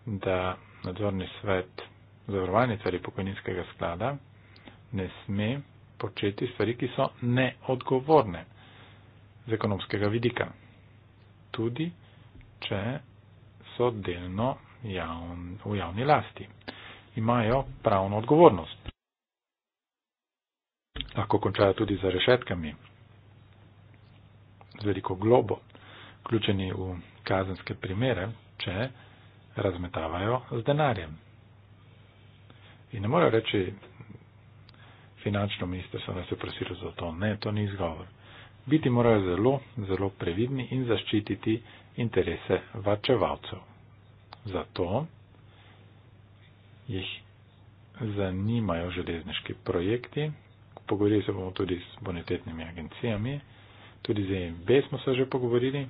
da nadzorni svet zavarovanja stvari pokojninskega sklada ne sme početi stvari, ki so neodgovorne z ekonomskega vidika. Tudi če so delno javn, v javni lasti. Imajo pravno odgovornost. Lahko končajo tudi za rešetkami, z veliko globo, vključeni v kazenske primere, če razmetavajo z denarjem. In ne morejo reči, finančno ministrstvo nas je prosilo za to. Ne, to ni izgovor. Biti morajo zelo, zelo previdni in zaščititi interese varčevalcev. Zato jih zanimajo železniški projekti, pogovorili se bomo tudi s bonitetnimi agencijami, tudi z EIB smo se že pogovorili.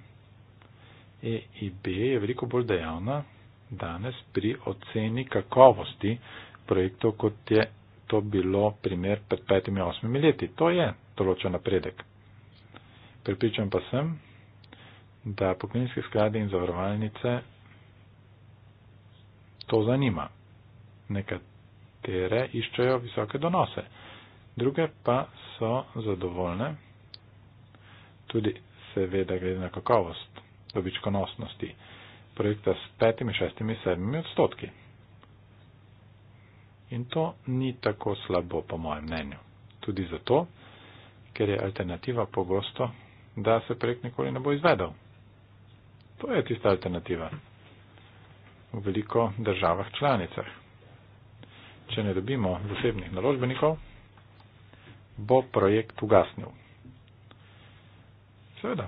EIB je veliko bolj dejavna danes pri oceni kakovosti projektov, kot je to bilo primer pred petimi osmimi leti. To je določen napredek. Pripričan pa sem, da pokojninski skladi in zavarovalnice to zanima. Nekatere iščejo visoke donose, druge pa so zadovoljne, tudi seveda glede na kakovost dobičkonosnosti projekta s petimi, šestimi, sedmimi odstotki. In to ni tako slabo, po mojem mnenju. Tudi zato, ker je alternativa pogosto, da se projekt nikoli ne bo izvedel. To je tista alternativa v veliko državah članicah. Če ne dobimo zasebnih naložbenikov, bo projekt ugasnil. Seveda,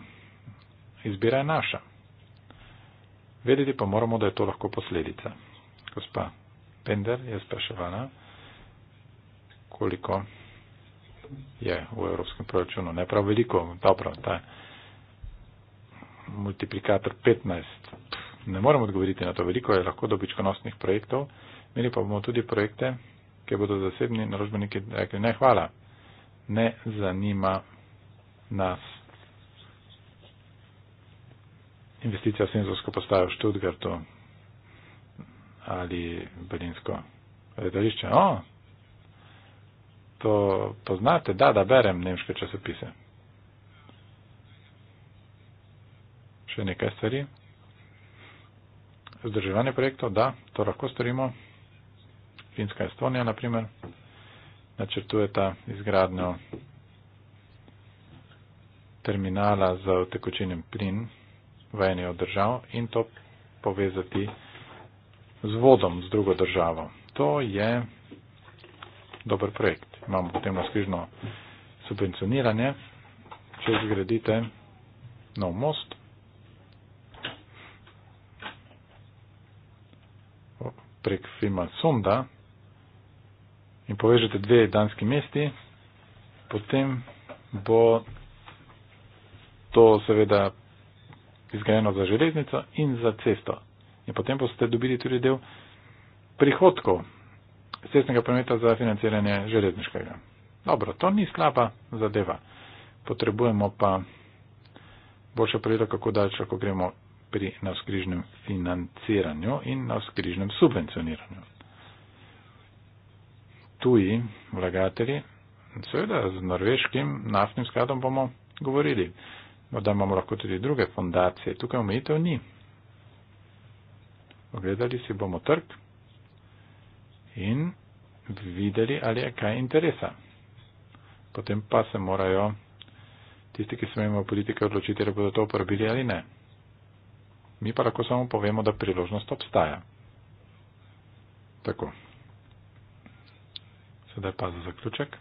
izbira je naša. Vedeti pa moramo, da je to lahko posledica. Gospa Pender je spraševala, koliko je v evropskem proračunu. Ne prav veliko, dobro, ta je multiplikator 15. Ne morem odgovoriti na to. Veliko je lahko dobičkonosnih projektov. Imeli pa bomo tudi projekte, ki bodo zasebni naročbeniki rekli, ne hvala, ne zanima nas. Investicija v senzorsko postajo v Študgartu ali Berlinsko letališče. O, to poznate, da, da berem nemške časopise. še nekaj stvari. Zdrževanje projektov, da, to lahko storimo. Finska Estonija, na primer, načrtujeta izgradnjo terminala za utekočenjem plin v eni od držav in to povezati z vodom, z drugo državo. To je dober projekt. Imamo potem razkrižno subvencioniranje, če zgradite nov most prek Fimalsunda in povežete dve danski mesti, potem bo to seveda izgrajeno za železnico in za cesto. In potem boste dobili tudi del prihodkov cestnega prometa za financiranje železniškega. Dobro, to ni slaba zadeva. Potrebujemo pa boljše pravilo, kako daleč lahko gremo pri navskrižnem financiranju in navskrižnem subvencioniranju. Tuji vlagatelji, seveda z norveškim naftnim skladom bomo govorili, morda imamo lahko tudi druge fondacije, tukaj omejitev ni. Ogledali si bomo trg in videli, ali je kaj interesa. Potem pa se morajo tisti, ki smo imeli politike, odločiti, ali bodo to uporabili ali ne. Mi pa lahko samo povemo, da priložnost obstaja. Tako. Sedaj pa za zaključek.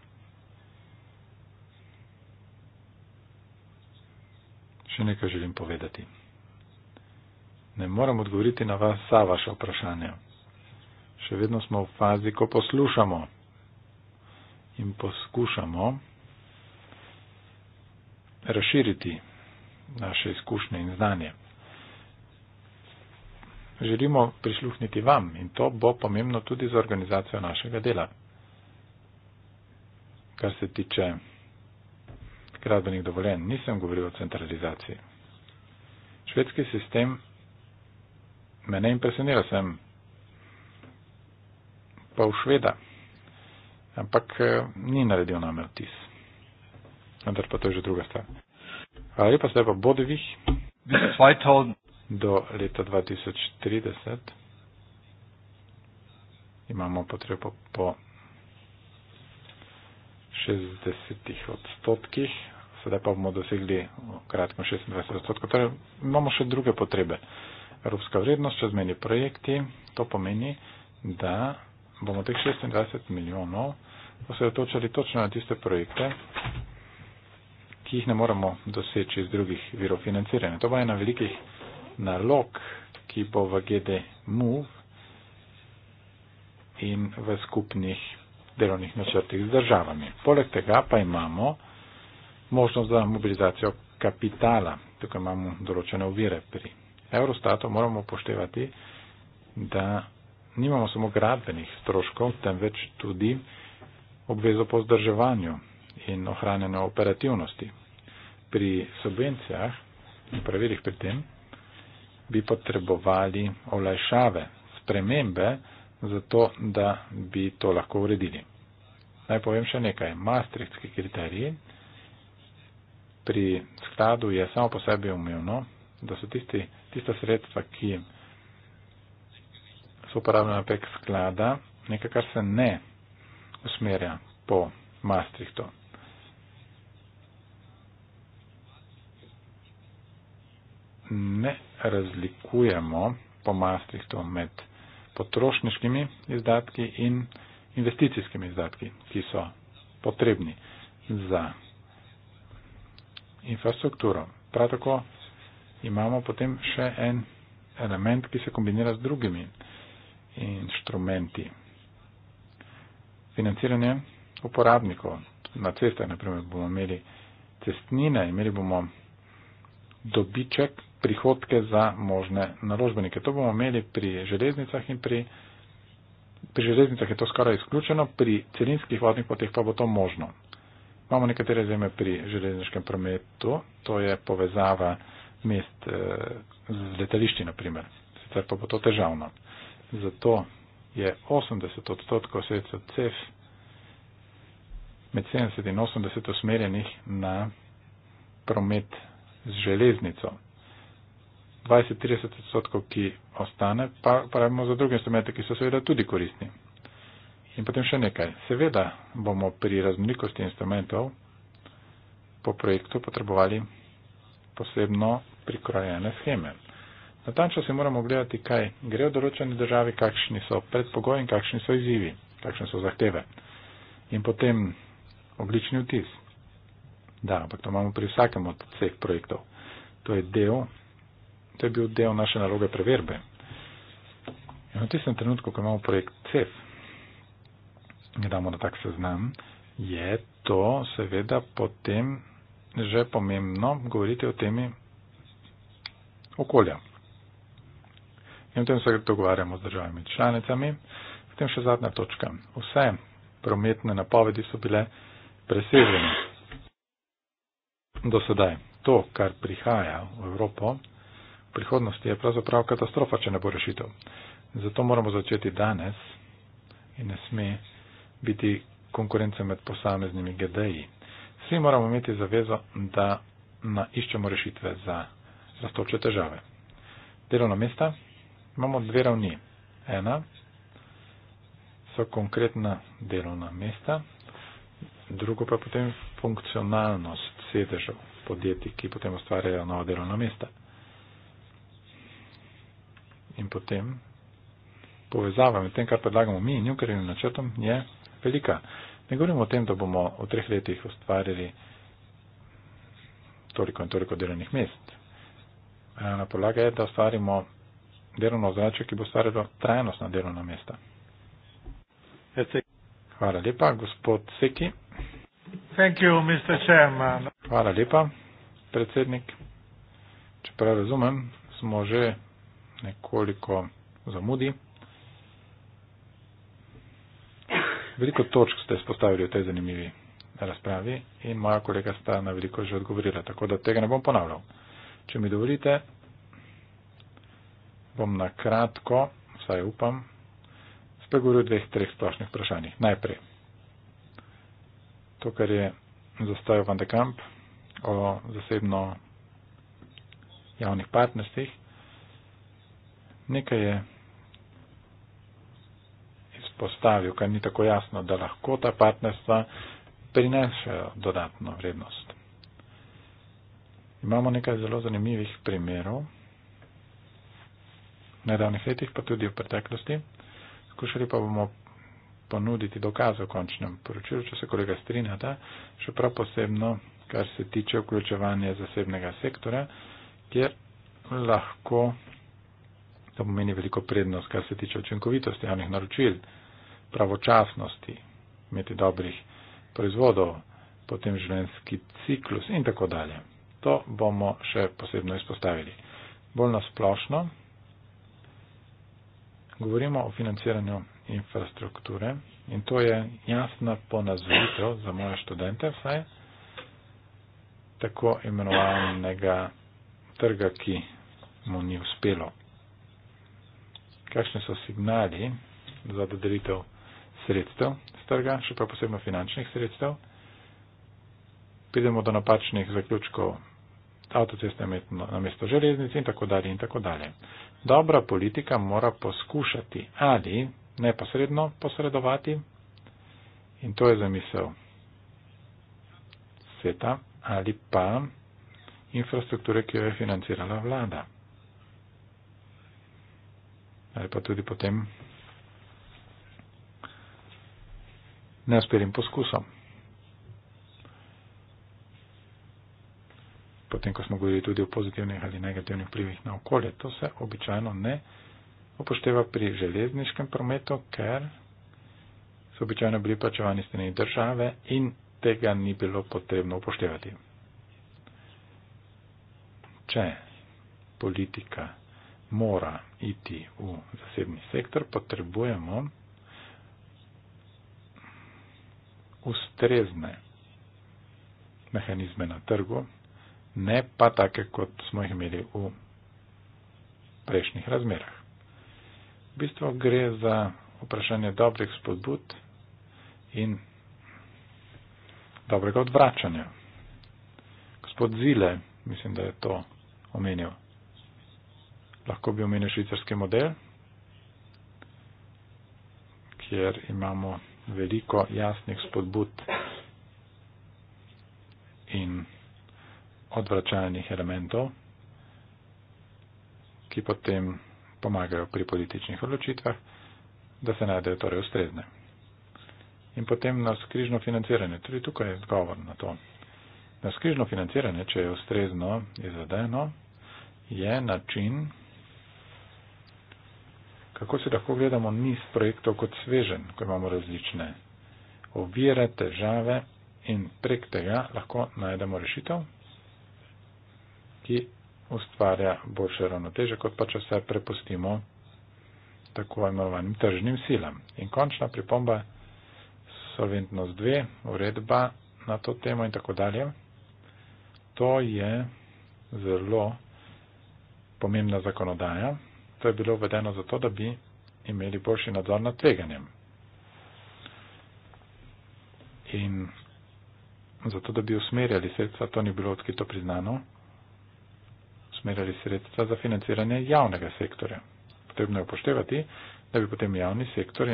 Še nekaj želim povedati. Ne moram odgovoriti na vsa vaša vprašanja. Še vedno smo v fazi, ko poslušamo in poskušamo razširiti naše izkušnje in znanje želimo prisluhniti vam in to bo pomembno tudi za organizacijo našega dela. Kar se tiče gradbenih dovoljenj, nisem govoril o centralizaciji. Švedski sistem me ne impresionira, sem pa v Šveda, ampak eh, ni naredil name vtis. Vendar pa to je že druga stvar. Hvala lepa, zdaj pa Bodevih. 2000 do leta 2030 imamo potrebo po 60 odstotkih, sedaj pa bomo dosegli kratko 26 odstotkov, torej imamo še druge potrebe. Evropska vrednost, čezmeni projekti, to pomeni, da bomo teh 26 milijonov osredotočali točno na tiste projekte, ki jih ne moremo doseči iz drugih virov financiranja. To bo ena velikih nalog, ki bo v GDMUV in v skupnih delovnih načrtih z državami. Poleg tega pa imamo možnost za mobilizacijo kapitala. Tukaj imamo določene uvire pri Eurostatu. Moramo poštevati, da nimamo samo gradbenih stroškov, temveč tudi obvezo po vzdrževanju in ohranjanju operativnosti. Pri subvencijah, pravilih pri tem, bi potrebovali olajšave, spremembe, zato da bi to lahko uredili. Naj povem še nekaj. Maastrichtski kriteriji pri skladu je samo po sebi umevno, da so tisti, tista sredstva, ki so uporabljena prek sklada, nekaj, kar se ne usmerja po Maastrichtu. ne razlikujemo po Maastrichtu med potrošniškimi izdatki in investicijskimi izdatki, ki so potrebni za infrastrukturo. Prav tako imamo potem še en element, ki se kombinira z drugimi inštrumenti. Financiranje uporabnikov na cestah, naprimer, bomo imeli cestnine, imeli bomo dobiček, prihodke za možne naložbenike. To bomo imeli pri železnicah in pri, pri železnicah je to skoraj izključeno, pri celinskih vodnih poteh pa bo to možno. Imamo nekatere zeme pri železniškem prometu, to je povezava mest eh, z letališči naprimer, sicer pa bo to težavno. Zato je 80 odstotkov sredstva CEF med 70 in 80 usmerjenih na promet z železnico. 20-30 odstotkov, ki ostane, pa pravimo za druge instrumente, ki so seveda tudi koristni. In potem še nekaj. Seveda bomo pri raznolikosti instrumentov po projektu potrebovali posebno prikrojene scheme. Natančno se moramo gledati, kaj gre v določeni državi, kakšni so predpogoji in kakšni so izzivi, kakšne so zahteve. In potem oglični vtis. Da, ampak to imamo pri vsakem od vseh projektov. To je del To je bil del naše naloge preverbe. In v tistem trenutku, ko imamo projekt CEF, ga damo na tak seznam, je to seveda potem že pomembno govoriti o temi okolja. In o tem se dogovarjamo z državami članicami. Potem še zadnja točka. Vse prometne napovedi so bile presežene. Do sedaj to, kar prihaja v Evropo, prihodnosti je pravzaprav katastrofa, če ne bo rešitev. Zato moramo začeti danes in ne sme biti konkurence med posameznimi GDI. Vsi moramo imeti zavezo, da na iščemo rešitve za rastoče težave. Delovna mesta imamo dve ravni. Ena so konkretna delovna mesta, drugo pa potem funkcionalnost sedežev podjetij, ki potem ustvarjajo nova delovna mesta in potem povezava med tem, kar predlagamo mi in jukarjenim načrtom, je velika. Ne govorimo o tem, da bomo v treh letih ustvarili toliko in toliko delovnih mest. Na podlaga je, da ustvarimo delovno ozračje, ki bo ustvarilo trajnostna delovna mesta. Hvala lepa, gospod Seki. Thank you, Mr. Chairman. Hvala lepa, predsednik. Čeprav razumem, smo že nekoliko zamudi. Veliko točk ste spostavili v tej zanimivi razpravi in moja kolega sta na veliko že odgovorila, tako da tega ne bom ponavljal. Če mi dovolite, bom na kratko, vsaj upam, spregovoril o dveh, treh splošnih vprašanjih. Najprej, to, kar je zastavil Van de Kamp o zasebno javnih partnerstvih, Nekaj je izpostavil, kar ni tako jasno, da lahko ta partnerstva prinesajo dodatno vrednost. Imamo nekaj zelo zanimivih primerov, v nedavnih letih pa tudi v preteklosti. Skušali pa bomo ponuditi dokaze v končnem poročilu, če se kolega strinjata, še prav posebno, kar se tiče vključevanja zasebnega sektora, kjer lahko To pomeni veliko prednost, kar se tiče učinkovitosti javnih naročil, pravočasnosti, imeti dobrih proizvodov, potem življenjski ciklus in tako dalje. To bomo še posebno izpostavili. Bolj nasplošno govorimo o financiranju infrastrukture in to je jasna ponazvitev za moje študente vsaj tako imenovanega trga, ki mu ni uspelo kakšni so signali za dodelitev sredstev z trga, še pa posebno finančnih sredstev. Pidemo do napačnih zaključkov avtoceste na mesto železnice in tako dalje in tako dalje. Dobra politika mora poskušati ali neposredno posredovati in to je zamisel sveta ali pa infrastrukture, ki jo je financirala vlada ali pa tudi potem neuspelim poskusom. Potem, ko smo govorili tudi o pozitivnih ali negativnih vplivih na okolje, to se običajno ne upošteva pri železniškem prometu, ker so običajno bili plačevani strani države in tega ni bilo potrebno upoštevati. Če politika mora iti v zasebni sektor, potrebujemo ustrezne mehanizme na trgu, ne pa take, kot smo jih imeli v prejšnjih razmerah. V bistvu gre za vprašanje dobrih spodbud in dobrega odvračanja. Gospod Zile, mislim, da je to omenil, lahko bi omenil švicarski model, kjer imamo veliko jasnih spodbud in odvračalnih elementov, ki potem pomagajo pri političnih odločitvah, da se najdejo torej ustrezne. In potem nas križno financiranje, tudi tukaj je odgovor na to. Nas križno financiranje, če je ustrezno izvedeno, je način, kako se lahko gledamo niz projektov kot svežen, ko imamo različne ovire, težave in prek tega lahko najdemo rešitev, ki ustvarja boljše ravnoteže, kot pa če vse prepustimo tako imenovanim tržnim silam. In končna pripomba solventnost 2, uredba na to temo in tako dalje. To je zelo pomembna zakonodaja, To je bilo uvedeno zato, da bi imeli boljši nadzor nad tveganjem. In zato, da bi usmerjali sredstva, to ni bilo odkrito priznano, usmerjali sredstva za financiranje javnega sektorja. Potrebno je upoštevati, da bi potem javni sektor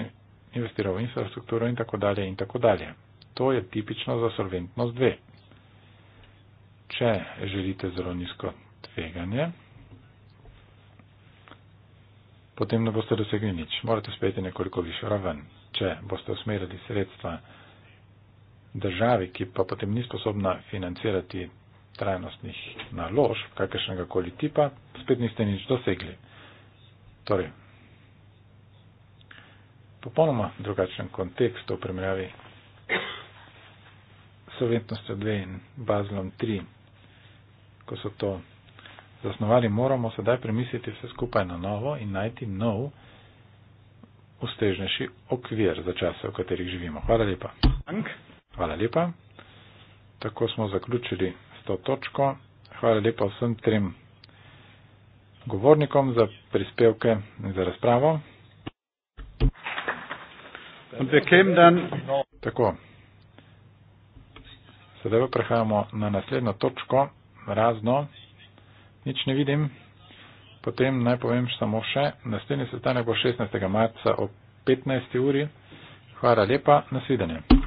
investiral v infrastrukturo in tako dalje in tako dalje. To je tipično za solventnost 2. Če želite zelo nizko tveganje, potem ne boste dosegli nič. Morate uspeti nekoliko višjo raven, če boste usmerili sredstva državi, ki pa potem ni sposobna financirati trajnostnih naložb kakršnega koli tipa, spet niste nič dosegli. Torej, popolnoma drugačen kontekst v primerjavi s Sovjetnostjo 2 in Bazlom 3, ko so to zasnovali, moramo sedaj premisliti vse skupaj na novo in najti nov, ustežnejši okvir za čase, v katerih živimo. Hvala lepa. Hvala lepa. Tako smo zaključili s to točko. Hvala lepa vsem trem govornikom za prispevke in za razpravo. Tako. Sedaj pa prehajamo na naslednjo točko, razno nič ne vidim. Potem naj povem samo še, naslednji sestanek bo 16. marca ob 15. uri. Hvala lepa, nasvidenje.